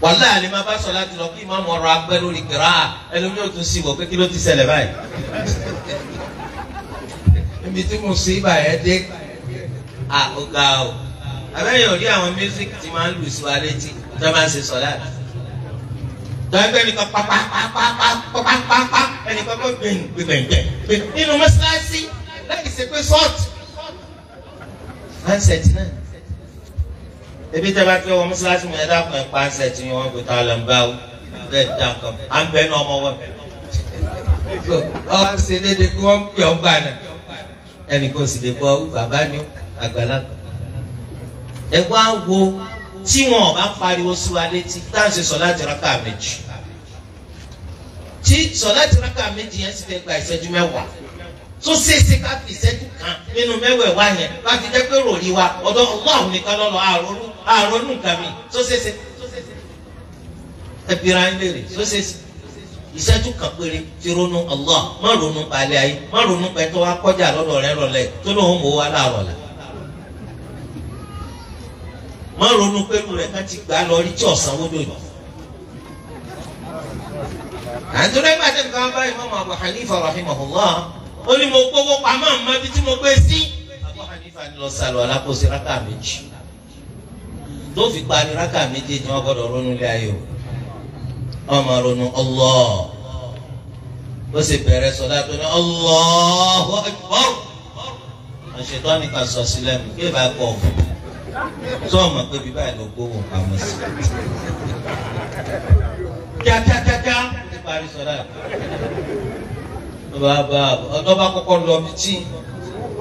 wàhálà àlè máa bá sọ láti lọ kí máa mọ ọ̀rọ̀ apẹ lórí gbẹrà ẹlòmíràn tún sí wọ pé kí ló ti ṣẹlẹ̀ báyìí níbi tí mo sí ibà yẹn dé à ó ga o abẹ́yẹn ò rí àwọn music tí máa ń lù sí wa létí tó máa ń ṣe sọ́lá gbẹgbẹ nìkan papapapapapapa ẹnìkan kó gbẹngbẹngbẹ nínú mọ́ṣáláṣí láì ṣe pé sọ́ọ̀tù handset náà ebi tẹ bá fẹ́ wọ mọ́ṣáláṣí mi ẹ dákun ẹ pa handset yín wọn kò tá a lọ ń bá o bẹ́ẹ̀ dákun à ń bẹ ní ọmọ wọn. ọ ṣe déédéé kí wọ́n pè ọ́ gbà náà ẹnìkan sì lè bọ bàbá ni àgbàlagbà ẹgbẹ́ àwo tí wọn ò bá pariwo sí wa létí tá à ń ṣe sọlá tìraka méjì tí sọlá tìraka méjì yẹn sì fẹ́ gba ìṣẹ́jú mẹ́wàá tó ṣeéṣe ká fi ìṣẹ́jú kan nínú mẹ́wẹ̀ẹ̀wá yẹn bá ti jẹ́ pé ròrí wa ọ̀dọ̀ Allah nìkan lọ́lọ́ àrònú nǹkan mi tó ṣeéṣe ẹbí ra ń lè rè tó ṣeéṣe ìṣẹ́jú kan péré ti ronú Allah má ronú palẹ̀ ayé má ronú pẹ̀tọ́ wa kọjá lọ́dọ̀ rẹ rọlẹ̀ tó lóun mọ̀ wá láàrọ̀ la. má ronú pẹ̀lú rẹ̀ ká ti gbà lọ rí tí ọ̀sán wó dòdò. àtúndé gbàdé nǹkan bá Imam Abu Hanifa rahimahullah ó ní mo gbówó pamọ́ àmọ́ ibi tí mo gbé sí. Abu Hanifa ni lọ sàlọ̀ alákòóso rákà méjì tó fi parí rákà méjì ni wọ́n gbọ́dọ̀ ronú lé ayé o ọmọ ronú Allah ó sì bẹ̀rẹ̀ sọ̀dá pé Allahu Akbar àṣetọ́ nìkan sọ sílẹ̀ mi pé bá kọ̀ ọ̀fọ̀ tó ọmọ pé bíbá ẹ̀ ló gbówó pamọ́ sí kíákíákíá ti parí sọ̀dá bàbá ọ̀dọ́ bá kọ́kọ́ lọ bí tí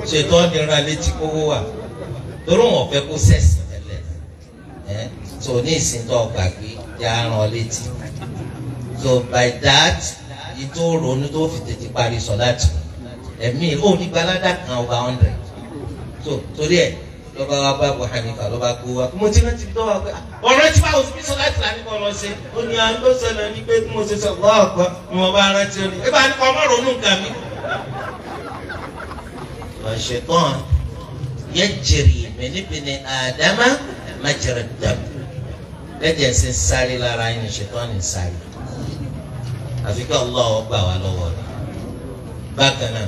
ṣètọ́ nira létí kówó wà torí wọn fẹ́ kó sẹ́sì tẹ́lẹ̀ ẹ́ tó ní ìsìntọ́ gbàgbé yà á rán ọ létí so by that ìtò ronú tó fi tètè parí sọ̀láàtì ẹ̀mí ò ní gbalada kan over hundred so torí ẹ̀ lọ́ba wa bá Abu Hanifa lọ́ba kó wa mo ti rántí lọ́wọ́ pé ọ̀rọ̀ tí báwo fi sọ̀láàtì là ní kọ́ lọ sí ó ní à ń lọ ní pé mo ṣe sọ wá ọ̀pọ̀ ni wọ́n bá rántí ó ní ẹ bá ní kọ́ ọmọ ronú nǹkan mi. ọ̀ṣẹ̀tàn yajri min ibni Adama majra ad-dam lẹ́jẹ̀ ń sáré lára ẹni ṣètọ́ ni sáré àfi kí Allah gbà wá lọ́wọ́ rẹ̀ bákan náà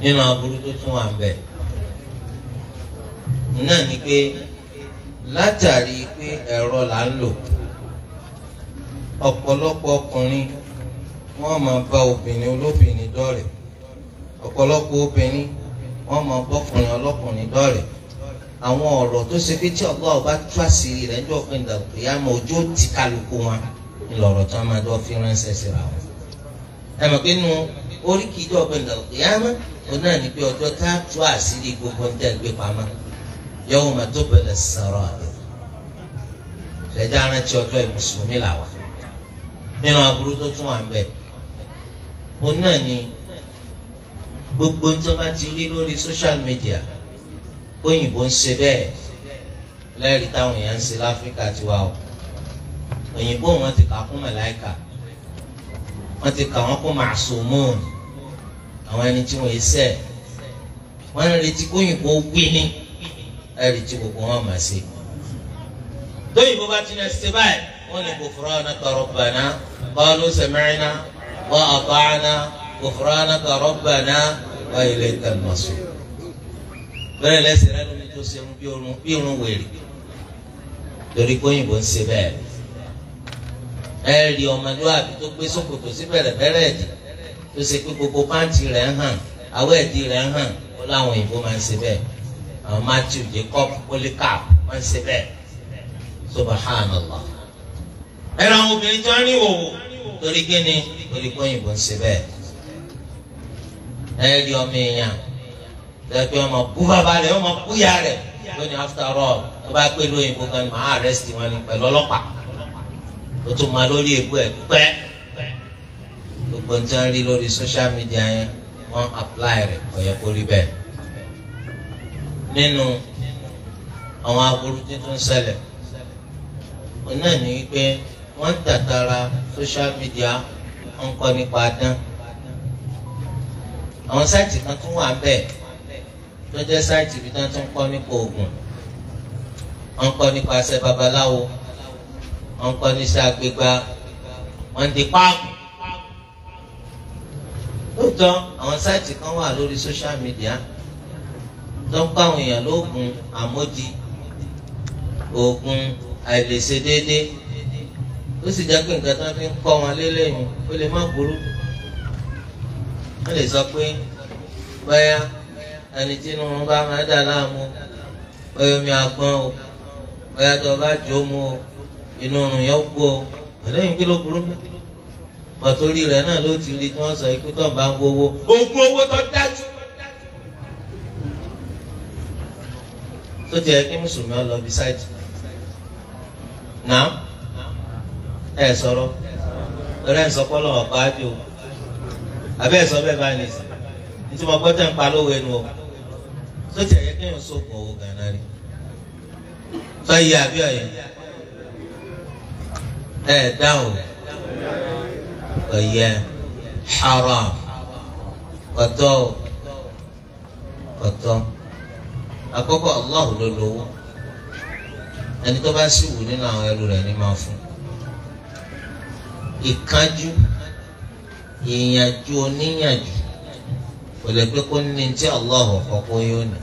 nínú aburú tó tún wà ń bẹ náà ni pé látàrí pé ẹ̀rọ là ń lò ọ̀pọ̀lọpọ̀ ọkùnrin wọ́n máa bá obìnrin olóbìnrin dọ́rẹ̀ ọ̀pọ̀lọpọ̀ obìnrin wọ́n máa bọ́kùnrin ọlọ́kùnrin dọ́rẹ̀ àwọn ọ̀rọ̀ tó ṣe pé tí Allah bá tú àṣírí rẹ̀ ń jọ pé ìdàgbàyàmọ̀ ojú ó ti kálukú wọn ìlọ̀rọ̀ tó máa dọ́ fi ránṣẹ́ síra wọn. ẹ mọ̀ pé nu oríkì ìjọ ọ̀gbìn ìyáàmá òun náà ní pé ọjọ́ tá a tú àṣírí gbogbo ń tẹ̀ gbé pamọ́ yọ̀wò máa tó bẹ̀rẹ̀ sọ̀rọ̀ àbẹ̀. ìrẹ́jà rántí ọjọ́ ìmùsùlùmí làwà nínú aburú tó tún wà ń bẹ̀. òun náà ní gbogbo tó bá ti rí lórí social media òyìnbó ń ṣe bẹ́ẹ̀ lẹ́rìí táwọn èèyàn ń ṣe láfíríkà tiwa o òyìnbó wọn ti kà kún màláìkà wọn ti kà wọn kún màṣùmùn àwọn ẹni tí wọn yìí ṣẹ̀ wọn ń retí kóyìnbó wí ní ẹ retí gbogbo wọn mà sí. tóyìnbó bá ti náà ṣe báyìí wọn ní gufranaka rabbana qalu sami'na wa ata'na gufranaka rabbana wa ilaykal masir. bẹ́ẹ̀ lẹ́sìn rẹ̀ lómi tó ṣe ń bí irun wèrè torí kóyìnbó ń ṣe bẹ́ẹ̀ ẹ rí ọmọlúwàbí tó gbé sókòtò sí bẹ̀rẹ̀bẹ̀rẹ̀ ẹ̀dì tó ṣe pé gbogbo pàǹtì rẹ̀ ń hàn àwọ̀ ẹ̀dì rẹ̀ ń hàn ó láwọn òyìnbó máa ń ṣe bẹ́ẹ̀ àwọn matthew jacob polycarp máa ń ṣe bẹ́ẹ̀ subhanallah. ẹ̀rọ àwọn obìnrin tó ń rí òwò torí kíni torí kóyìnbó ń ṣe bẹ́ẹ̀ ẹ rí ọmọ èèyàn lẹ́pẹ́ ọmọ bú bàbá rẹ̀ ọmọ búyà rẹ̀ lónìí after all tó bá pé lóyìnbó kan máa arrest wọn pẹ̀lú ọlọ́pàá o tún máa lórí egbò ẹ̀ pẹ́ gbogbo ń tán rí lórí social media yẹn wọ́n apply rẹ̀ kò yẹ kó rí bẹ́ẹ̀ nínú àwọn aburú tuntun ṣẹlẹ̀ òun náà ní pé wọ́n tàtàrà social media ń kọ́ nípa dán àwọn sáìtì kan tún wà bẹ́ẹ̀ tó jẹ́ sáìtì bí wọ́n tún kọ́ nípa oògùn wọ́n kọ́ nípa ṣe babaláwo wọ́n kọ́ níṣẹ́ agbégbá wọ́n di páàkù. lóòótọ́ àwọn sáìtì kan wà lórí social media tó ń pàwọn èèyàn lóògùn àmódi oògùn àìlèṣe déédéé ó sì jẹ́ pé nǹkan tó fi ń kọ́ wọn lélẹ́yìn ó lè má burú wọ́n lè sọ pé báyà ẹni tí inú wọn bá máa dà láàmú bóyá omi àgbọn o bóyá tó bá jó mu o inú ọrùn yẹn kú ọ àdéhùn kí ló burú mọ́ pàtórí rẹ̀ náà ló ti rí tí wọ́n sọ ikú tó ń bá ń gbowó ogún owó tó dájú. tó ti yẹ kí mùsùlùmí ọ lọ bí sáìtì náà ẹ sọ̀rọ̀ lórí ẹ̀ ń sọ pọ́lọ́ ọ̀pá ábí o àbẹ́ sọ bẹ́ẹ̀ bá nìyí ní tí mo gbọ́ tẹ̀ ń pa lówó ẹnu o tó ti kí n sọ̀kò owó gánà rí tó yẹ àbí ọ̀yẹ́ ẹ dáhùn ọyẹ haram ọtọ ọtọ àkọ́kọ́ allah ló lówó ẹni tó bá sì wù nínú àwọn ẹrú rẹ̀ ní máa fún ìkánjú ìyànjú oníyànjú kò lè pé kó ní tí allah ọkọ yóò ní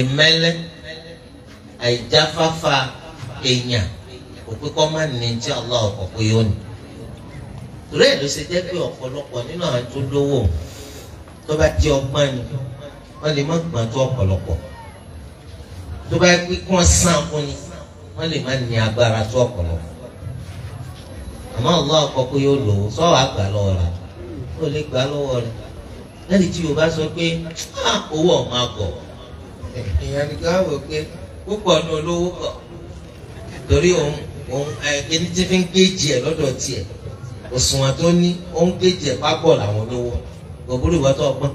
ìmẹ́lẹ́ àìjáfáfá èèyàn kò pé kọ́ máa ní tí Allah ọkọ̀ pé yóò ní. torí ẹ̀ ló ṣe jẹ́ pé ọ̀pọ̀lọpọ̀ nínú àwọn tó lówó tó bá jẹ́ ọgbọ́n ni wọ́n lè má gbọ́n tó ọ̀pọ̀lọpọ̀ tó bá pé kí wọ́n sàn fún ni wọ́n lè má ní agbára tó ọ̀pọ̀lọpọ̀ àmọ́ Allah ọkọ̀ pé yóò lò ó sọ́wọ́ àgbà lọ́wọ́ rà ó lè gbà lọ́wọ́ rẹ̀ lẹ́yìn tí o bá sọ pé ah, owó ọ̀ máa gọ̀ èèyàn pé púpọ̀ ní olówó gọ̀ torí òun ẹni tí fi ń gbèjì ẹ lọ́dọ̀ tiẹ̀ òṣùwọ̀n tó ní ó ń gbèjì ẹ pápọ̀ làwọn olówó òbúrò ìwà tó ọgbọ́n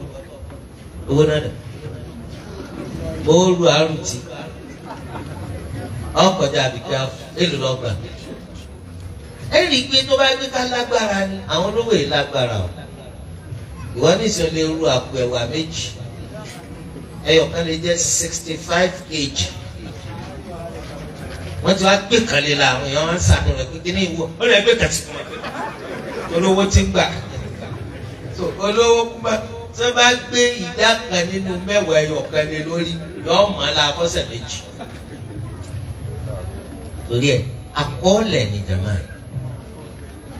owó náà dà ó lu àrùtì ọkọjà àbíkẹ́ èlò lọ́gbà ẹ̀rí pé tó bá gbé ká lágbára ni àwọn olówó yìí lágbára o ìwọ nísìnyí lè ru àpò ẹ̀wà méjì ẹyọ̀kan lè jẹ́ sixty five kg wọ́n ti wá gbé kan lé la àwọn èèyàn máa ń sàánú rẹ̀ pé kíní ìwọ ó lè gbé kan sí olówó ti gbà so olówó kúmọ tí wọ́n bá gbé ìdá kan nínú mẹ́wàá ẹyọ kan lé lórí yọọ mọ la fọ́sẹ̀ méjì torí ẹ̀ akọọlẹ ní jama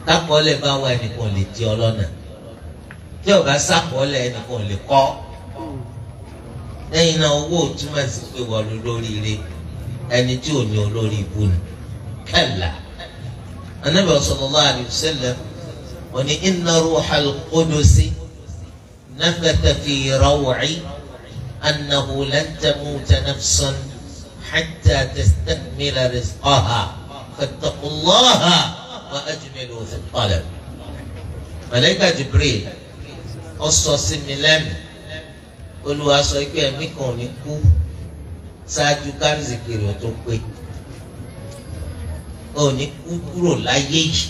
takọọlẹ bá wà ẹnìkan lè di ọlọ́nà tí ọba sàkọọlẹ ẹnìkan lè kọ́ lẹ́yìn náà owó ò túmọ̀ sí pé lórí rẹ̀ ẹni tí ò ní olórí ibu ni kalla anabi sallallahu alayhi wa sallam ó ní inna ruhal qudusi nafatha fi raw'i annahu lan tamuta nafsun hatta tastakmila rizqaha fattaqullaha wa ajmilu malayika jibril ó sí mi lẹ́nu olùwàsó ikú ẹ̀mí kan ò ní kú. ṣáájú kárìsìkì rẹ̀ pé òní kú kúrò láyé yìí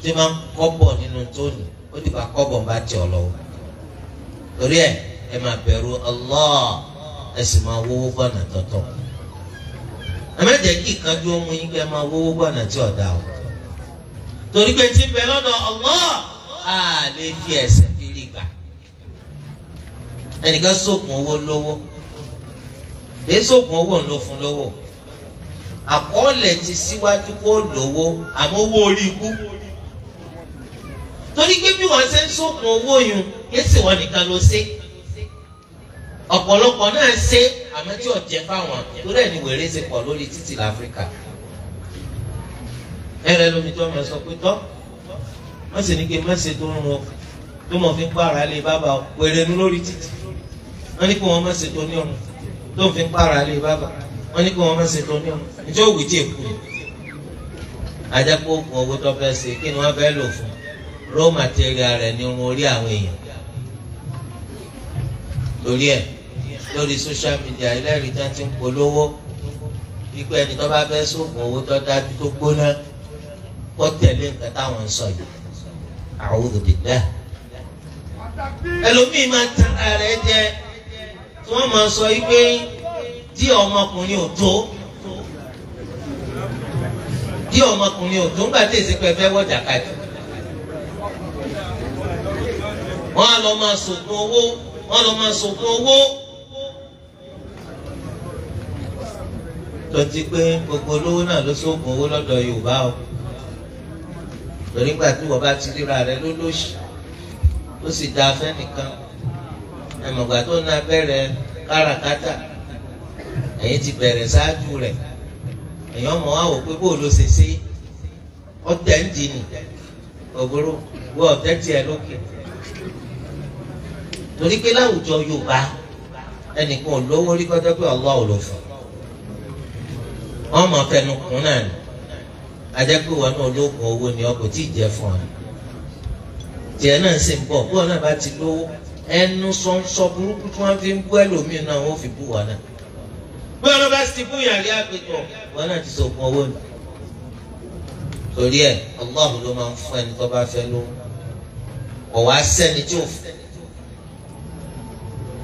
tí máa ń kọbọ nínú tóní ó dìgbà kọ́bọ̀ bá tẹ̀ torí ẹ ẹ máa bẹ̀rù Allah ẹ sì máa wówó gbọ́nà tọ̀tọ̀ àmọ́ yín máa tí torí pé tí bẹ á lè fi gbà èso oògùn owó ń lò fún lówó àkọọ́lẹ̀ ti síwájú kó lówó àmọ́ owó orí ikú torí pé bí wọ́n ṣe ń sókun owó yun yéésì wọ́n nìkan ló ṣe ọ̀pọ̀lọpọ̀ náà ṣe àmọ́ tí ọ̀jẹ̀ fáwọn lórí ẹni wèrè ṣe pọ̀ lórí títì láfíríkà ẹrẹ lómi tí wọ́n máa sọ pé tọ́ wọ́n sì ní kí má ṣe tó ń rún ọ tó mọ̀ fi ń pààrà lé bàbá wèrè nu lórí títì wọ́n ní kí wọ́n má ṣe tó ní ọ̀run tó fi ń pààrọ̀ alẹ́ bàbá wọn ní kí wọ́n má ṣe tó ní o ìjọ òwì tí èkó ajakpo oògùn owó tó fẹ́ ṣe kí ni wọ́n fẹ́ lò fún raw material rẹ̀ ní irun orí àwọn èèyàn lórí ẹ̀ lórí social media ẹlẹ́rìí tán ti ń polówó wípé ẹni tó bá fẹ́ sóògùn owó tó dájú tó gbóná kó tẹ̀lé nǹkan táwọn ń sọ yìí a'udhu billah ẹlòmíì máa ń tan ara rẹ̀ jẹ́ wọ́n máa sọ yìí pé dí ọmọkùnrin ò tó dí ọmọkùnrin ò tó ńgbà tí èsì pẹ̀fẹ́ wọ́jà kájú. wọ́n á lọ máa sògùn owó wọ́n á lọ máa sògùn owó. tọ́tí pé gbogbo olówó náà ló sóògùn owó lọ́dọ̀ Yorùbá o torí gbà tí wọ́n bá ti ríra rẹ lólóṣì ó sì dáa fẹ́ nìkan. ẹmọ̀gbà tó na bẹ̀rẹ̀ káràkátà ti bẹ̀rẹ̀ ṣáájú rẹ̀ ẹ̀yin ọmọ wa wò pé bóòlù ṣe ṣe ọ̀tẹ̀ ń jìnnì ògbóró wọ ọ̀tẹ̀ tiẹ̀ lókè torí pé láwùjọ Yorùbá ẹnìkan ò rí kọjá pé ọlọ́ ò lò fún ni náà ni ọkọ̀ tí ì jẹ́ fún ọ tiẹ̀ náà bọ̀ bọ́ọ̀ ẹnu sọ̀nsọ̀ burúkú tí wọ́n fi ń bú ẹlòmíì náà wọ́n fi bú wa náà bí wọn bá ti bú yàrá àgbẹjọ wọn náà ti sọkún owó nù torí ẹ Ọlọ́run ló máa ń fún ẹni tó bá fẹ́ ló ọ̀wá sẹ́ni tí ò fún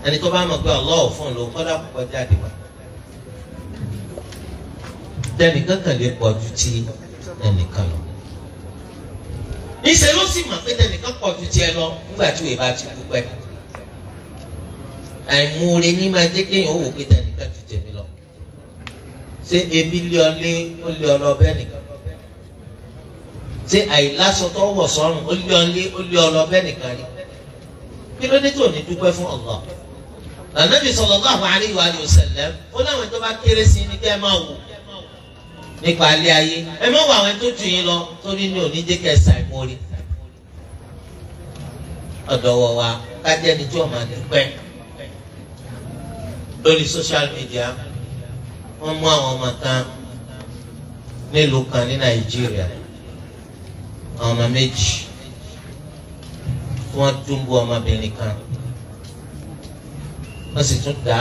ẹni tó bá mọ̀ pé Ọlọ́run fún ló kọ́dà púpọ̀ jáde wá tẹnì kankan lè pọ̀ ju ti ẹnìkan lọ níṣẹ́ ló sì mọ̀ pé tẹnìkan pọ̀ ju tiẹ̀ lọ nígbà tí òye bá ti kú pẹ́ẹ́ àìmoore ní máa jẹ́ kéèyàn ó wò pé tani ká ju tèmi lọ ṣé ebi lé ọ lé ó lé ọ lọ bẹ́ẹ̀ nìkan ṣé àìlásọtọ̀ wọ̀ sọ́run ó lé ọ lé ó lé ọ lọ bẹ́ẹ̀ nìkan rí kí ló dé tó ní dúpẹ́ fún Allah Ànábì sallallahu alaihi wa sallam ó láwọn tó bá kéré sí ní kẹ́ ẹ máa wò nípa alẹ́ ayé ẹ má wọ àwọn tó jù yín lọ torí ní òní jẹ́ kẹ́ ẹ ṣàìmoore lórí social media wọ́n mú àwọn ọmọ kan nílùú kan ní nàìjíríà àwọn ọmọ méjì wọ́n dúnbú ọmọbìnrin kan wọ́n sì tún dá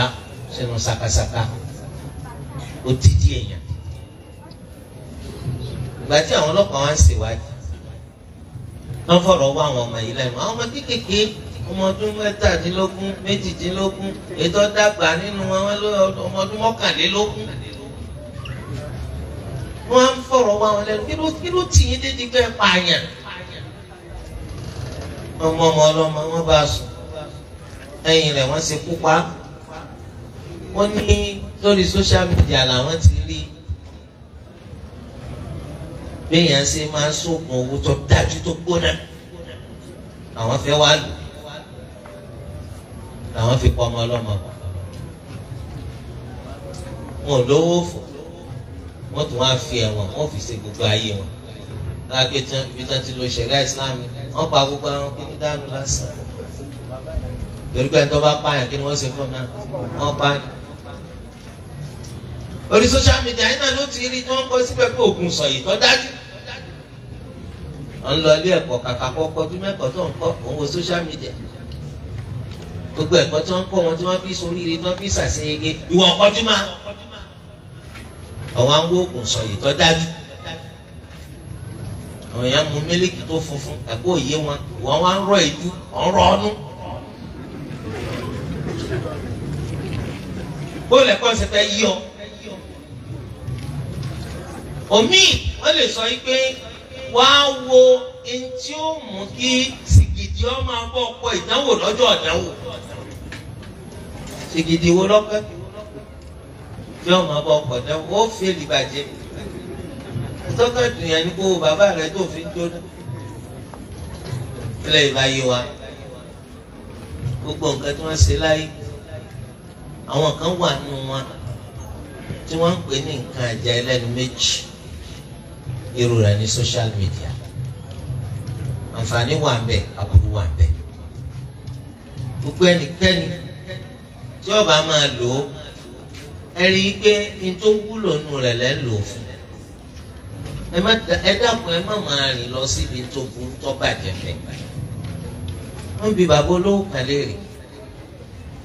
sínú sakasaka ó ti di èèyàn ìgbà tí àwọn ọlọ́pàá wá ń ṣèwádìí wọ́n fọ̀rọ̀ wá àwọn ọmọ yìí lẹ́nu àwọn ọmọ kéékèèké ọmọ ọdún mẹ́tàdínlógún méjìdínlógún ètò dàgbà nínú wọn ọmọ ọdún mọ́kànlélógún wọn á ń fọ̀rọ̀ wá wọn lẹ́nu kí ló tì yín dédìí pé pààyàn ọmọ ọmọ ọlọ́mọ wọn bá sùn ẹ̀yìn rẹ̀ wọ́n ṣekú pa wọ́n ní lórí social media làwọn ti rí béèyàn ṣe máa ń sóògùn owó tó dájú tó gbóná àwọn fẹ́ wá lò ó làwọn fi kọ́ ọmọ ọlọ́mọ wọn ò lówó fò wọn tún wá fi ẹ̀wọ̀n wọn fi ṣe gbogbo ayé wọn lágbé tán ibi tán ti lo ìṣẹ̀lẹ̀ ìsìlámù wọn pa gbogbo àwọn kí ní dánú lásán torí pé ẹni tó bá pààyàn kí ni wọ́n ṣe fún náà wọ́n pààyàn orí social media yìí náà ló ti rí tí wọ́n kọ́ síbẹ̀ pé òògùn sọ̀yì tó dájú. wọ́n lọ ilé ẹ̀kọ́ kàkà kọ́kọ́ bí mẹ́kọ̀ọ́ tó ń kọ́ òun wo social media gbogbo ẹ̀kọ́ tí wọ́n ń kọ́ wọn tí wọ́n fi soríire tí wọ́n fi sàṣeyege ìwọ ọkọjúmọ àwọn àwọn oògùn sọyìí tó dájú àwọn èèyàn mu mílíkì tó funfun ẹ̀kọ́ òye wọn wọn wá ń rọ ìlú ọ̀rọ̀ ọ̀nù. bóòlù ẹ̀kọ́ ṣe fẹ́ yí ọ. omi wọ́n lè sọ pé wàá wo ẹni tí ó mú kí sìgìdì ọmọ abọ́ ọkọ ìdánwò lọ́jọ́ ìdánwò ìgìdì wo lọ́pẹ́ bí ọmọ bọ ọkọ̀ jẹ́ ó fèlì bàjẹ́ tọ́kọ̀ ìdùnnà ní kó bàbá rẹ tó fi ń jóná ilé ìbáyé wa gbogbo nǹkan tí wọ́n ṣe láyé àwọn kan wà nínú wọn tí wọ́n ń pè ní nǹkan àjà ẹlẹ́nu méjì irú rẹ̀ ní social media àǹfààní wà ń bẹ aburú wà ń bẹ gbogbo ẹnikẹ́ni tí ọba máa lò ó ẹ rí i pé n tó wúlò nù rẹ̀ lẹ́ lò fún ẹ dákun ẹ má máa rìn lọ síbi tó burú tó bàjẹ́ fẹ́ wọ́n bi bàbá olówó kan léèrè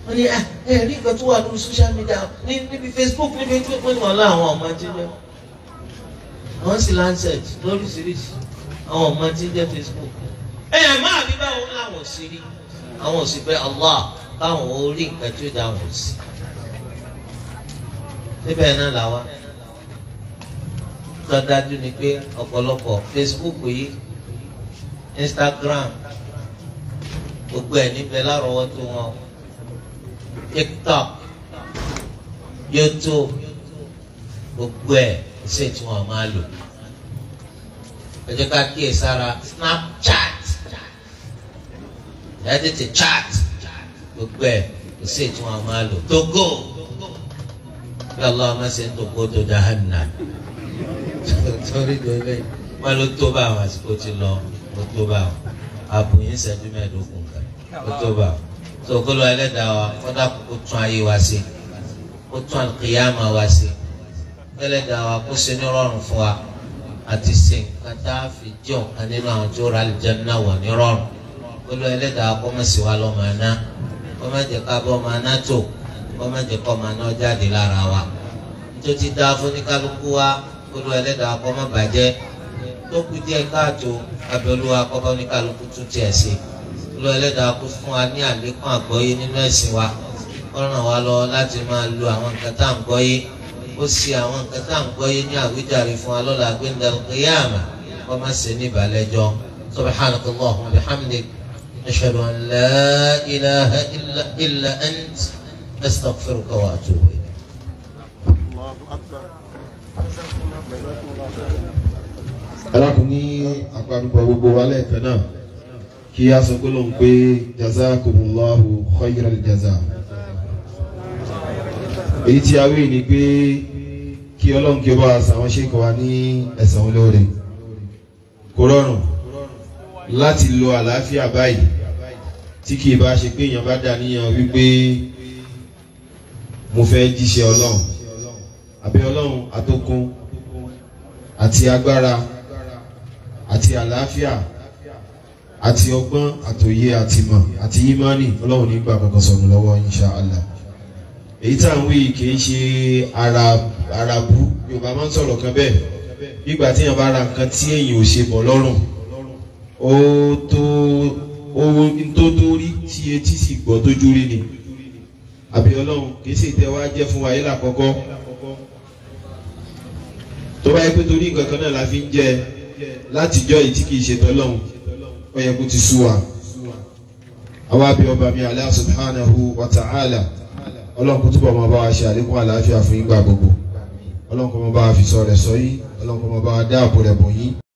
wọ́n ní ẹ rí nǹkan tó wà lórí social media níbi Facebook níbi tí wọ́n wọ́n lọ àwọn ọmọ tí wọ́n sì lancet lóríṣiríṣi àwọn ọmọ tí Facebook ẹ ẹ má àbí báwo làwọn ò sí rí àwọn sì bẹ Allah káwọn ó rí nǹkan tí ó dá wọn sí síbẹ̀ náà làwa tó dájú ni pé ọ̀pọ̀lọpọ̀ Facebook yìí Instagram gbogbo ẹ̀ níbẹ̀ lárọ̀ọ́wọ́tó wọn TikTok YouTube gbogbo ẹ̀ ṣe tí wọ́n máa lò ẹ ká kíyè sára Snapchat ẹ tètè chat. chat gbogbo ẹ̀ kò sí ètò àwọn máa lò tógó bí aláwọ̀ máa ṣe ń tógó tó jahanna torí délé wọn ló tó bá àwọn àsìkò ti lọ ló tó bá àwọn àbòyìn ìṣẹ́jú mẹ́ẹ̀ẹ́dógún kan ló tó bá àwọn tó kó lọ ẹlẹ́dàá wa kọ́dà kó tún ayé wa sí kó tún àkìyàmà wa sí ẹlẹ́dàá wa kó ṣe ní rọrùn fún wa àti ṣe nǹkan tá a fi jẹ́ ọ̀kan nínú àwọn tó rà lìjẹ́ náà wọ̀ ní rọrùn kó lọ ẹlẹ́dàá wa kó mọ̀ sí wa lọ́mọ wọ́n má jẹ́ ká bọ́ ọmọ anátò wọ́n má jẹ́ kọ́ ọmọ aná jáde lára wa tó ti dá fún ní kálukú wa olú ẹlẹ́dàá kọ́ má bàjẹ́ tó kù díẹ̀ káàtó abẹ́olúwa kọ́ bá ní kálukú tún tiẹ̀ sí olú ẹlẹ́dàá kó fún wa ní àlékún àgbọ́yé nínú ẹ̀sìn wa ó ràn wá lọ láti máa lo àwọn nǹkan tá à ń gbọ́yé ó sì àwọn nǹkan tá à ń gbọ́yé ní àwíjàre fún wa lọ́la gbẹ̀ndẹ̀ al-qiyāmah kọ́ má ṣe ní ìbàlẹ́jọ́ subhanakallahumma wa bihamdik. أشهد أن لا إله إلا إلا أنت أستغفرك وأتوب إليك الله أكبر alákùnrin àpàdùpọ̀ gbogbo wa lẹ́ẹ̀kan náà kí a sọ gbólóhùn pé jazakumullahu khayral jaza èyí tí a wí ni pé kí ọlọ́run kí ó bá a sàwọn ṣe kọ́ wa ní láti lo àlàáfíà báyìí tí kì í bá ṣe pé èèyàn bá dà níyàn wípé mo fẹ́ jíṣẹ́ ọlọ́run àbẹ́ ọlọ́run àtòkun àti agbára àti àlàáfíà àti ọgbọ́n àtòyé àtìmọ̀ àti yímánì ọlọ́run nígbà kankan sọ̀rọ̀ lọ́wọ́ insha èyí tá à ń wí kì í ṣe arabu yorùbá máa ń sọ̀rọ̀ kan bẹ́ẹ̀ nígbà tí èèyàn bá ra nǹkan tí èèyàn ò ṣe bọ̀ lọ́rùn ó tó ohun tó tó rí tí etí sì gbọ́ tójú rí ni àbí ọlọ́run kìí sì tẹ́ wá jẹ́ fún wa yìí lákọ́kọ́ tó bá yẹ pé torí nǹkan kan náà la fi ń jẹ látijọ́ yìí tí kìí ṣe tọ́lọ́run ó yẹ kó ti sú wa àwa bí ọba mi Allah subhanahu wa ta'ala ọlọ́run kó túbọ̀ máa bá wa ṣe àlékún àlàáfíà fún yín gbà gbogbo ọlọ́run kó máa bá wa fi sọ rẹ̀ sọ yín ọlọ́run kó máa bá wa dáàbò rẹ̀ bò yín.